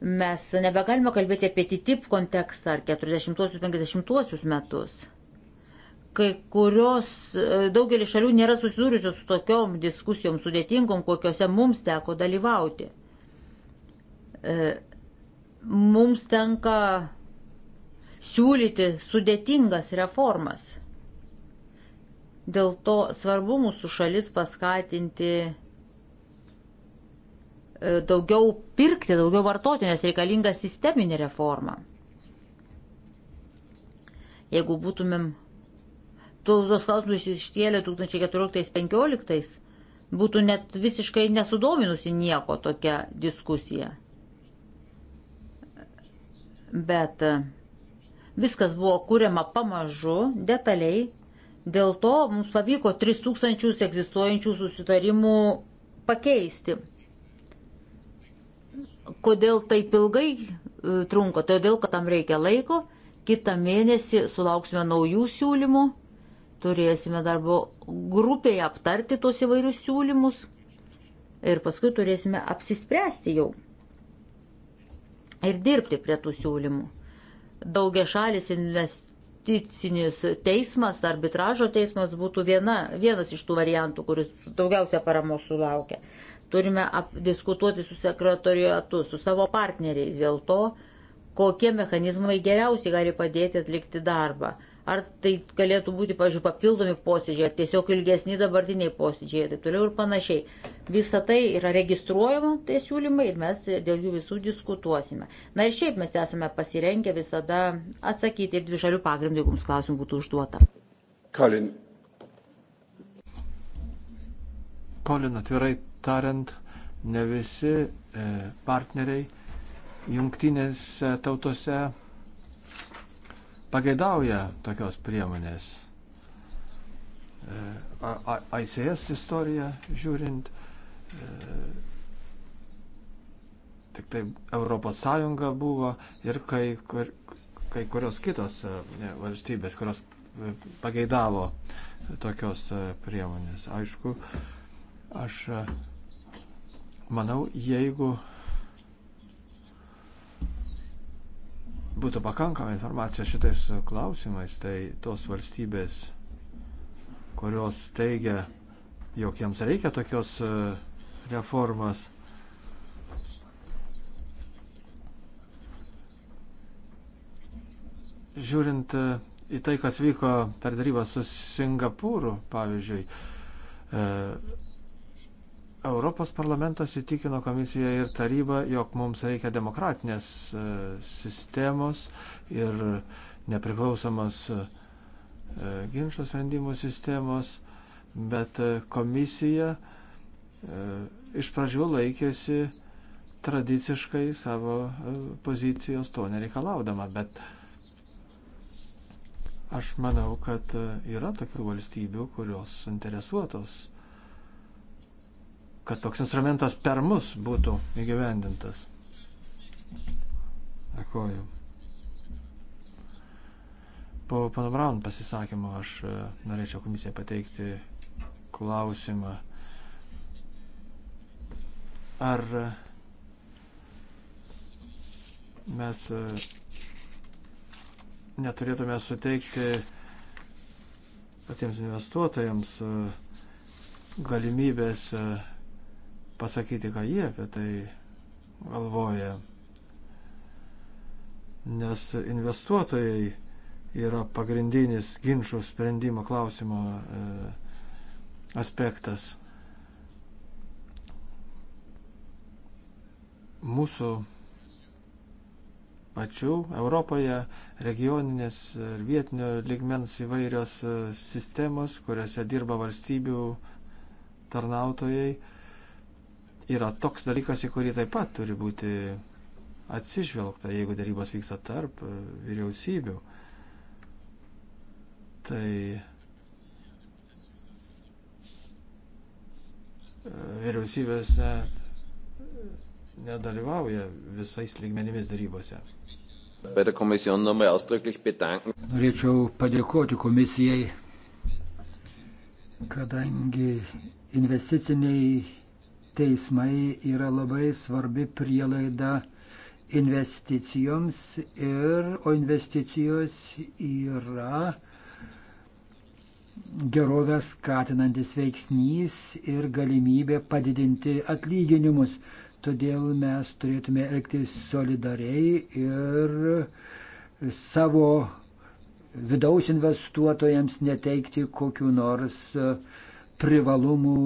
Mes nebegalime kalbėti apie TTIP kontekstą ar 40-50 metus. Kai kurios, e, daugelis šalių nėra susidūrusios su tokiom diskusijom sudėtingom, kokiuose mums teko dalyvauti. E, mums tenka siūlyti sudėtingas reformas. Dėl to svarbu mūsų šalis paskatinti E, daugiau pirkti, daugiau vartoti, nes reikalinga sisteminė reforma. Jeigu būtumėm tuos klausimus ištielė 2014-2015, būtų net visiškai nesudominusi nieko tokia diskusija. Bet e, viskas buvo kuriama pamažu, detaliai, dėl to mums pavyko 3000 egzistuojančių susitarimų pakeisti. Kodėl taip ilgai e, trunka? Todėl, kad tam reikia laiko. Kita mėnesį sulauksime naujų siūlymų. Turėsime darbo grupėje aptarti tuos įvairius siūlymus. Ir paskui turėsime apsispręsti jau. Ir dirbti prie tų siūlymų. Daugia šalis investicinis teismas, arbitražo teismas būtų viena, vienas iš tų variantų, kuris daugiausia paramos sulaukia. Turime diskutuoti su sekretoriatu, su savo partneriais dėl to, kokie mechanizmai geriausiai gali padėti atlikti darbą. Ar tai galėtų būti, pažiūrėjau, papildomi posėdžiai, ar tiesiog ilgesni dabartiniai posėdžiai, taip toliau ir panašiai. Visa tai yra registruojama, tie siūlymai, ir mes dėl jų visų diskutuosime. Na ir šiaip mes esame pasirengę visada atsakyti ir dvišalių pagrindų, jeigu jums klausimų būtų užduota.
Colin.
Colin, atvirai tariant, ne visi e, partneriai jungtinėse tautose pageidauja tokios priemonės. E, ICS istoriją žiūrint, e, tik tai Europos Sąjunga buvo ir kai, kur, kai kurios kitos valstybės, kurios pageidavo tokios priemonės. Aišku, Aš e, manau, jeigu būtų pakankama informacija šitais klausimais, tai tos valstybės, kurios teigia, jog jiems reikia tokios e, reformas, žiūrint e, į tai, kas vyko per darybą su Singapūru, pavyzdžiui, Europos parlamentas įtikino komisiją ir tarybą, jog mums reikia demokratinės e, sistemos ir nepriklausomos e, ginčio sprendimų sistemos, bet e, komisija iš pradžių laikėsi tradiciškai savo pozicijos to nereikalaudama, bet aš manau, kad yra tokių valstybių, kurios interesuotos kad toks instrumentas per mus būtų įgyvendintas. Dėkuoju. Po pano Braun pasisakymo aš e, norėčiau komisijai pateikti klausimą. Ar e, mes e, neturėtume suteikti patiems investuotojams galimybės pasakyti, ką jie apie tai galvoja. Nes investuotojai yra pagrindinis ginčių sprendimo klausimo e, aspektas. Mūsų pačių Europoje regioninės ir vietinio ligmens įvairios e, sistemos, kuriuose dirba valstybių tarnautojai, yra toks dalykas, į kurį taip pat turi būti atsižvelgta, jeigu darybos vyksta tarp e, vyriausybių. Tai e, vyriausybės e, nedalyvauja visais lygmenimis darybose.
Norėčiau padėkoti komisijai, kadangi investiciniai teismai yra labai svarbi prielaida investicijoms ir, o investicijos yra gerovę skatinantis veiksnys ir galimybė padidinti atlyginimus. Todėl mes turėtume elgtis solidariai ir savo vidaus investuotojams neteikti kokiu nors privalumų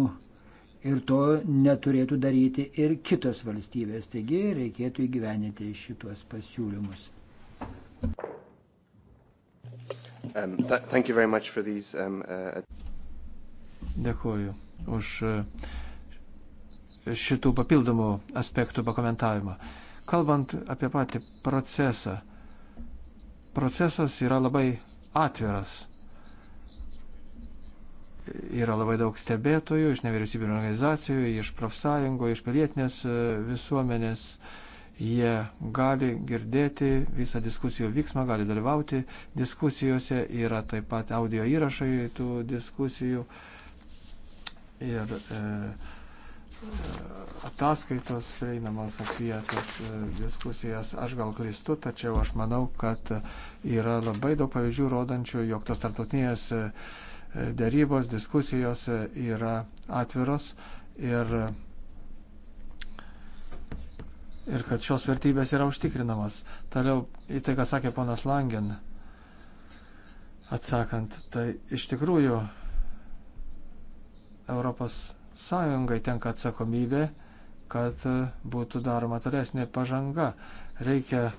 Ir to neturėtų daryti ir kitos valstybės. Taigi reikėtų įgyveninti šitos pasiūlymus.
Um, th these, um, uh... Dėkuoju už uh, šitų papildomų aspektų pakomentavimą. Kalbant apie patį procesą, procesas yra labai atviras Yra labai daug stebėtojų iš nevyriausybinio organizacijų, iš profsąjungo, iš pilietinės e, visuomenės. Jie gali girdėti visą diskusijų vyksmą, gali dalyvauti diskusijose, yra taip pat audio įrašai tų diskusijų ir e, e ataskaitos prieinamas apie tas e, diskusijas. Aš gal klistu, tačiau aš manau, kad yra labai daug pavyzdžių rodančių, jog tos tarptautinės e, dėrybos, diskusijos yra atviros ir, ir kad šios vertybės yra užtikrinamas. Toliau į tai, ką sakė ponas Langen, atsakant, tai iš tikrųjų Europos Sąjungai tenka atsakomybė, kad būtų daroma tolesnė pažanga. Reikia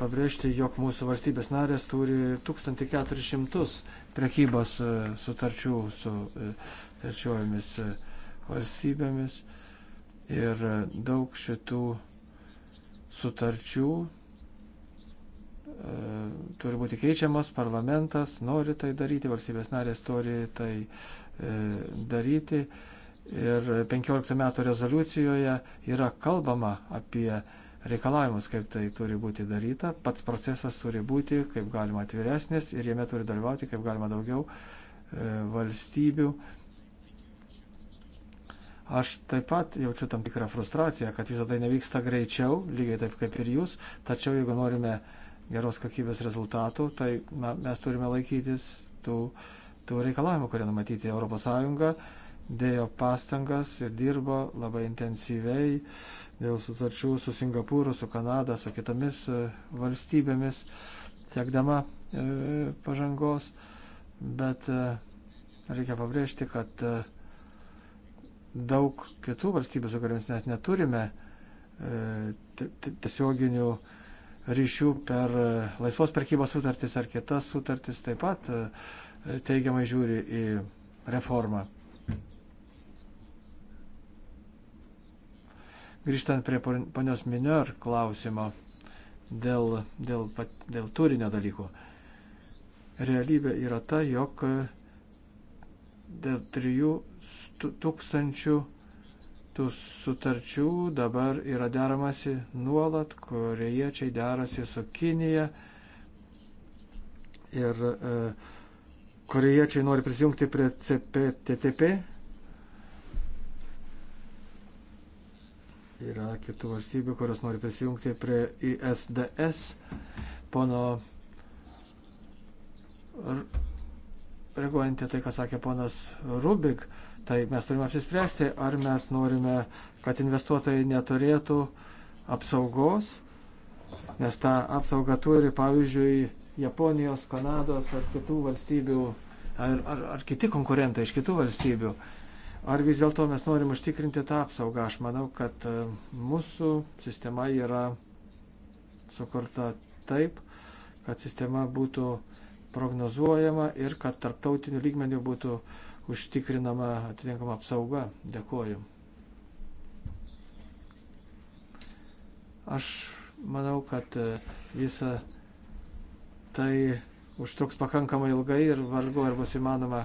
pabrėžti, jog mūsų valstybės narės turi 1400 prekybos e, sutarčių su e, trečiojomis e, valstybėmis ir daug šitų sutarčių turi būti keičiamas, parlamentas nori tai daryti, valstybės narės turi tai daryti. Ir 15 metų rezoliucijoje yra kalbama apie reikalavimus, kaip tai turi būti daryta. Pats procesas turi būti kaip galima atviresnis ir jame turi dalyvauti kaip galima daugiau e, valstybių. Aš taip pat jaučiu tam tikrą frustraciją, kad visą tai nevyksta greičiau, lygiai taip kaip ir jūs, tačiau jeigu norime geros kokybės rezultatų, tai na, mes turime laikytis tų, tų reikalavimų, kurie numatyti ES dėjo pastangas ir dirbo labai intensyviai dėl sutarčių su Singapūru, su Kanada, su kitomis e, valstybėmis, siekdama e, pažangos, bet e, reikia pabrėžti, kad daug kitų valstybių, su kuriamis mes neturime tiesioginių ryšių per laisvos prekybos sutartis ar kitas sutartis, taip pat teigiamai žiūri į reformą. Grįžtant prie ponios Minior klausimo dėl, dėl, pat, dėl turinio dalykų. Realybė yra ta, jog e, dėl 3000 tų sutarčių dabar yra deramasi nuolat, korejiečiai derasi su Kinija ir e, korejiečiai nori prisijungti prie CPTTP Yra kitų valstybių, kurios nori prisijungti prie ISDS. Pono. Ar reaguojant į tai, ką sakė ponas Rubik, tai mes turime apsispręsti, ar mes norime, kad investuotojai neturėtų apsaugos, nes tą apsaugą turi, pavyzdžiui, Japonijos, Kanados ar kitų valstybių, ar, ar, ar kiti konkurentai iš kitų valstybių. Uh, ar vis dėlto mes norim užtikrinti tą apsaugą. Aš manau, kad e, mūsų sistema yra sukurta taip, kad sistema būtų prognozuojama ir kad tarptautiniu lygmeniu būtų užtikrinama atitinkama apsauga. Dėkuoju. Aš manau, kad e, visa tai užtruks pakankamai ilgai ir vargu ar bus įmanoma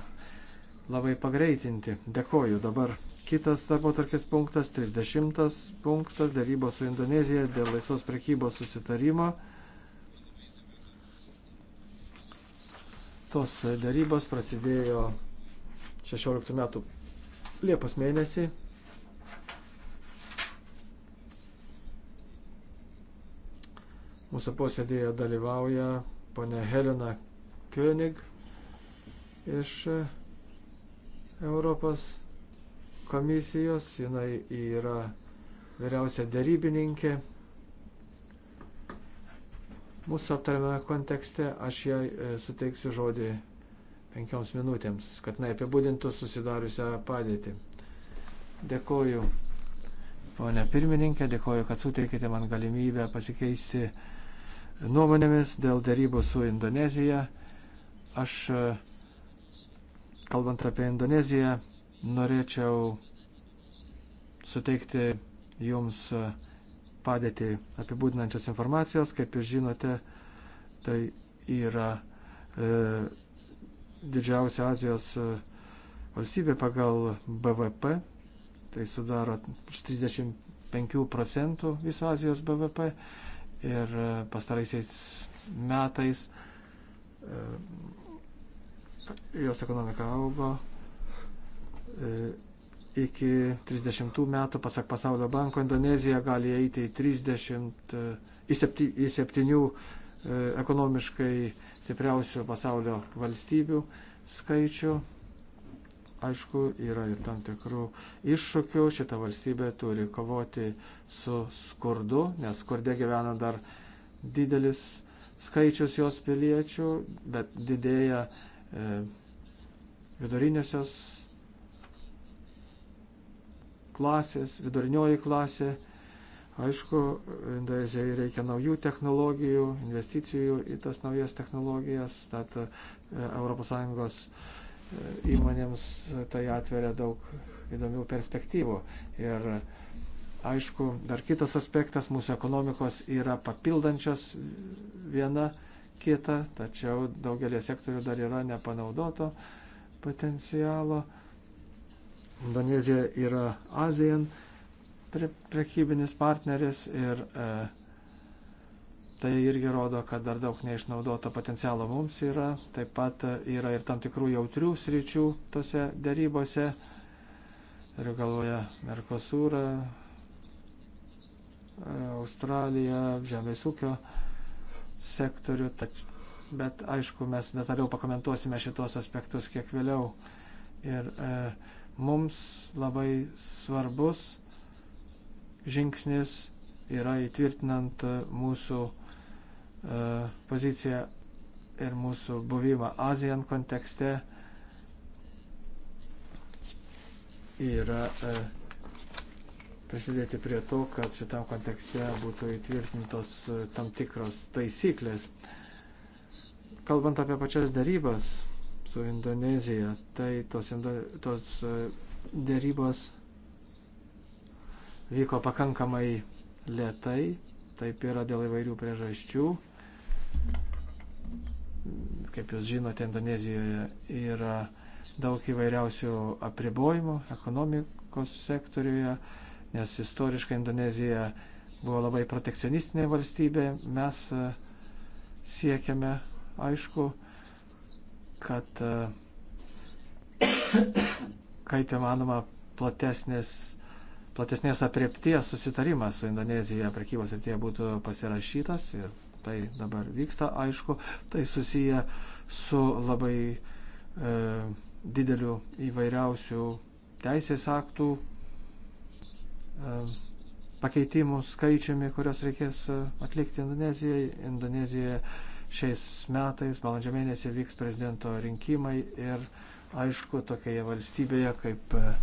labai pagreitinti. Dėkoju. Dabar kitas darbo tarkės punktas, 30 punktas, darybos su Indonezija dėl laisvos prekybos susitarimo. Tos darybos prasidėjo 16 metų Liepos mėnesį. Mūsų posėdėje dalyvauja ponia Helena König iš Europos komisijos, jinai yra vyriausia darybininkė. Mūsų aptariame kontekste aš jai e, suteiksiu žodį penkioms minutėms, kad jinai apibūdintų susidariusią padėtį. Dėkoju, ponė pirmininkė, dėkoju, kad suteikėte man galimybę pasikeisti nuomonėmis dėl darybų su Indonezija. Aš uh, Kalbant apie Indoneziją, norėčiau suteikti jums padėtį apibūdinančios informacijos. Kaip jūs žinote, tai yra e, didžiausia Azijos e, valstybė pagal BVP. Tai sudaro 35 procentų viso Azijos BVP. Ir e, pastaraisiais metais e, jos ekonomika augo e, iki 30 metų, pasak Pasaulio banko, Indonezija gali eiti į 30, e, į 7, į 7 e, ekonomiškai stipriausių pasaulio valstybių skaičių. Aišku, yra ir tam tikrų iššūkių. Šita valstybė turi kovoti su skurdu, nes skurde gyvena dar didelis skaičius jos piliečių, bet didėja uh, E, vidurinėsios klasės, vidurinioji klasė. Aišku, Indonezijai reikia naujų technologijų, investicijų į tas naujas technologijas, tad ES e, įmonėms tai atveria daug įdomių perspektyvų. Ir aišku, dar kitas aspektas mūsų ekonomikos yra papildančios viena kita, tačiau daugelį sektorių dar yra nepanaudoto potencialo. Indonezija yra ASEAN pre, prekybinis partneris ir e, tai irgi rodo, kad dar daug neišnaudoto potencialo mums yra. Taip pat yra ir tam tikrų jautrių sričių tose dėrybose. Turiu galvoje Merkosūrą, e, Australiją, žemės ūkio. E, sektorių, tač, bet aišku, mes detaliau pakomentuosime šitos aspektus kiek vėliau. Ir e, mums labai svarbus žingsnis yra įtvirtinant mūsų e, poziciją ir mūsų buvimą Azijan kontekste. Yra e, prisidėti prie to, kad šitam kontekste būtų įtvirtintos e, tam tikros taisyklės. Kalbant apie pačias darybas su Indonezija, tai tos, indo, tos e, darybos vyko pakankamai lietai, taip yra dėl įvairių priežasčių. Kaip jūs žinote, Indonezijoje yra daug įvairiausių apribojimų ekonomikos sektoriuje nes istoriškai Indonezija buvo labai protekcionistinė valstybė. Mes e, siekiame, aišku, kad e, kaip įmanoma platesnės, platesnės apriepties susitarimas su Indonezija prekybos ir tie būtų pasirašytas ir tai dabar vyksta, aišku, tai susiję su labai e, dideliu įvairiausių teisės aktų E, pakeitimų skaičiumi, kurios reikės e, atlikti Indonezijai. Indonezijoje šiais metais, balandžio mėnesį, vyks prezidento rinkimai ir aišku, tokioje valstybėje, kaip e,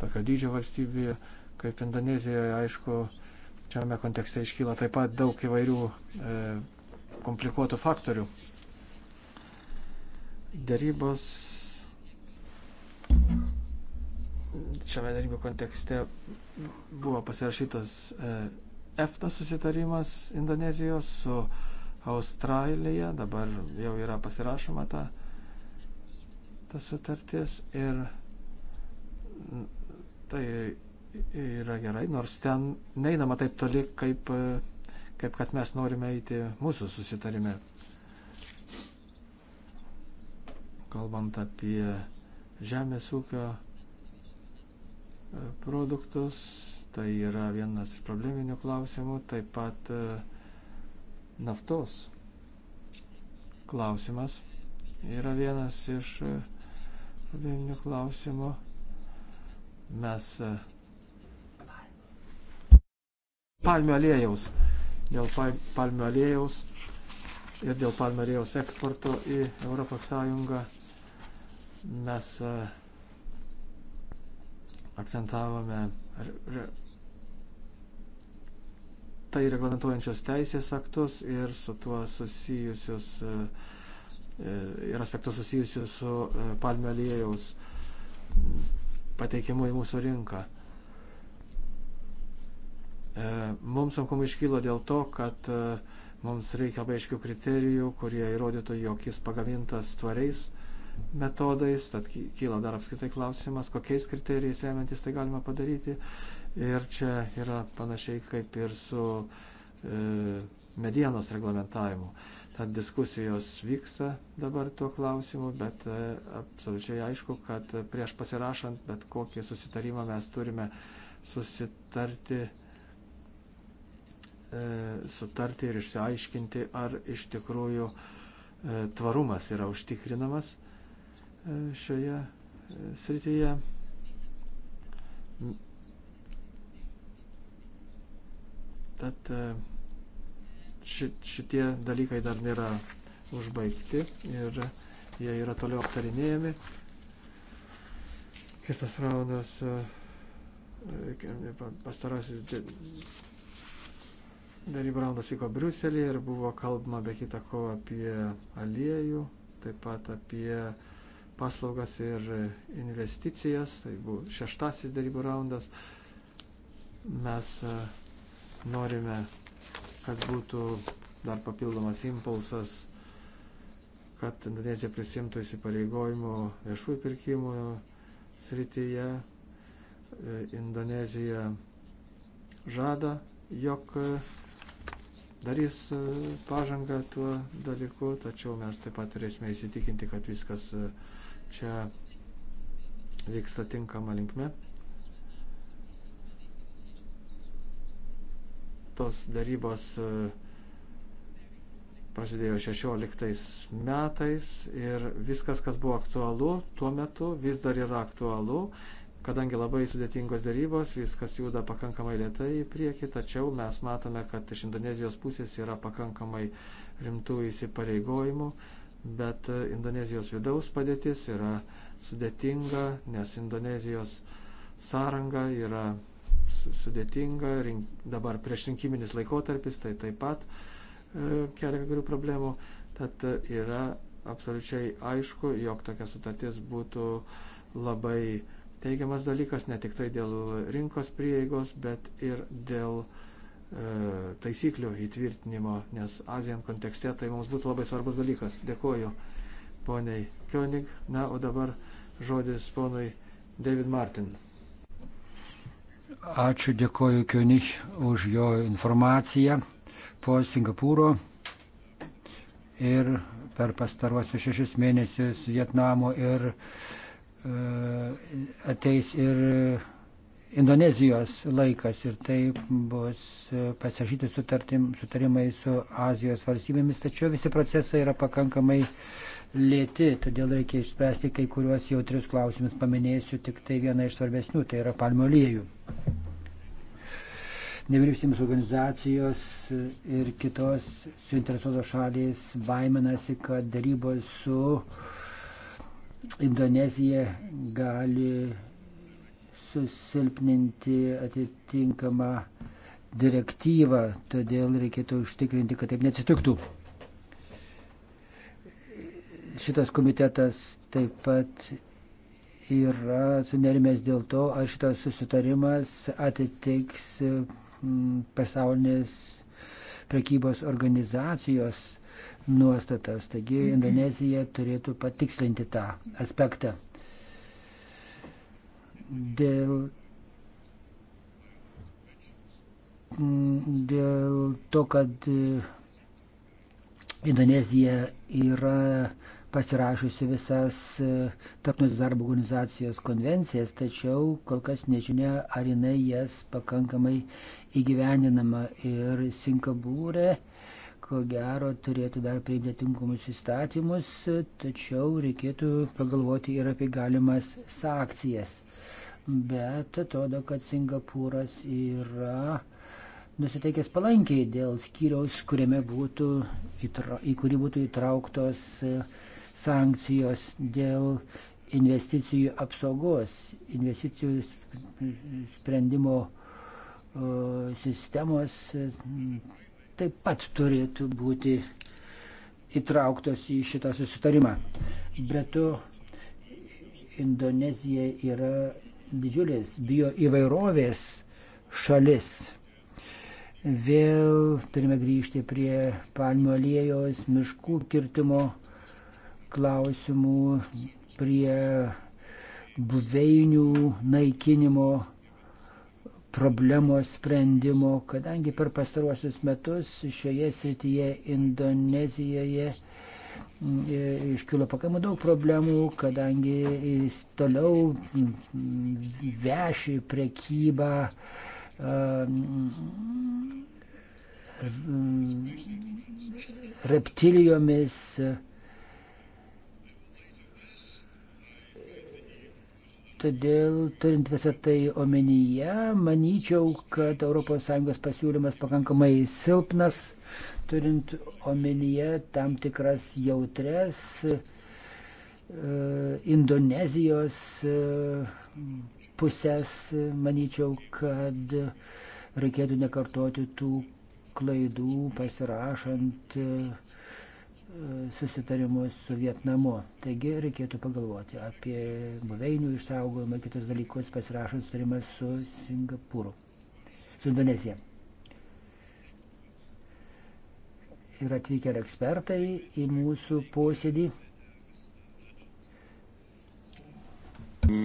tokio dydžio valstybėje, kaip Indonezijoje, aišku, šiame kontekste iškyla taip pat daug įvairių e, komplikuotų faktorių. Darybos šiame darybų kontekste buvo pasirašytas e, EFTA susitarimas Indonezijos su Australija, dabar jau yra pasirašoma ta, ta sutartis ir tai yra gerai, nors ten neinama taip toli, kaip, e, kaip kad mes norime eiti mūsų susitarime. Kalbant apie žemės ūkio produktus. Tai yra vienas iš probleminių klausimų. Taip pat e, naftos klausimas yra vienas iš e, probleminių klausimų. Mes e, palmių aliejaus. Dėl palmių aliejaus ir dėl palmių aliejaus eksporto į ES mes akcentavome tai reglamentuojančios teisės aktus ir su tuo susijusius e, e, ir aspektus susijusius su e, palmių aliejaus pateikimu į mūsų rinką. Mums sunkumai iškylo dėl to, kad mums reikia labai aiškių kriterijų, kurie įrodytų, jog jis pagamintas tvariais metodais, tad kyla dar apskritai klausimas, kokiais kriterijais remiantis tai galima padaryti. Ir čia yra panašiai kaip ir su e, medienos reglamentavimu. Tad diskusijos vyksta dabar tuo klausimu, bet e, absoliučiai aišku, kad prieš pasirašant bet kokį susitarimą mes turime susitarti e, sutarti ir išsiaiškinti, ar iš tikrųjų e, tvarumas yra užtikrinamas šioje e, srityje. Tad e, šitie dalykai dar nėra užbaigti ir jie yra toliau aptarinėjami. Kitas raundas e, pastarasis darybų raundas vyko Briuselėje ir buvo kalbama be kita ko apie aliejų, taip pat apie uh, paslaugas ir investicijas. Tai buvo šeštasis darybų raundas. Mes e, norime, kad būtų dar papildomas impulsas, kad Indonezija prisimtų įsipareigojimų viešųjų pirkimų srityje. E, Indonezija žada, jog e, darys pažangą tuo dalyku, tačiau mes taip pat turėsime įsitikinti, kad viskas uh, čia vyksta tinkama linkme. Tos darybos e, prasidėjo 16 metais ir viskas, kas buvo aktualu tuo metu, vis dar yra aktualu. Kadangi labai sudėtingos darybos, viskas juda pakankamai lietai į priekį, tačiau mes matome, kad iš Indonezijos pusės yra pakankamai rimtų įsipareigojimų bet e, Indonezijos vidaus padėtis yra sudėtinga, nes Indonezijos sąranga yra sudėtinga, rink, dabar priešrinkiminis laikotarpis, tai taip pat e, kelia kai kurių problemų, tad yra absoliučiai aišku, jog tokia sutartis būtų labai teigiamas dalykas ne tik tai dėl rinkos prieigos, bet ir dėl e, E, taisyklių įtvirtinimo, nes Azijam kontekste tai mums būtų labai svarbus dalykas. Dėkuoju poniai Kionig. Na, o dabar žodis ponui David Martin.
Ačiū, dėkoju Kionig už jo informaciją po Singapūro ir per pastaruosius šešis mėnesius Vietnamo ir e, ateis ir Indonezijos laikas ir taip bus pasirašyti sutartim, sutarimai su Azijos valstybėmis, tačiau visi procesai yra pakankamai lėti, todėl reikia išspręsti kai kuriuos jautrius klausimus, paminėsiu tik tai vieną iš svarbesnių, tai yra palmoliejų. Nevyriausybės organizacijos ir kitos suinteresuotos šalys baiminasi, kad darybos su Indonezija gali susilpninti atitinkamą direktyvą, todėl reikėtų užtikrinti, kad taip neatsitiktų. Šitas komitetas taip pat yra sunerimęs dėl to, ar šitas susitarimas atitiks mm, pasaulinės prekybos organizacijos nuostatas. Taigi Indonezija turėtų patikslinti tą aspektą dėl, dėl to, kad Indonezija yra pasirašusi visas tarptautinės darbo organizacijos konvencijas, tačiau kol kas nežinia, ar jinai jas pakankamai įgyvendinama. Ir Singapūrė, ko gero, turėtų dar priimti tinkamus įstatymus, tačiau reikėtų pagalvoti ir apie galimas sankcijas bet atrodo, kad Singapūras yra nusiteikęs palankiai dėl skyriaus, būtų, į kurį būtų įtrauktos e, sankcijos dėl investicijų apsaugos, investicijų sprendimo sistemos e, taip pat turėtų būti įtrauktos į šitą susitarimą. Bretu Indonezija yra didžiulis bioįvairovės šalis. Vėl turime grįžti prie palmių aliejos, miškų kirtimo klausimų, prie buveinių naikinimo problemos sprendimo, kadangi per pastaruosius metus šioje srityje Indonezijoje iškilo pakankamai daug problemų, kadangi jis toliau mm, mm, veši prekybą mm, reptilijomis. Todėl, turint visą tai omenyje, manyčiau, kad ES pasiūlymas pakankamai silpnas, turint omenyje tam tikras jautres e, Indonezijos e, pusės, manyčiau, kad reikėtų nekartoti tų klaidų pasirašant e, susitarimus su Vietnamu. Taigi reikėtų pagalvoti apie buveinių išsaugojimą, kitus dalykus pasirašant sutarimą su Singapūru, su Indonezija. yra atvykę ir ekspertai į mūsų posėdį.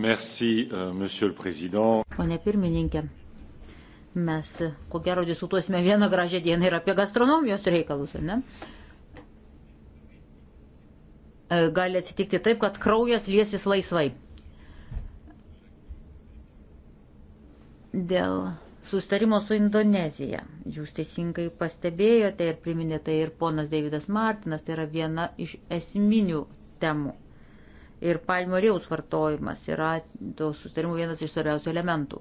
Merci, euh, monsieur le président.
Pone pirmininkė, mes ko gero diskutuosime vieną gražią dieną ir apie gastronomijos reikalus, ar ne? E, gali atsitikti taip, kad kraujas liesis laisvai. Dėl sustarimo su Indonezija. Jūs teisingai pastebėjote ir priminėte ir ponas Davidas Martinas, tai yra viena iš esminių temų. Ir palmiorėjaus vartojimas yra to sustarimo vienas iš svarbiausių elementų.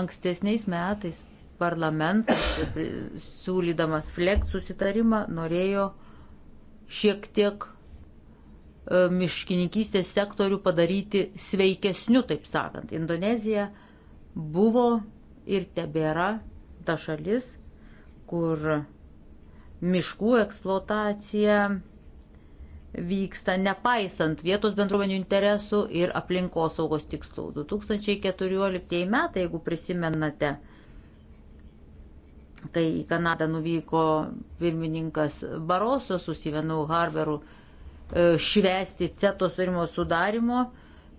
Ankstesniais metais parlamentas, siūlydamas flekt susitarimą, norėjo šiek tiek e, miškininkystės sektorių padaryti sveikesniu, taip sakant. Indonezija buvo ir tebėra ta šalis, kur miškų eksploatacija vyksta nepaisant vietos bendruomenių interesų ir aplinkosaugos tikslų. 2014 metai, jeigu prisimenate, kai į Kanadą nuvyko pirmininkas Baroso su Sivenu Harberu e, švesti CETO surimo sudarimo, sudarimo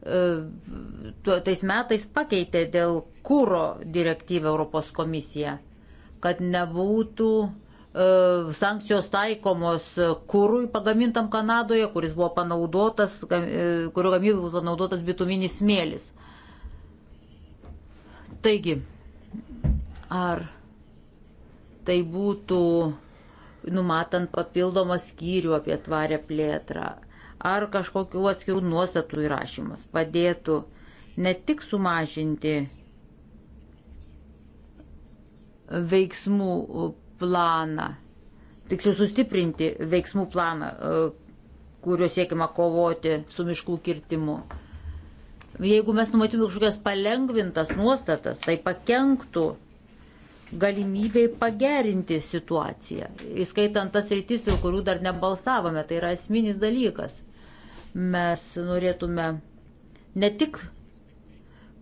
tais metais pakeitė dėl kūro direktyvą Europos komisija, kad nebūtų e, sankcijos taikomos kūrui pagamintam Kanadoje, kuris buvo panaudotas, e, kurio gamybai buvo panaudotas bituminis smėlis. Taigi, ar tai būtų numatant papildomą skyrių apie tvarę plėtrą, ar kažkokių atskirų nuostatų įrašymas padėtų ne tik sumažinti veiksmų planą, tiksliau sustiprinti veiksmų planą, e, kuriuo siekima kovoti su miškų kirtimu. Jeigu mes numatytume kažkokias palengvintas nuostatas, tai pakenktų galimybėj pagerinti situaciją, įskaitant tas rytis, dėl kurių dar nebalsavome, tai yra esminis dalykas. Mes norėtume ne tik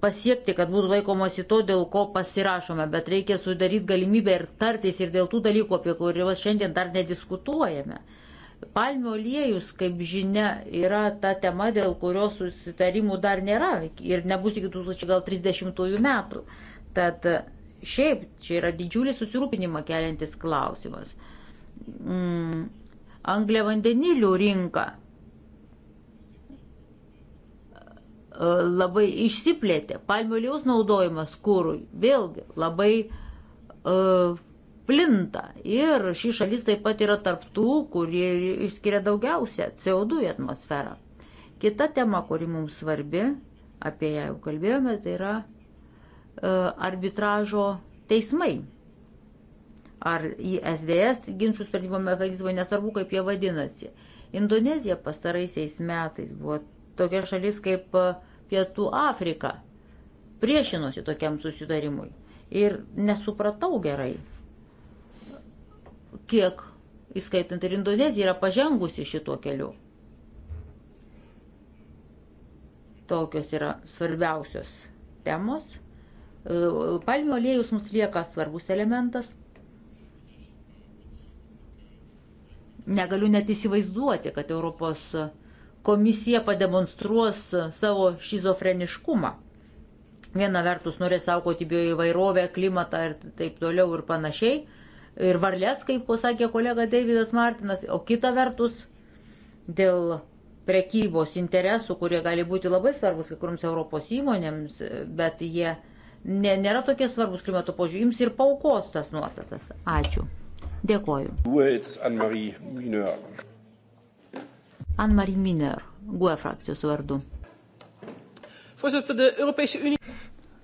pasiekti, kad būtų laikomasi to, dėl ko pasirašome, bet reikia sudaryti galimybę ir tartis ir dėl tų dalykų, apie kuriuos šiandien dar nediskutuojame. Palmių aliejus, kaip žinia, yra ta tema, dėl kurios susitarimų dar nėra ir nebus iki 2030 metų. Tad šiaip čia yra didžiulis susirūpinimą keliantis klausimas. Mm, Anglė vandenilių rinka E, labai išsiplėtė. Palmių aliejus naudojimas kūrui vėlgi labai uh, plinta. Ir ši šalis taip pat yra tarptų, kurie išskiria daugiausia CO2 į atmosferą. Kita tema, kuri mums svarbi, apie ją jau kalbėjome, tai yra uh, arbitražo teismai. Ar į SDS ginčių sprendimo mechanizmai, nesvarbu kaip jie vadinasi. Indonezija pastaraisiais metais buvo tokia šalis kaip uh, Pietų Afriką. Priešinosi tokiam susitarimui. Ir nesupratau gerai, kiek, įskaitant ir Indoneziją, yra pažengusi šituo keliu. Tokios yra svarbiausios temos. E, palmių aliejus mums lieka svarbus elementas. Negaliu net įsivaizduoti, kad Europos Sąjunga komisija pademonstruos savo šizofreniškumą. Viena vertus norės saugoti bioįvairovę, klimatą ir taip toliau ir panašiai. Ir varlės, kaip pasakė kolega Davidas Martinas, o kita vertus dėl prekybos interesų, kurie gali būti labai svarbus kai kuriams Europos įmonėms, bet jie ne, nėra tokie svarbus klimato požiūrį. Jums ir paukos tas nuostatas. Ačiū. Dėkoju. Words, Anne-Marie Miner, GUE frakcijos vardu.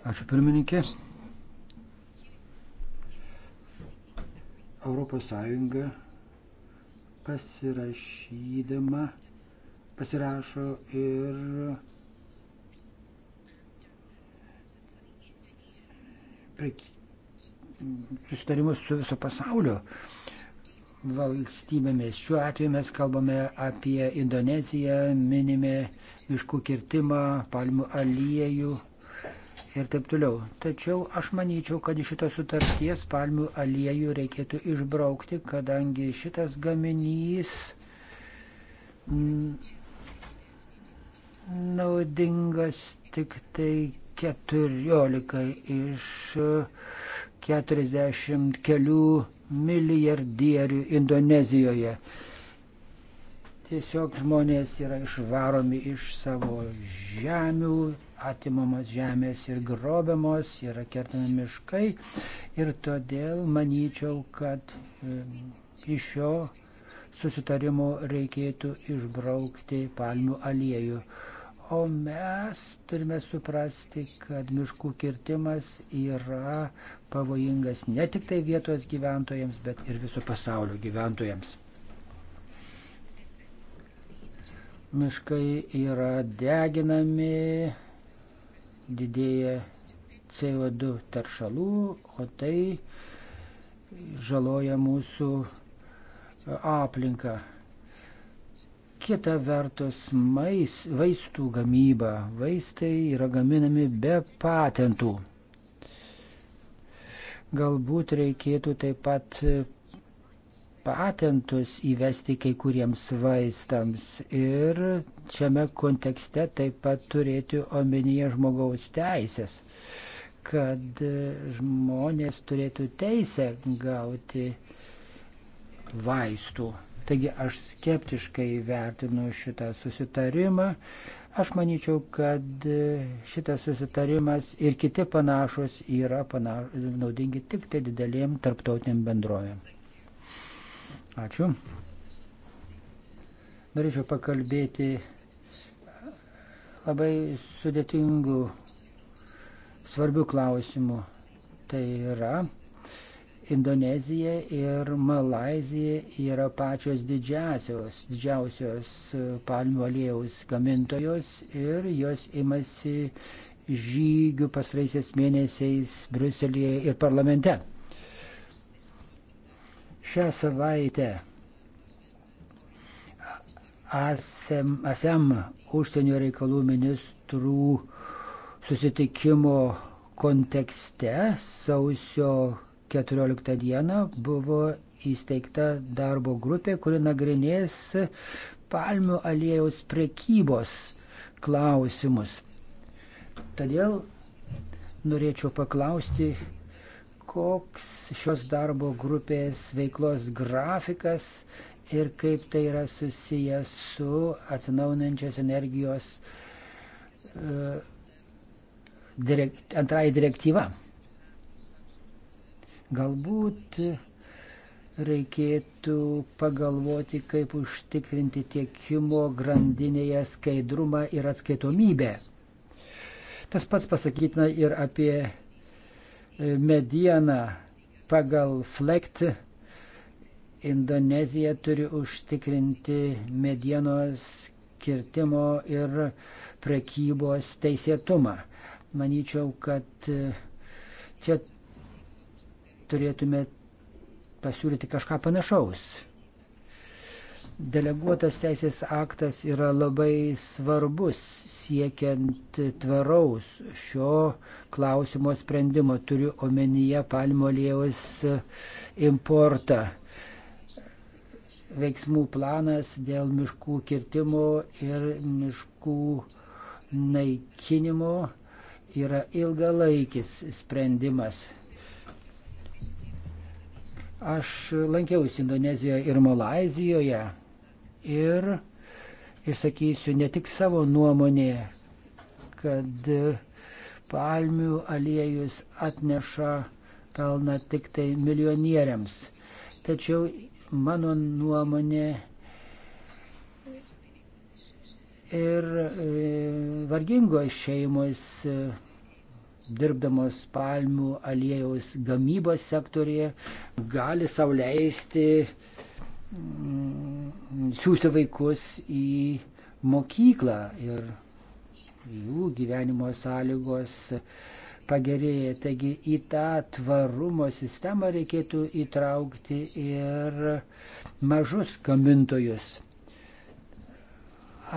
Ačiū pirmininkė.
Europos Sąjunga pasirašydama pasirašo ir susitarimus su viso pasaulio. Uh, valstybėmis. Šiuo atveju mes kalbame apie Indoneziją, minime miškų kirtimą, palmių aliejų ir taip toliau. Tačiau aš manyčiau, kad iš šitos sutarties palmių aliejų reikėtų išbraukti, kadangi šitas gaminys naudingas tik tai 14 iš 40 kelių milijardierių Indonezijoje. Tiesiog žmonės yra išvaromi iš savo žemių, atimamos žemės ir grobiamos, yra kertami miškai. Ir todėl manyčiau, kad e, iš šio susitarimo reikėtų išbraukti palmių aliejų. O mes turime suprasti, kad miškų kirtimas yra pavojingas ne tik tai vietos gyventojams, bet ir viso pasaulio gyventojams. Miškai yra deginami, didėja CO2 taršalų, o tai žaloja mūsų aplinką. Kita vertus, mais, vaistų gamyba, vaistai yra gaminami be patentų. Galbūt reikėtų taip pat patentus įvesti kai kuriems vaistams ir šiame kontekste taip pat turėti omenyje žmogaus teisės, kad žmonės turėtų teisę gauti vaistų. Taigi aš skeptiškai vertinu šitą susitarimą. Aš manyčiau, kad šitas susitarimas ir kiti panašus yra panaš, naudingi tik tai didelėm tarptautiniam bendrovėm. Ačiū. Norėčiau pakalbėti labai sudėtingų, svarbių klausimų. Tai yra Indonezija ir Malazija yra pačios didžiausios, didžiausios e, palmių aliejaus gamintojos ir jos imasi žygių pastraisiais mėnesiais Bruselėje ir parlamente. Šią savaitę ASEM, ASEM užsienio reikalų ministrų susitikimo kontekste sausio 14 dieną buvo įsteigta darbo grupė, kuri nagrinės palmių aliejaus prekybos klausimus. Todėl norėčiau paklausti, koks šios darbo grupės veiklos grafikas ir kaip tai yra susiję su atsinaunančios energijos uh, e, direkt, antrąjį direktyvą. Galbūt reikėtų pagalvoti, kaip užtikrinti tiekimo grandinėje skaidrumą ir atskaitomybę. Tas pats pasakytina ir apie e, medieną pagal flekt. Indonezija turi užtikrinti medienos kirtimo ir prekybos teisėtumą. Manyčiau, kad e, čia turėtume pasiūlyti kažką panašaus. Deleguotas teisės aktas yra labai svarbus siekiant tvaraus šio klausimo sprendimo. Turiu omenyje palmo aliejaus importą veiksmų planas dėl miškų kirtimo ir miškų naikinimo yra ilgalaikis sprendimas. Aš lankiausi Indonezijoje ir Malazijoje ir išsakysiu ne tik savo nuomonę, kad palmių aliejus atneša pelną tik tai milijonieriams. Tačiau mano nuomonė ir e, vargingos šeimos dirbdamos palmių aliejaus gamybos sektorėje, gali sauliaisti mm, siūsti vaikus į mokyklą ir jų gyvenimo sąlygos pagerėja. Taigi į tą tvarumo sistemą reikėtų įtraukti ir mažus gamintojus.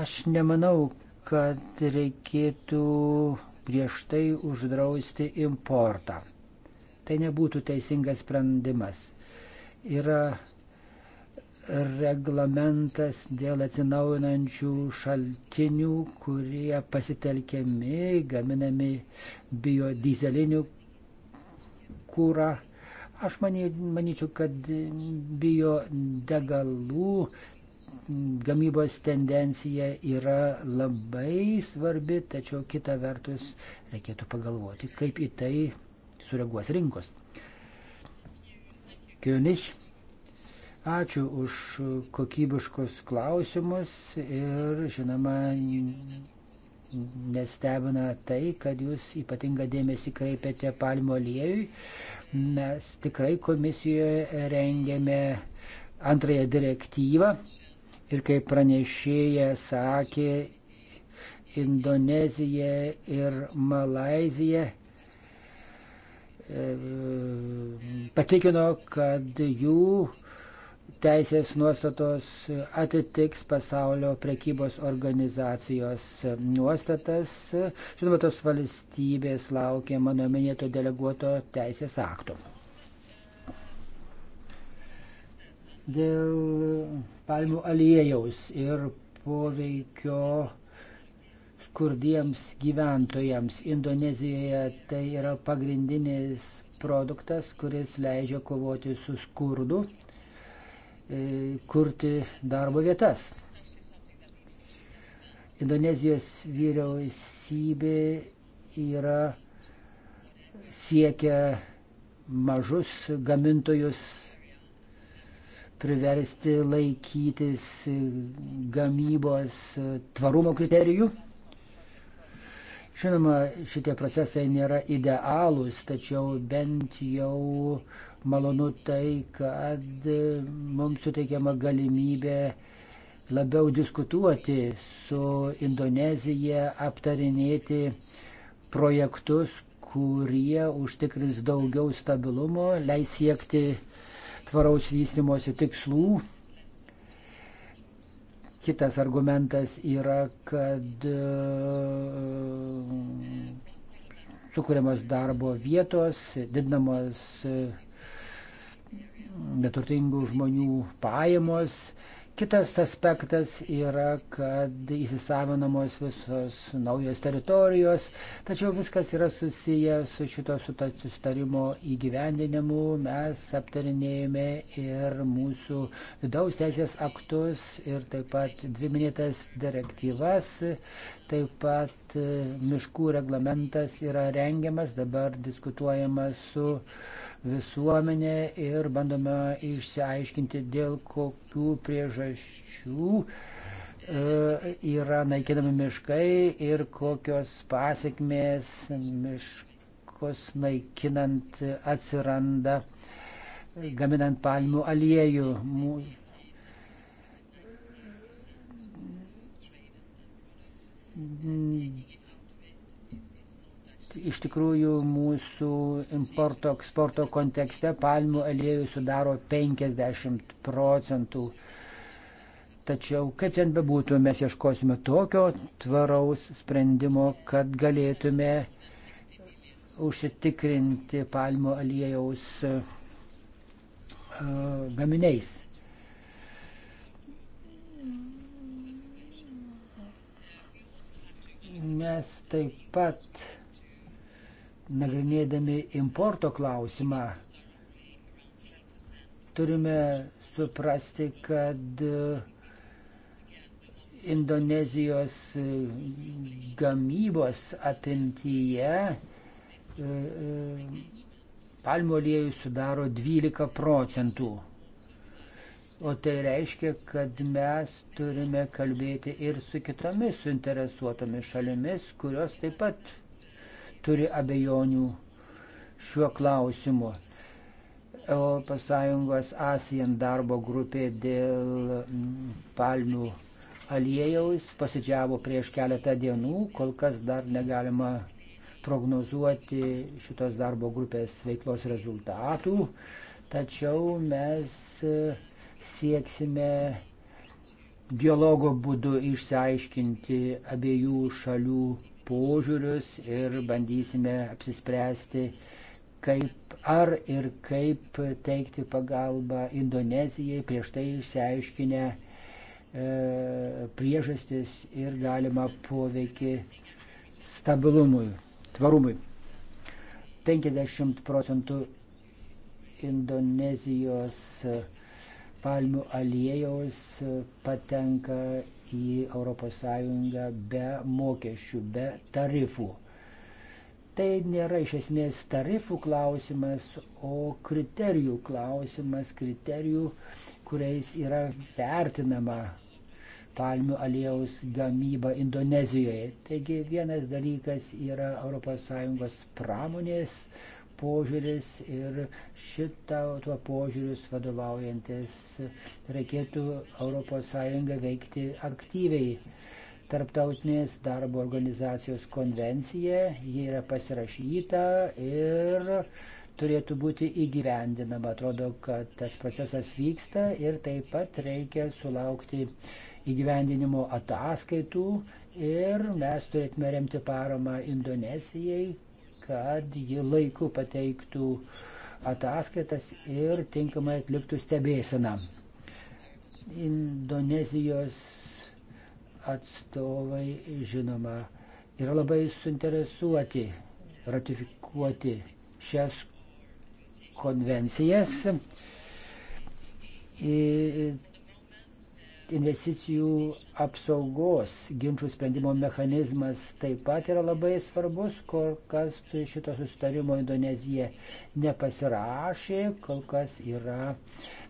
Aš nemanau, kad reikėtų griežtai uždrausti importą. Tai nebūtų teisingas sprendimas. Yra reglamentas dėl atsinaujinančių šaltinių, kurie pasitelkiami, gaminami biodizelinių kūrą. Aš many, manyčiau, kad biodegalų gamybos tendencija yra labai svarbi, tačiau kita vertus reikėtų pagalvoti, kaip į tai sureaguos rinkos. Kioniš, ačiū už kokybiškus klausimus ir žinoma, nestebina tai, kad jūs ypatingą dėmesį kreipiate palmo aliejui. Mes tikrai komisijoje rengėme antrąją direktyvą Ir kaip pranešėja sakė, Indonezija ir Malazija e, patikino, kad jų teisės nuostatos atitiks pasaulio prekybos organizacijos nuostatas. Žinoma, tos valstybės laukia mano minėto deleguoto teisės akto. dėl palmių aliejaus ir poveikio skurdiems gyventojams. Indonezijoje tai yra pagrindinis produktas, kuris leidžia kovoti su skurdu, e, kurti darbo vietas. Indonezijos vyriausybė yra siekia mažus gamintojus priversti laikytis gamybos tvarumo kriterijų. Žinoma, šitie procesai nėra idealūs, tačiau bent jau malonu tai, kad mums suteikiama galimybė labiau diskutuoti su Indonezija, aptarinėti projektus, kurie užtikrins daugiau stabilumo, leis siekti tvaraus vystimosi tikslų. Kitas argumentas yra, kad e, sukūriamos darbo vietos, didinamos e, neturtingų žmonių pajamos, Kitas aspektas yra, kad įsisavinamos visos naujos teritorijos, tačiau viskas yra susiję su šito sutarimo įgyvendinimu. Mes aptarinėjame ir mūsų vidaus teisės aktus ir taip pat dvi minėtas direktyvas. Taip pat e, miškų reglamentas yra rengiamas, dabar diskutuojama su visuomenė ir bandoma išsiaiškinti, dėl kokių priežasčių e, yra naikinami miškai ir kokios pasiekmės miškus naikinant atsiranda gaminant palmių aliejų. iš tikrųjų mūsų importo, eksporto kontekste palmių aliejų sudaro 50 procentų. Tačiau, kaip ten bebūtų, mes ieškosime tokio tvaraus sprendimo, kad galėtume užsitikrinti palmių aliejaus uh, gaminiais. mes taip pat nagrinėdami importo klausimą turime suprasti, kad Indonezijos gamybos apimtyje e, e, palmių aliejų sudaro 12 procentų. O tai reiškia, kad mes turime kalbėti ir su kitomis suinteresuotomis šalimis, kurios taip pat turi abejonių šiuo klausimu. ES ASEAN darbo grupė dėl mm, palmių aliejaus pasidžiavo prieš keletą dienų, kol kas dar negalima prognozuoti šitos darbo grupės veiklos rezultatų, tačiau mes sieksime dialogo būdu išsiaiškinti abiejų šalių požiūrius ir bandysime apsispręsti, kaip ar ir kaip teikti pagalbą Indonezijai prieš tai išsiaiškinę e, priežastis ir galima poveikį stabilumui, tvarumui. 50 procentų Indonezijos e, palmių aliejaus patenka į ES be mokesčių, be tarifų. Tai nėra iš esmės tarifų klausimas, o kriterijų klausimas, kriterijų, kuriais yra vertinama palmių aliejaus gamyba Indonezijoje. Taigi vienas dalykas yra ES pramonės požiūris ir šitą tuo požiūrius vadovaujantis reikėtų ES veikti aktyviai. Tarptautinės darbo organizacijos konvencija, ji yra pasirašyta ir turėtų būti įgyvendinama. Atrodo, kad tas procesas vyksta ir taip pat reikia sulaukti įgyvendinimo ataskaitų ir mes turėtume remti paramą Indonezijai, kad ji laiku pateiktų ataskaitas ir tinkamai atliktų stebėseną. Indonezijos atstovai, žinoma, yra labai suinteresuoti ratifikuoti šias konvencijas. Ir investicijų apsaugos ginčių sprendimo mechanizmas taip pat yra labai svarbus, kol kas šito sustarimo Indonezija nepasirašė, kol kas yra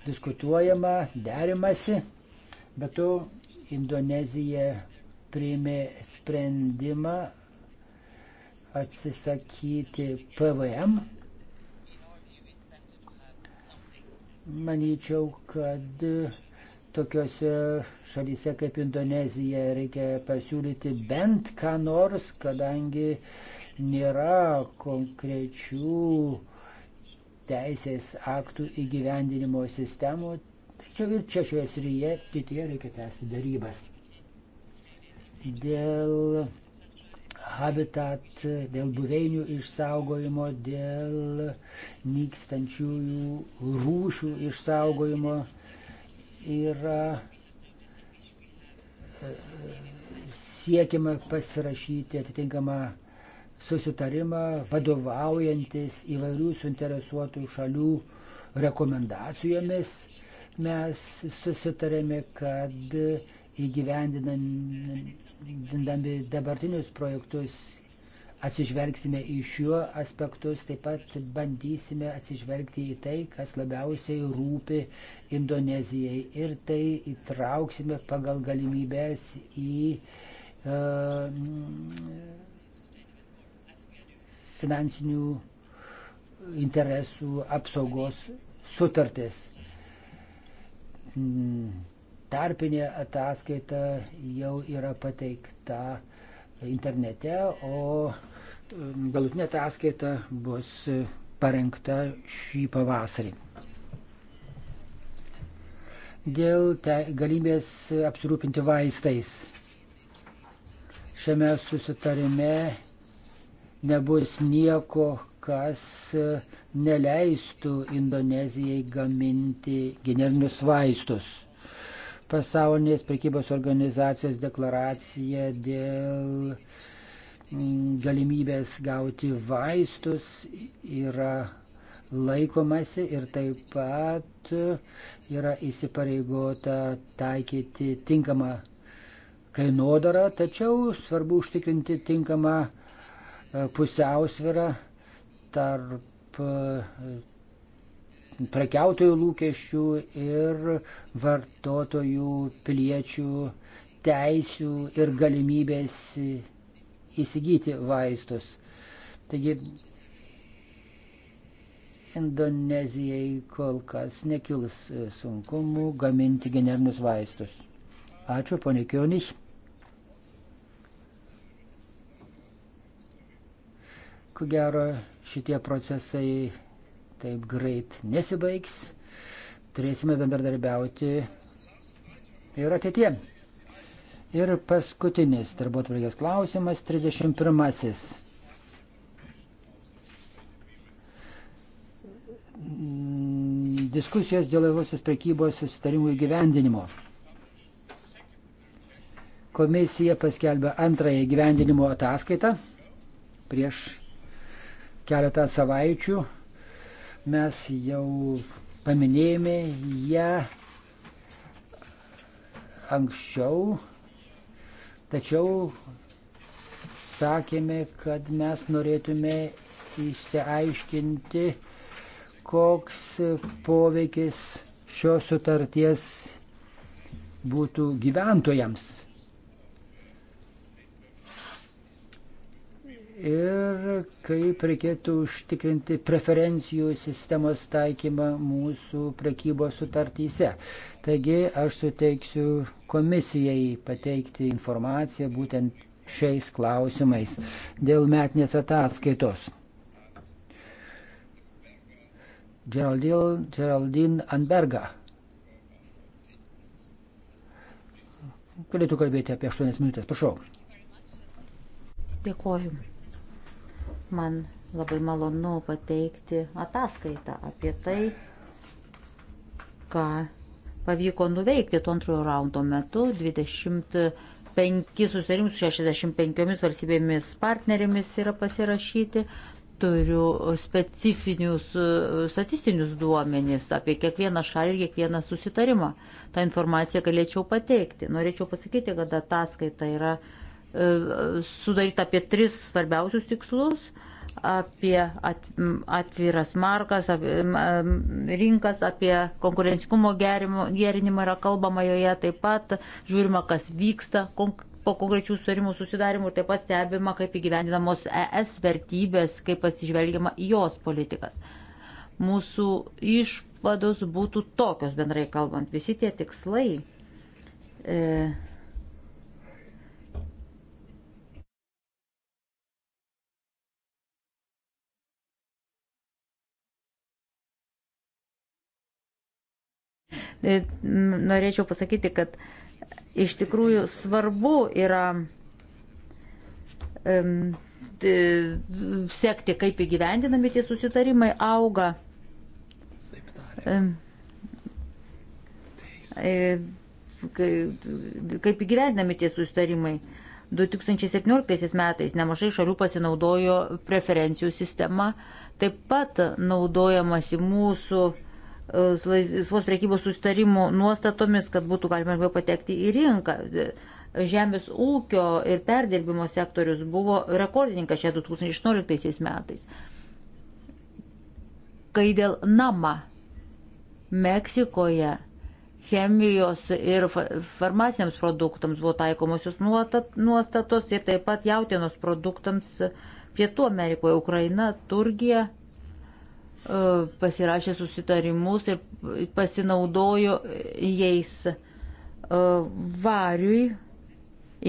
diskutuojama, derimasi, bet to Indonezija priėmė sprendimą atsisakyti PVM. Manyčiau, kad tokiuose šalyse kaip Indonezija reikia pasiūlyti bent ką nors, kadangi nėra konkrečių teisės aktų įgyvendinimo sistemų. Tačiau ir čia šioje srityje kitie reikia tęsti darybas. Dėl habitat, dėl buveinių išsaugojimo, dėl nykstančiųjų rūšių išsaugojimo yra e, siekiama pasirašyti atitinkamą susitarimą, vadovaujantis įvairių suinteresuotų šalių rekomendacijomis. Mes susitarėme, kad įgyvendinami dabartinius projektus atsižvelgsime į šiuo aspektus, taip pat bandysime atsižvelgti į tai, kas labiausiai rūpi Indonezijai ir tai įtrauksime pagal galimybės į uh, finansinių interesų apsaugos sutartis. Tarpinė ataskaita jau yra pateikta internete, o galutinė ataskaita bus parengta šį pavasarį. Dėl galimybės apsirūpinti vaistais. Šiame susitarime nebus nieko, kas neleistų Indonezijai gaminti generinius vaistus. Pasaulinės prekybos organizacijos deklaracija dėl uh, galimybės gauti vaistus yra laikomasi ir taip pat yra įsipareigota taikyti tinkamą kainodarą, tačiau svarbu užtikrinti tinkamą e, pusiausvirą tarp e, prekiautojų lūkesčių ir vartotojų piliečių teisių ir galimybės įsigyti vaistus. Taigi Indonezijai kol kas nekils e, sunkumų gaminti generinius vaistus. Ačiū, ponė Kionis. Ko gero, šitie procesai taip greit nesibaigs. Turėsime bendradarbiauti ir ateitie. Ir paskutinis darbotvarkės klausimas, 31. Diskusijos dėl laivosios prekybos susitarimų įgyvendinimo. Komisija paskelbė antrąją įgyvendinimo ataskaitą prieš keletą savaičių. Mes jau paminėjome ją anksčiau Tačiau sakėme, kad mes norėtume išsiaiškinti, koks poveikis šios sutarties būtų gyventojams. Ir kaip reikėtų užtikrinti preferencijų sistemos taikymą mūsų prekybos sutartyse. Taigi aš suteiksiu komisijai pateikti informaciją būtent šiais klausimais dėl metinės ataskaitos. Geraldine, Geraldine Anberga. Galėtų kalbėti apie 8 minutės, prašau.
Dėkoju. Man labai malonu pateikti ataskaitą apie tai, ką pavyko nuveikti to antrojo raundo metu 25 susitarimus 65 valstybėmis partnerėmis yra pasirašyti. Turiu specifinius e, statistinius duomenys apie kiekvieną šalį ir kiekvieną susitarimą. Ta informacija galėčiau pateikti. Norėčiau pasakyti, kad ataskaita yra e, sudaryta apie tris svarbiausius tikslus apie atviras markas, apie rinkas, apie konkurencingumo gerinimą yra kalbama joje taip pat, žiūrima, kas vyksta po konkrečių sutarimų susidarimų ir taip pat stebima, kaip įgyvendinamos ES vertybės, kaip pasižvelgiama į jos politikas. Mūsų išvados būtų tokios bendrai kalbant. Visi tie tikslai. E, E, norėčiau pasakyti, kad iš tikrųjų svarbu yra um, sekti, kaip įgyvendinami tie susitarimai auga. Um, kaip įgyvendinami tie susitarimai. 2017 metais nemažai šalių pasinaudojo preferencijų sistema, taip pat naudojamasi mūsų uh, laisvos priekybos sustarimų nuostatomis, kad būtų galima lengviau patekti į rinką. Žemės ūkio ir perdirbimo sektorius buvo rekordininkas šią 2018 metais. Kai dėl nama Meksikoje chemijos ir farmaciniams produktams buvo taikomosios nuostatos ir taip pat jautienos produktams Pietų Amerikoje, Ukraina, Turgija E, pasirašė susitarimus ir pasinaudojo jais e, variui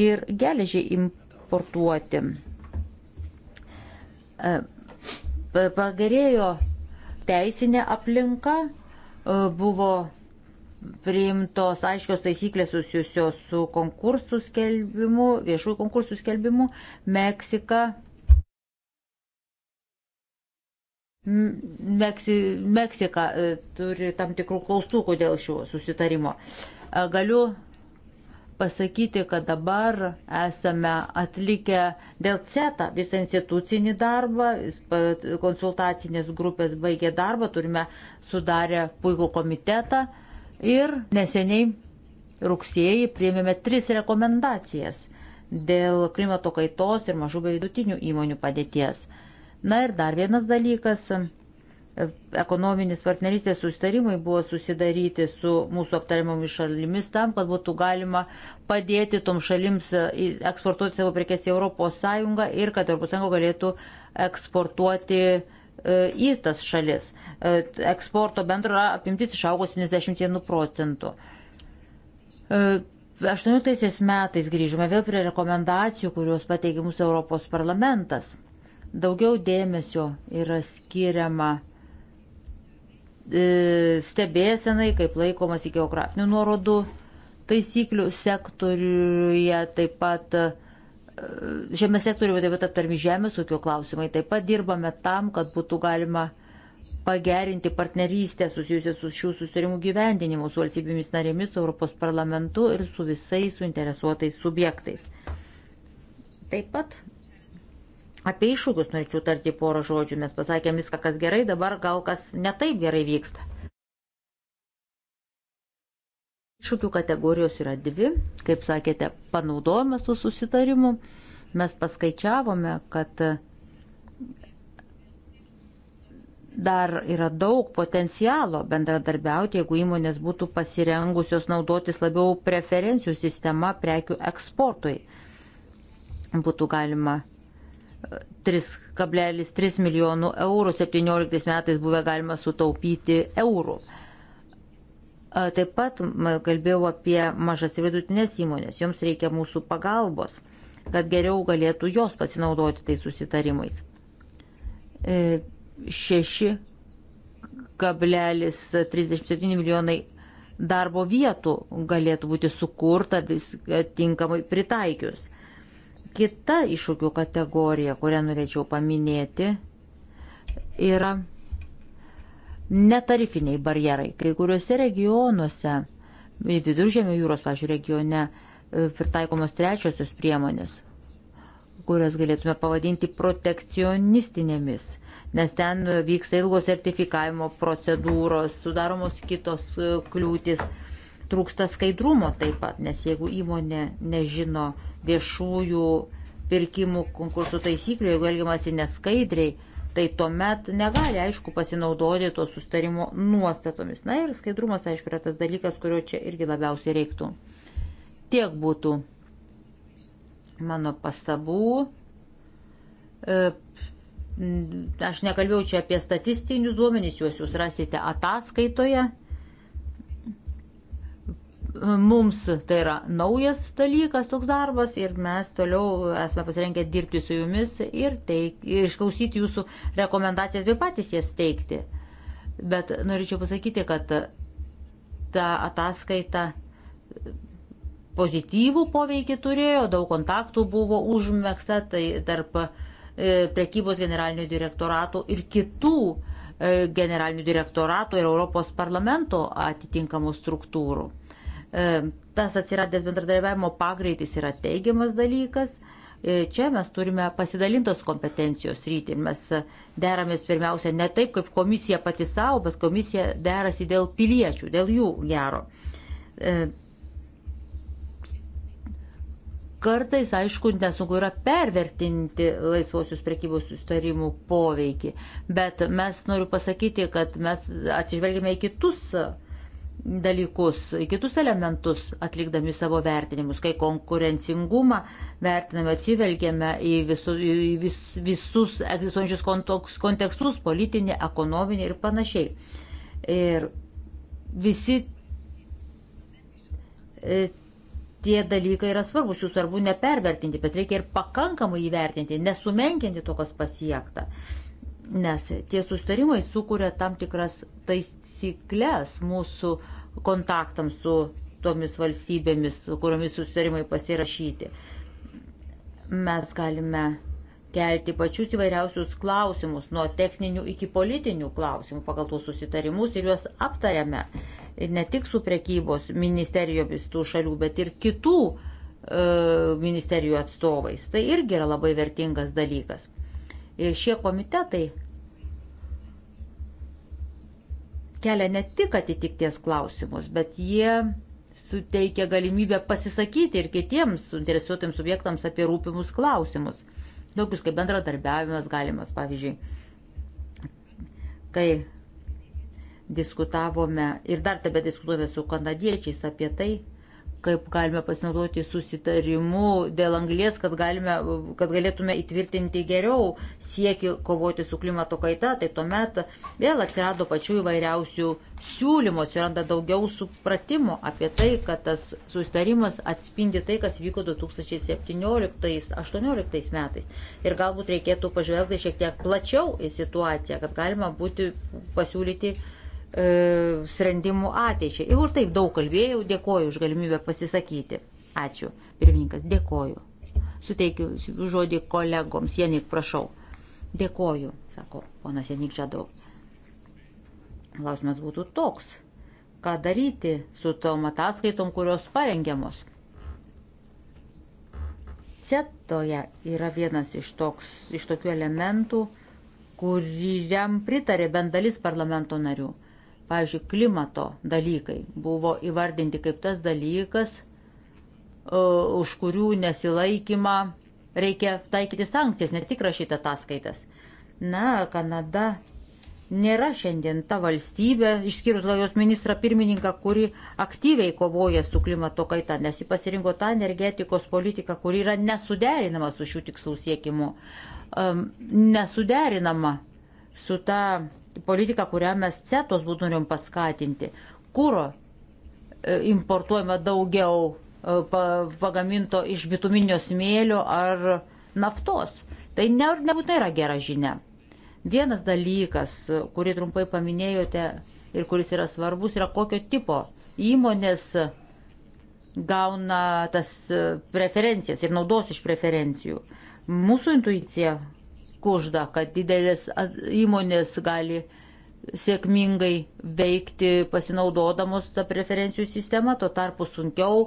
ir geležiai importuoti. E, pagerėjo teisinė aplinka, buvo priimtos aiškios taisyklės susijusios su konkursų skelbimu, viešųjų konkursų skelbimu. Meksika Meksi, Meksika e, turi tam tikrų klaustukų dėl šio susitarimo. E, galiu pasakyti, kad dabar esame atlikę dėl CETA visą institucinį darbą, konsultacinės grupės baigė darbą, turime sudarę puikų komitetą ir neseniai rugsėjį priėmėme tris rekomendacijas dėl klimato kaitos ir mažų bei vidutinių įmonių padėties. Na ir dar vienas dalykas. E, ekonominis partnerystės sustarimai buvo susidaryti su mūsų aptariamomis šalimis tam, kad būtų galima padėti tom šalims e, eksportuoti savo prekes į ES ir kad ES galėtų eksportuoti e, į tas šalis. Eksporto bendra apimtis išaugo 71 procentų. 18 metais grįžome vėl prie rekomendacijų, kuriuos pateikė mūsų Europos parlamentas. Daugiau dėmesio yra skiriama e, stebėsenai, kaip laikomas į geografinių nuorodų taisyklių sektoriuje, taip pat žemės sektoriuje, taip pat aptarmi žemės ūkio klausimai. Taip pat dirbame tam, kad būtų galima pagerinti partnerystę susijusią su šių susitarimų gyvendinimu su valstybėmis narėmis, su Europos parlamentu ir su visais suinteresuotais subjektais. Taip pat Apie iššūkius norėčiau tarti porą žodžių. Mes pasakėm viską, kas gerai, dabar gal kas netaip gerai vyksta. Iššūkių kategorijos yra dvi, kaip sakėte, panaudojame su susitarimu. Mes paskaičiavome, kad dar yra daug potencialo bendradarbiauti, jeigu įmonės būtų pasirengusios naudotis labiau preferencijų sistema prekių eksportui. Būtų galima 3,3 milijonų eurų 17 metais buvę galima sutaupyti eurų. Taip pat kalbėjau apie mažas ir vidutinės įmonės, joms reikia mūsų pagalbos, kad geriau galėtų jos pasinaudoti tais susitarimais. 6,37 e, milijonai darbo vietų galėtų būti sukurta vis e, tinkamai pritaikius. Kita iššūkių kategorija, kurią norėčiau paminėti, yra netarifiniai barjerai. Kai kuriuose regionuose, viduržėmio jūros, pažiūrėjau, regione, e, pritaikomos trečiosios priemonės, kurias galėtume pavadinti protekcionistinėmis, nes ten vyksta ilgos sertifikavimo procedūros, sudaromos kitos e, kliūtis, trūksta skaidrumo taip pat, nes jeigu įmonė nežino, viešųjų pirkimų konkursų taisyklių, jeigu elgiamasi neskaidriai, tai tuomet negali, aišku, pasinaudoti to sustarimo nuostatomis. Na ir skaidrumas, aišku, yra tas dalykas, kurio čia irgi labiausiai reiktų. Tiek būtų mano pastabų. E, aš nekalbėjau čia apie statistinius duomenys, juos jūs rasite ataskaitoje Mums tai yra naujas dalykas toks darbas ir mes toliau esame pasirengę dirbti su jumis ir, teik, ir išklausyti jūsų rekomendacijas bei patys jas teikti. Bet norėčiau pasakyti, kad ta ataskaita pozityvų poveikį turėjo, daug kontaktų buvo užmėgsta tai tarp e, prekybos generalinių direktoratų ir kitų e, generalinių direktoratų ir Europos parlamento atitinkamų struktūrų. E, tas atsiradęs bendradarbiavimo pagreitis yra teigiamas dalykas. E, čia mes turime pasidalintos kompetencijos rytį. Mes deramės pirmiausia ne taip, kaip komisija pati savo, bet komisija derasi dėl piliečių, dėl jų gero. E, kartais, aišku, nesunku yra pervertinti laisvosios prekybos sustarimų poveikį, bet mes noriu pasakyti, kad mes atsižvelgime į kitus dalykus, kitus elementus atlikdami savo vertinimus, kai konkurencingumą vertiname, atsivelgiame į, visu, į vis, visus egzistuojančius kontekstus, politinį, ekonominį ir panašiai. Ir visi e, tie dalykai yra svarbus, jų svarbu nepervertinti, bet reikia ir pakankamai įvertinti, nesumenkinti to, kas pasiekta. Nes tie sustarimai sukuria tam tikras tais, taisyklės mūsų kontaktams su tomis valstybėmis, su kuriomis susitarimai pasirašyti. Mes galime kelti pačius įvairiausius klausimus, nuo techninių iki politinių klausimų pagal tuos susitarimus ir juos aptariame ne tik su prekybos ministerijomis tų šalių, bet ir kitų e, ministerijų atstovais. Tai irgi yra labai vertingas dalykas. Ir šie komitetai kelia ne tik atitikties klausimus, bet jie suteikia galimybę pasisakyti ir kitiems suinteresuotiems subjektams apie rūpimus klausimus. Tokius kaip bendradarbiavimas galimas, pavyzdžiui, kai diskutavome ir dar tebe diskutuojame su kanadiečiais apie tai, kaip galime pasinaudoti susitarimu dėl anglės, kad, galime, kad galėtume įtvirtinti geriau sieki kovoti su klimato kaita, tai tuomet vėl atsirado pačių įvairiausių siūlymų, atsiranda daugiau supratimo apie tai, kad tas susitarimas atspindi tai, kas vyko 2017-2018 metais. Ir galbūt reikėtų pažvelgti šiek tiek plačiau į situaciją, kad galima būti pasiūlyti E, sprendimų ateičiai. Jau ir taip daug kalbėjau, dėkoju už galimybę pasisakyti. Ačiū, pirmininkas, dėkoju. Suteikiu žodį kolegoms. Janik, prašau. Dėkoju, sako ponas Janik Žadau. Klausimas būtų toks. Ką daryti su tom ataskaitom, kurios parengiamos? Cetoje yra vienas iš, toks, iš tokių elementų, kuriam pritarė bendalis parlamento narių Pavyzdžiui, klimato dalykai buvo įvardinti kaip tas dalykas, e, už kurių nesilaikymą reikia taikyti sankcijas, ne tik rašyti ataskaitas. Na, Kanada nėra šiandien ta valstybė, išskyrus gal jos ministrą pirmininką, kuri aktyviai kovoja su klimato kaita, nes ji pasirinko tą energetikos politiką, kuri yra nesuderinama su šių tikslų siekimu, um, nesuderinama su ta politiką, kurią mes CETOS būtų norim paskatinti. Kūro e, importuojame daugiau e, pagaminto iš bituminio smėlio ar naftos. Tai ne, nebūtinai yra gera žinia. Vienas dalykas, kurį trumpai paminėjote ir kuris yra svarbus, yra kokio tipo įmonės gauna tas preferencijas ir naudos iš preferencijų. Mūsų intuicija kužda, kad didelės įmonės gali sėkmingai veikti pasinaudodamos tą preferencijų sistemą, tuo tarpu sunkiau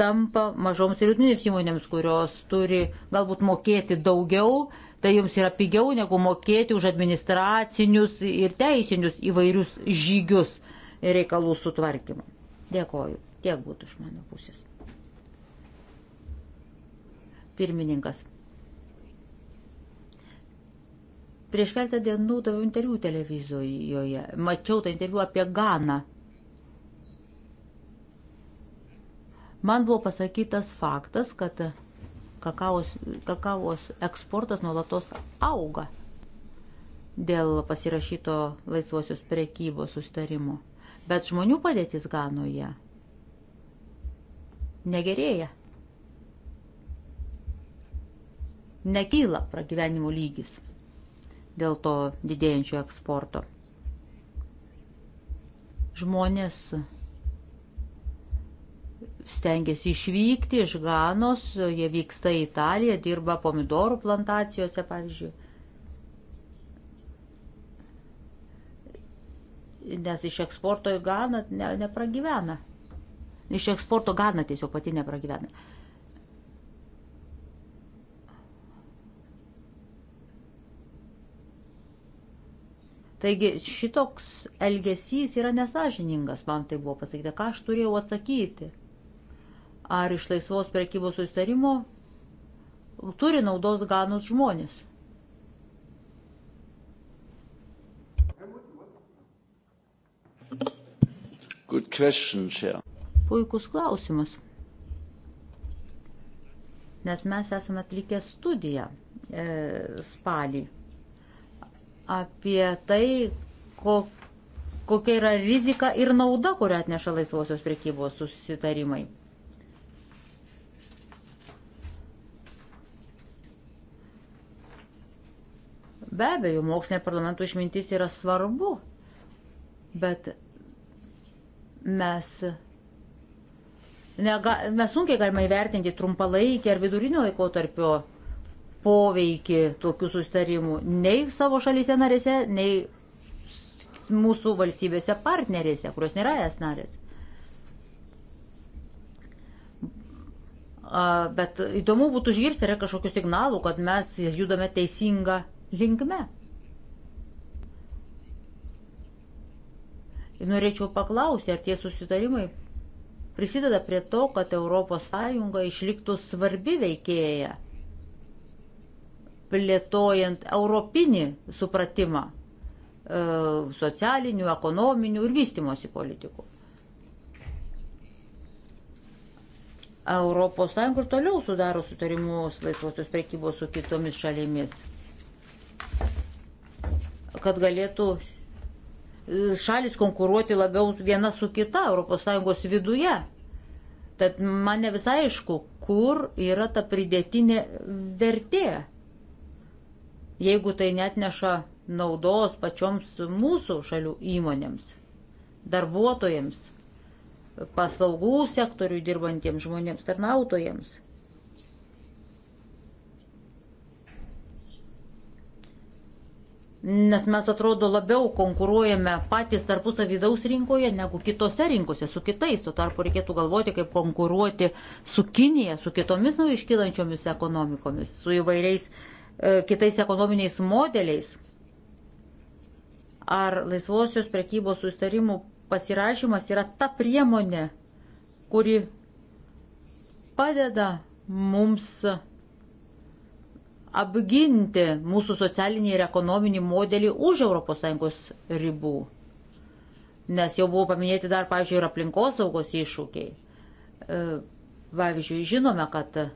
tampa mažoms ir vidutinėms įmonėms, kurios turi galbūt mokėti daugiau, tai jums yra pigiau negu mokėti už administracinius ir teisinius įvairius žygius reikalų sutvarkymą. Dėkoju. Tiek būtų iš mano pusės. Pirmininkas. Prieš keletą dienų daviau interviu televizijoje. Mačiau tą interviu apie Ganą. Man buvo pasakytas faktas, kad kakavos, kakavos eksportas nuolatos auga dėl pasirašyto laisvosios prekybos sustarimo. Bet žmonių padėtis Ganoje negerėja. Nekyla pragyvenimo lygis dėl to didėjančio eksporto. Žmonės stengiasi išvykti iš Ganos, jie vyksta į Italiją, dirba pomidorų plantacijose, pavyzdžiui. Nes iš eksporto į Ganą ne, nepragyvena. Iš eksporto Gana tiesiog pati nepragyvena. Taigi šitoks elgesys yra nesažiningas, man tai buvo pasakyta, ką aš turėjau atsakyti. Ar iš laisvos prekybos sustarimo turi naudos ganus žmonės?
Good question, Chair.
Puikus klausimas. Nes mes esame atlikę studiją e, spalį apie tai, ko, kokia yra rizika ir nauda, kurią atneša laisvosios priekybos susitarimai. Be abejo, mokslinė parlamentų išmintis yra svarbu, bet mes, nega, mes sunkiai galime įvertinti trumpalaikį ar vidurinio laikotarpio poveikį tokių sustarimų nei savo šalyse narėse, nei mūsų valstybėse partnerėse, kurios nėra es narės. Bet įdomu būtų išgirsti, yra kažkokių signalų, kad mes judame teisinga linkme. Norėčiau paklausti, ar tie susitarimai prisideda prie to, kad ES išliktų svarbi veikėja plėtojant europinį supratimą e, socialinių, ekonominių ir vystimosi politikų. ES ir toliau sudaro sutarimus laisvosios prekybos su kitomis šalimis, kad galėtų e, šalis konkuruoti labiau viena su kita ES viduje. Tad man ne visai aišku, kur yra ta pridėtinė vertė jeigu tai net neša naudos pačioms mūsų šalių įmonėms, darbuotojams, paslaugų sektoriui dirbantiems žmonėms, tarnautojams. Nes mes atrodo labiau konkuruojame patys tarpusavį vidaus rinkoje negu kitose rinkose su kitais. Tuo tarpu reikėtų galvoti, kaip konkuruoti su Kinija, su kitomis nu iškylančiomis ekonomikomis, su įvairiais uh, E, kitais ekonominiais modeliais. Ar laisvosios prekybos sustarimų pasirašymas yra ta priemonė, kuri padeda mums apginti mūsų socialinį ir ekonominį modelį už ES ribų. Nes jau buvo paminėti dar, pavyzdžiui, ir aplinkosaugos iššūkiai. E, pavyzdžiui, žinome, kad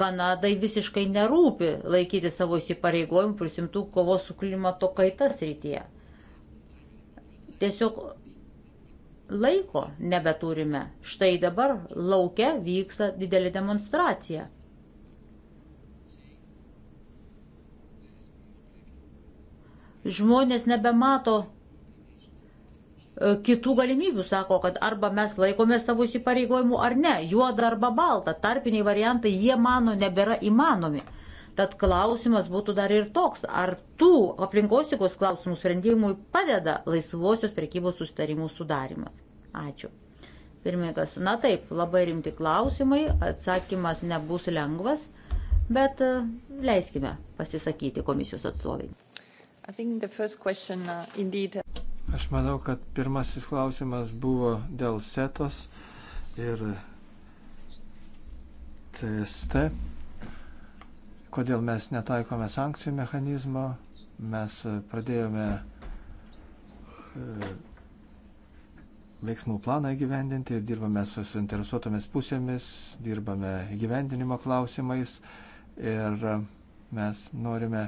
Kanadai visiškai nerūpi laikyti savo įsipareigojimų prisimtų kovos su klimato kaita srityje. Tiesiog laiko nebeturime. Štai dabar laukia vyksta didelė demonstracija. Žmonės nebemato E, kitų galimybių, sako, kad arba mes laikome savo įsipareigojimų ar ne, juoda arba balta, tarpiniai variantai jie mano nebėra įmanomi. Tad klausimas būtų dar ir toks, ar tų aplinkosikos klausimų sprendimui padeda laisvosios prekybos sustarimų sudarimas. Ačiū. Pirmininkas, na taip, labai rimti klausimai, atsakymas nebus lengvas, bet e, leiskime pasisakyti komisijos atstoviai. Question, uh, indeed...
Aš manau, kad pirmasis klausimas buvo dėl setos ir CST. Kodėl mes netaikome sankcijų mechanizmo? Mes e, pradėjome e, veiksmų planą įgyvendinti ir dirbame su suinteresuotomis pusėmis, dirbame įgyvendinimo klausimais ir mes norime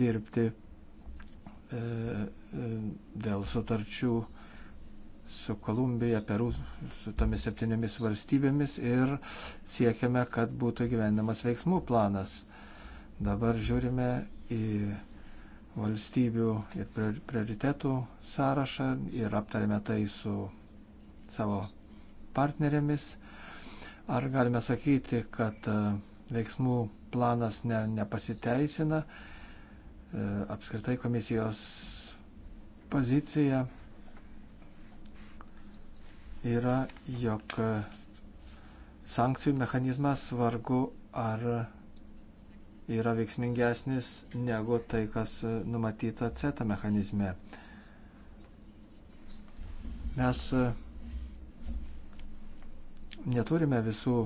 dirbti e, dėl sutarčių su Kolumbija, Peru, su tomis septynėmis valstybėmis ir siekiame, kad būtų gyvenimas veiksmų planas. Dabar žiūrime į valstybių ir prioritetų sąrašą ir aptarėme tai su savo partnerėmis. Ar galime sakyti, kad e, veiksmų planas ne, nepasiteisina? E, apskritai komisijos pozicija yra, jog sankcijų mechanizmas svargu ar yra veiksmingesnis negu tai, kas numatyta CETA mechanizme. Mes neturime visų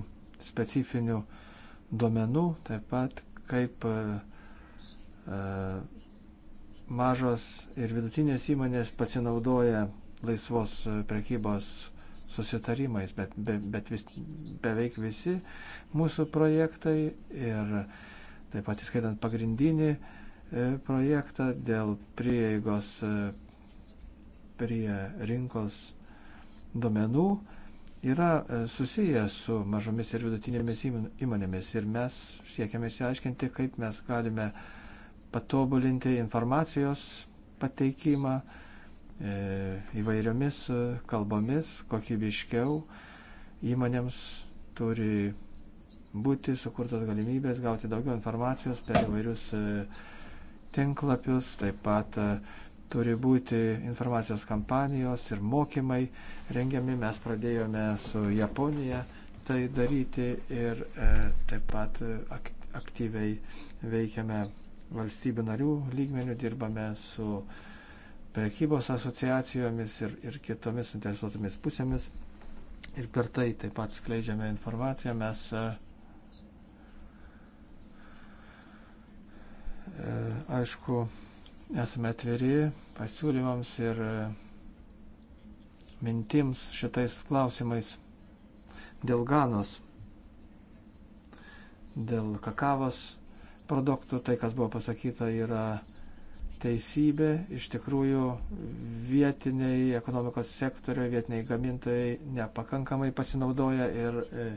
specifinių duomenų, taip pat kaip e, mažos ir vidutinės įmonės pasinaudoja laisvos prekybos susitarimais, bet, be, bet vis, beveik visi mūsų projektai ir taip pat įskaitant pagrindinį e, projektą dėl prieigos e, prie rinkos duomenų yra e, susijęs su mažomis ir vidutinėmis įmonėmis ir mes siekiame išsiaiškinti, kaip mes galime uh, patobulinti informacijos pateikimą e, įvairiomis e, kalbomis, kokybiškiau. Įmonėms turi būti sukurtos galimybės gauti daugiau informacijos per įvairius e, tinklapius, taip pat turi būti informacijos kampanijos ir mokymai rengiami. Mes pradėjome su Japonija tai daryti ir e, taip pat ak aktyviai veikiame valstybių narių lygmenių, dirbame su prekybos asociacijomis ir, ir kitomis interesuotomis pusėmis. Ir per tai taip pat skleidžiame informaciją. Mes e, e, aišku, esame atviri pasiūlymams ir e, mintims šitais klausimais dėl ganos, dėl kakavos produktų. Tai, kas buvo pasakyta, yra teisybė. Iš tikrųjų, vietiniai ekonomikos sektoriai, vietiniai gamintojai nepakankamai pasinaudoja ir e,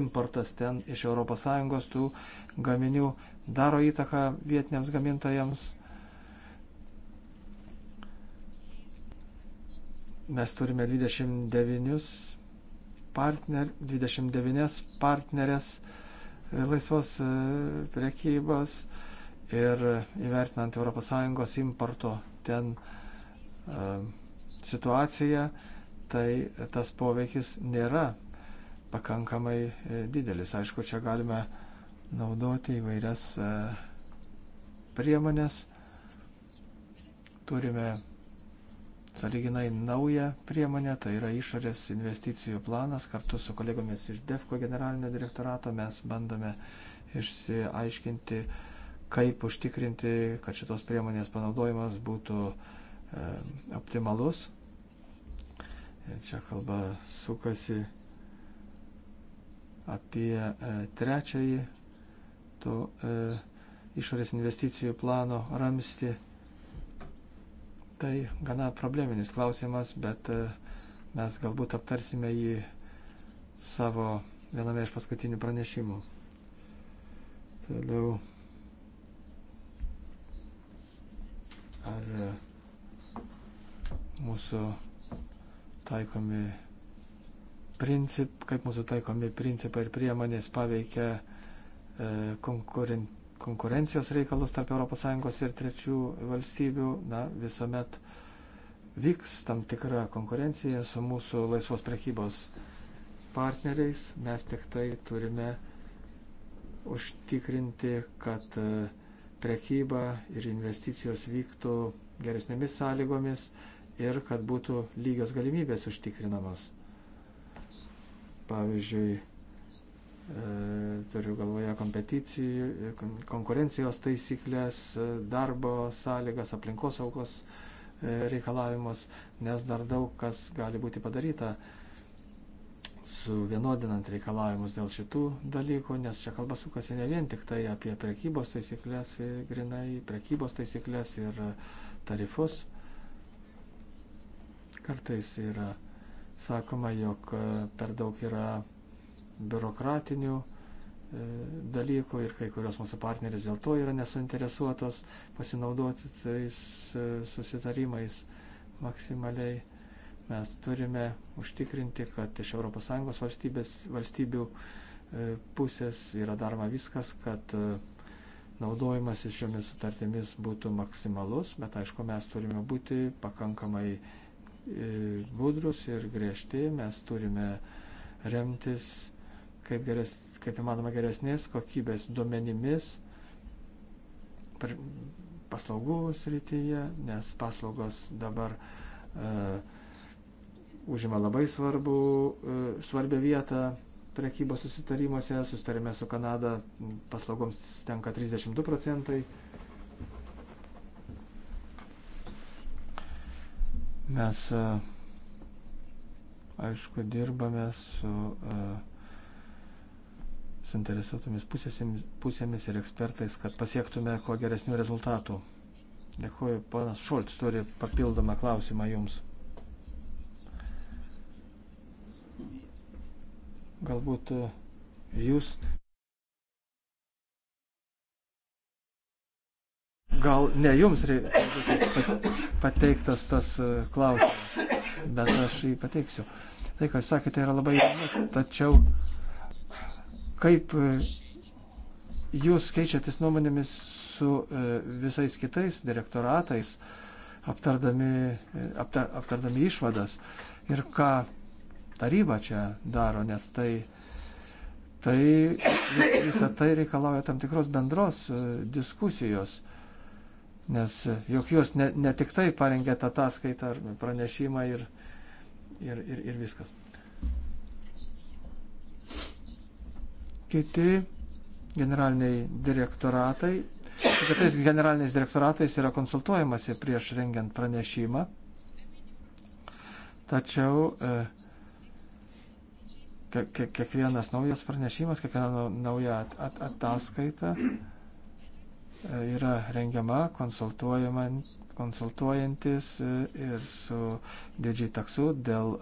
importas ten iš ES tų gaminių daro įtaką vietiniams gamintojams. Mes turime 29 partner, 29 partnerės laisvos e, priekybos ir įvertinant ES importo ten e, situaciją, tai tas poveikis nėra pakankamai e, didelis. Aišku, čia galime naudoti įvairias priemonės. Turime saliginai naują priemonę, tai yra išorės investicijų planas. Kartu su kolegomis iš DEFCO generalinio direktorato mes bandome išsiaiškinti, kaip užtikrinti, kad šitos priemonės panaudojimas būtų e, optimalus. Ir e, čia kalba sukasi apie e, trečiąjį to e, išorės investicijų plano ramsti Tai gana probleminis klausimas, bet e, mes galbūt aptarsime jį savo viename iš paskutinių pranešimų. Toliau. Ar e, mūsų taikomi principai, kaip mūsų taikomi principai ir priemonės paveikia e, konkurentų konkurencijos reikalus tarp ES ir trečių valstybių, na, visuomet vyks tam tikra konkurencija su mūsų laisvos prekybos partneriais. Mes tik tai turime užtikrinti, kad e, prekyba ir investicijos vyktų geresnėmis sąlygomis ir kad būtų lygios galimybės užtikrinamos. Pavyzdžiui, E, turiu galvoje kompeticijų, e, konkurencijos taisyklės, e, darbo sąlygas, aplinkosaugos reikalavimus, nes dar daug kas gali būti padaryta suvienodinant reikalavimus dėl šitų dalykų, nes čia kalba sukasi ne vien tik tai apie prekybos taisyklės, grinai prekybos taisyklės ir tarifus. Kartais yra sakoma, jog per daug yra biurokratinių e, dalykų ir kai kurios mūsų partneris dėl to yra nesuinteresuotos pasinaudoti tais e, susitarimais maksimaliai. Mes turime užtikrinti, kad iš ES valstybės, valstybių e, pusės yra daroma viskas, kad naudojimas šiomis sutartimis būtų maksimalus, bet aišku, mes turime būti pakankamai budrus ir griežti, mes turime remtis kaip, geres, kaip įmanoma geresnės kokybės duomenimis paslaugų srityje, nes paslaugos dabar uh, užima labai svarbu, uh, svarbią vietą prekybos susitarimuose, susitarime su Kanada paslaugoms tenka 32 procentai. Mes, e, aišku, dirbame su uh, suinteresuotomis pusėmis, pusėmis ir ekspertais, kad pasiektume kuo geresnių rezultatų. Dėkuoju, ponas Šulc turi papildomą klausimą jums. Galbūt e, jūs. Gal ne jums reikia pateiktas tas e, klausimas, bet aš jį pateiksiu. Tai, ką jūs sakėte, yra labai įdomu, tačiau Kaip e, jūs keičiatės nuomonėmis su e, visais kitais direktoratais, aptardami, e, aptar, aptardami išvadas ir ką taryba čia daro, nes tai, tai visą tai reikalauja tam tikros bendros diskusijos. Nes juk jūs ne, ne tik tai parengėte ataskaitą ar pranešimą ir, ir, ir, ir viskas. kiti generaliniai direktoratai. Kitais generaliniais direktoratais yra konsultuojamasi prieš rengiant pranešimą. Tačiau e, kiekvienas naujas pranešimas, kiekviena nauja at, at, ataskaita e, yra rengiama, konsultuojama, konsultuojantis e, ir su didžiai taksu dėl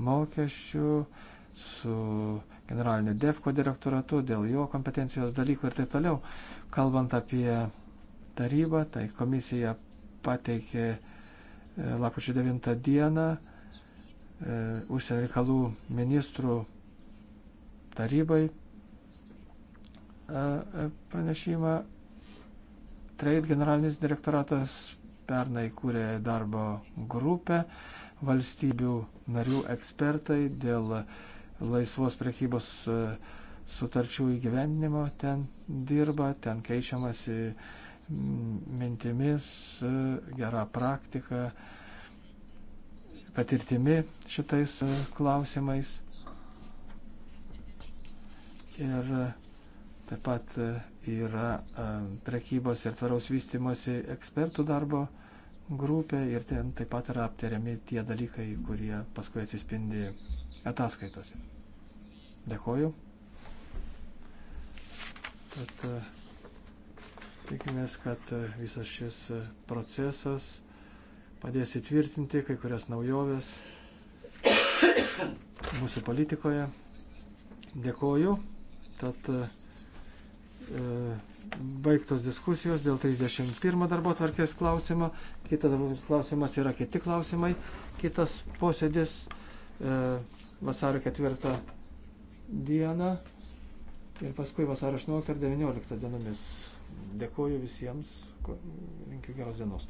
mokesčių, su generaliniu DEFCO direktoratu, dėl jo kompetencijos dalykų ir taip toliau. Kalbant apie tarybą, tai komisija pateikė e, lapkričio 9 dieną e, užsienio reikalų ministrų tarybai e, pranešimą. Trade generalinis direktoratas pernai kūrė darbo grupę valstybių narių ekspertai dėl uh, laisvos prekybos e, sutarčių įgyvendinimo ten dirba, ten keičiamasi mm, mintimis, e, gera praktika, patirtimi šitais e, klausimais. Ir taip pat yra prekybos ir tvaraus vystimosi ekspertų darbo grupė ir ten taip pat yra aptariami tie dalykai, kurie paskui atsispindi ataskaitose. Dėkoju. Tad e, tikimės, kad e, visas šis e, procesas padės įtvirtinti kai kurias naujoves mūsų politikoje. Dėkoju. Tad, e, baigtos diskusijos dėl 31 darbo tvarkės klausimo. Kitas darbo tvarkės klausimas yra kiti klausimai. Kitas posėdis e, vasario 4 dieną ir paskui vasario 18 ir 19 dienomis. Dėkuoju visiems, linkiu geros dienos.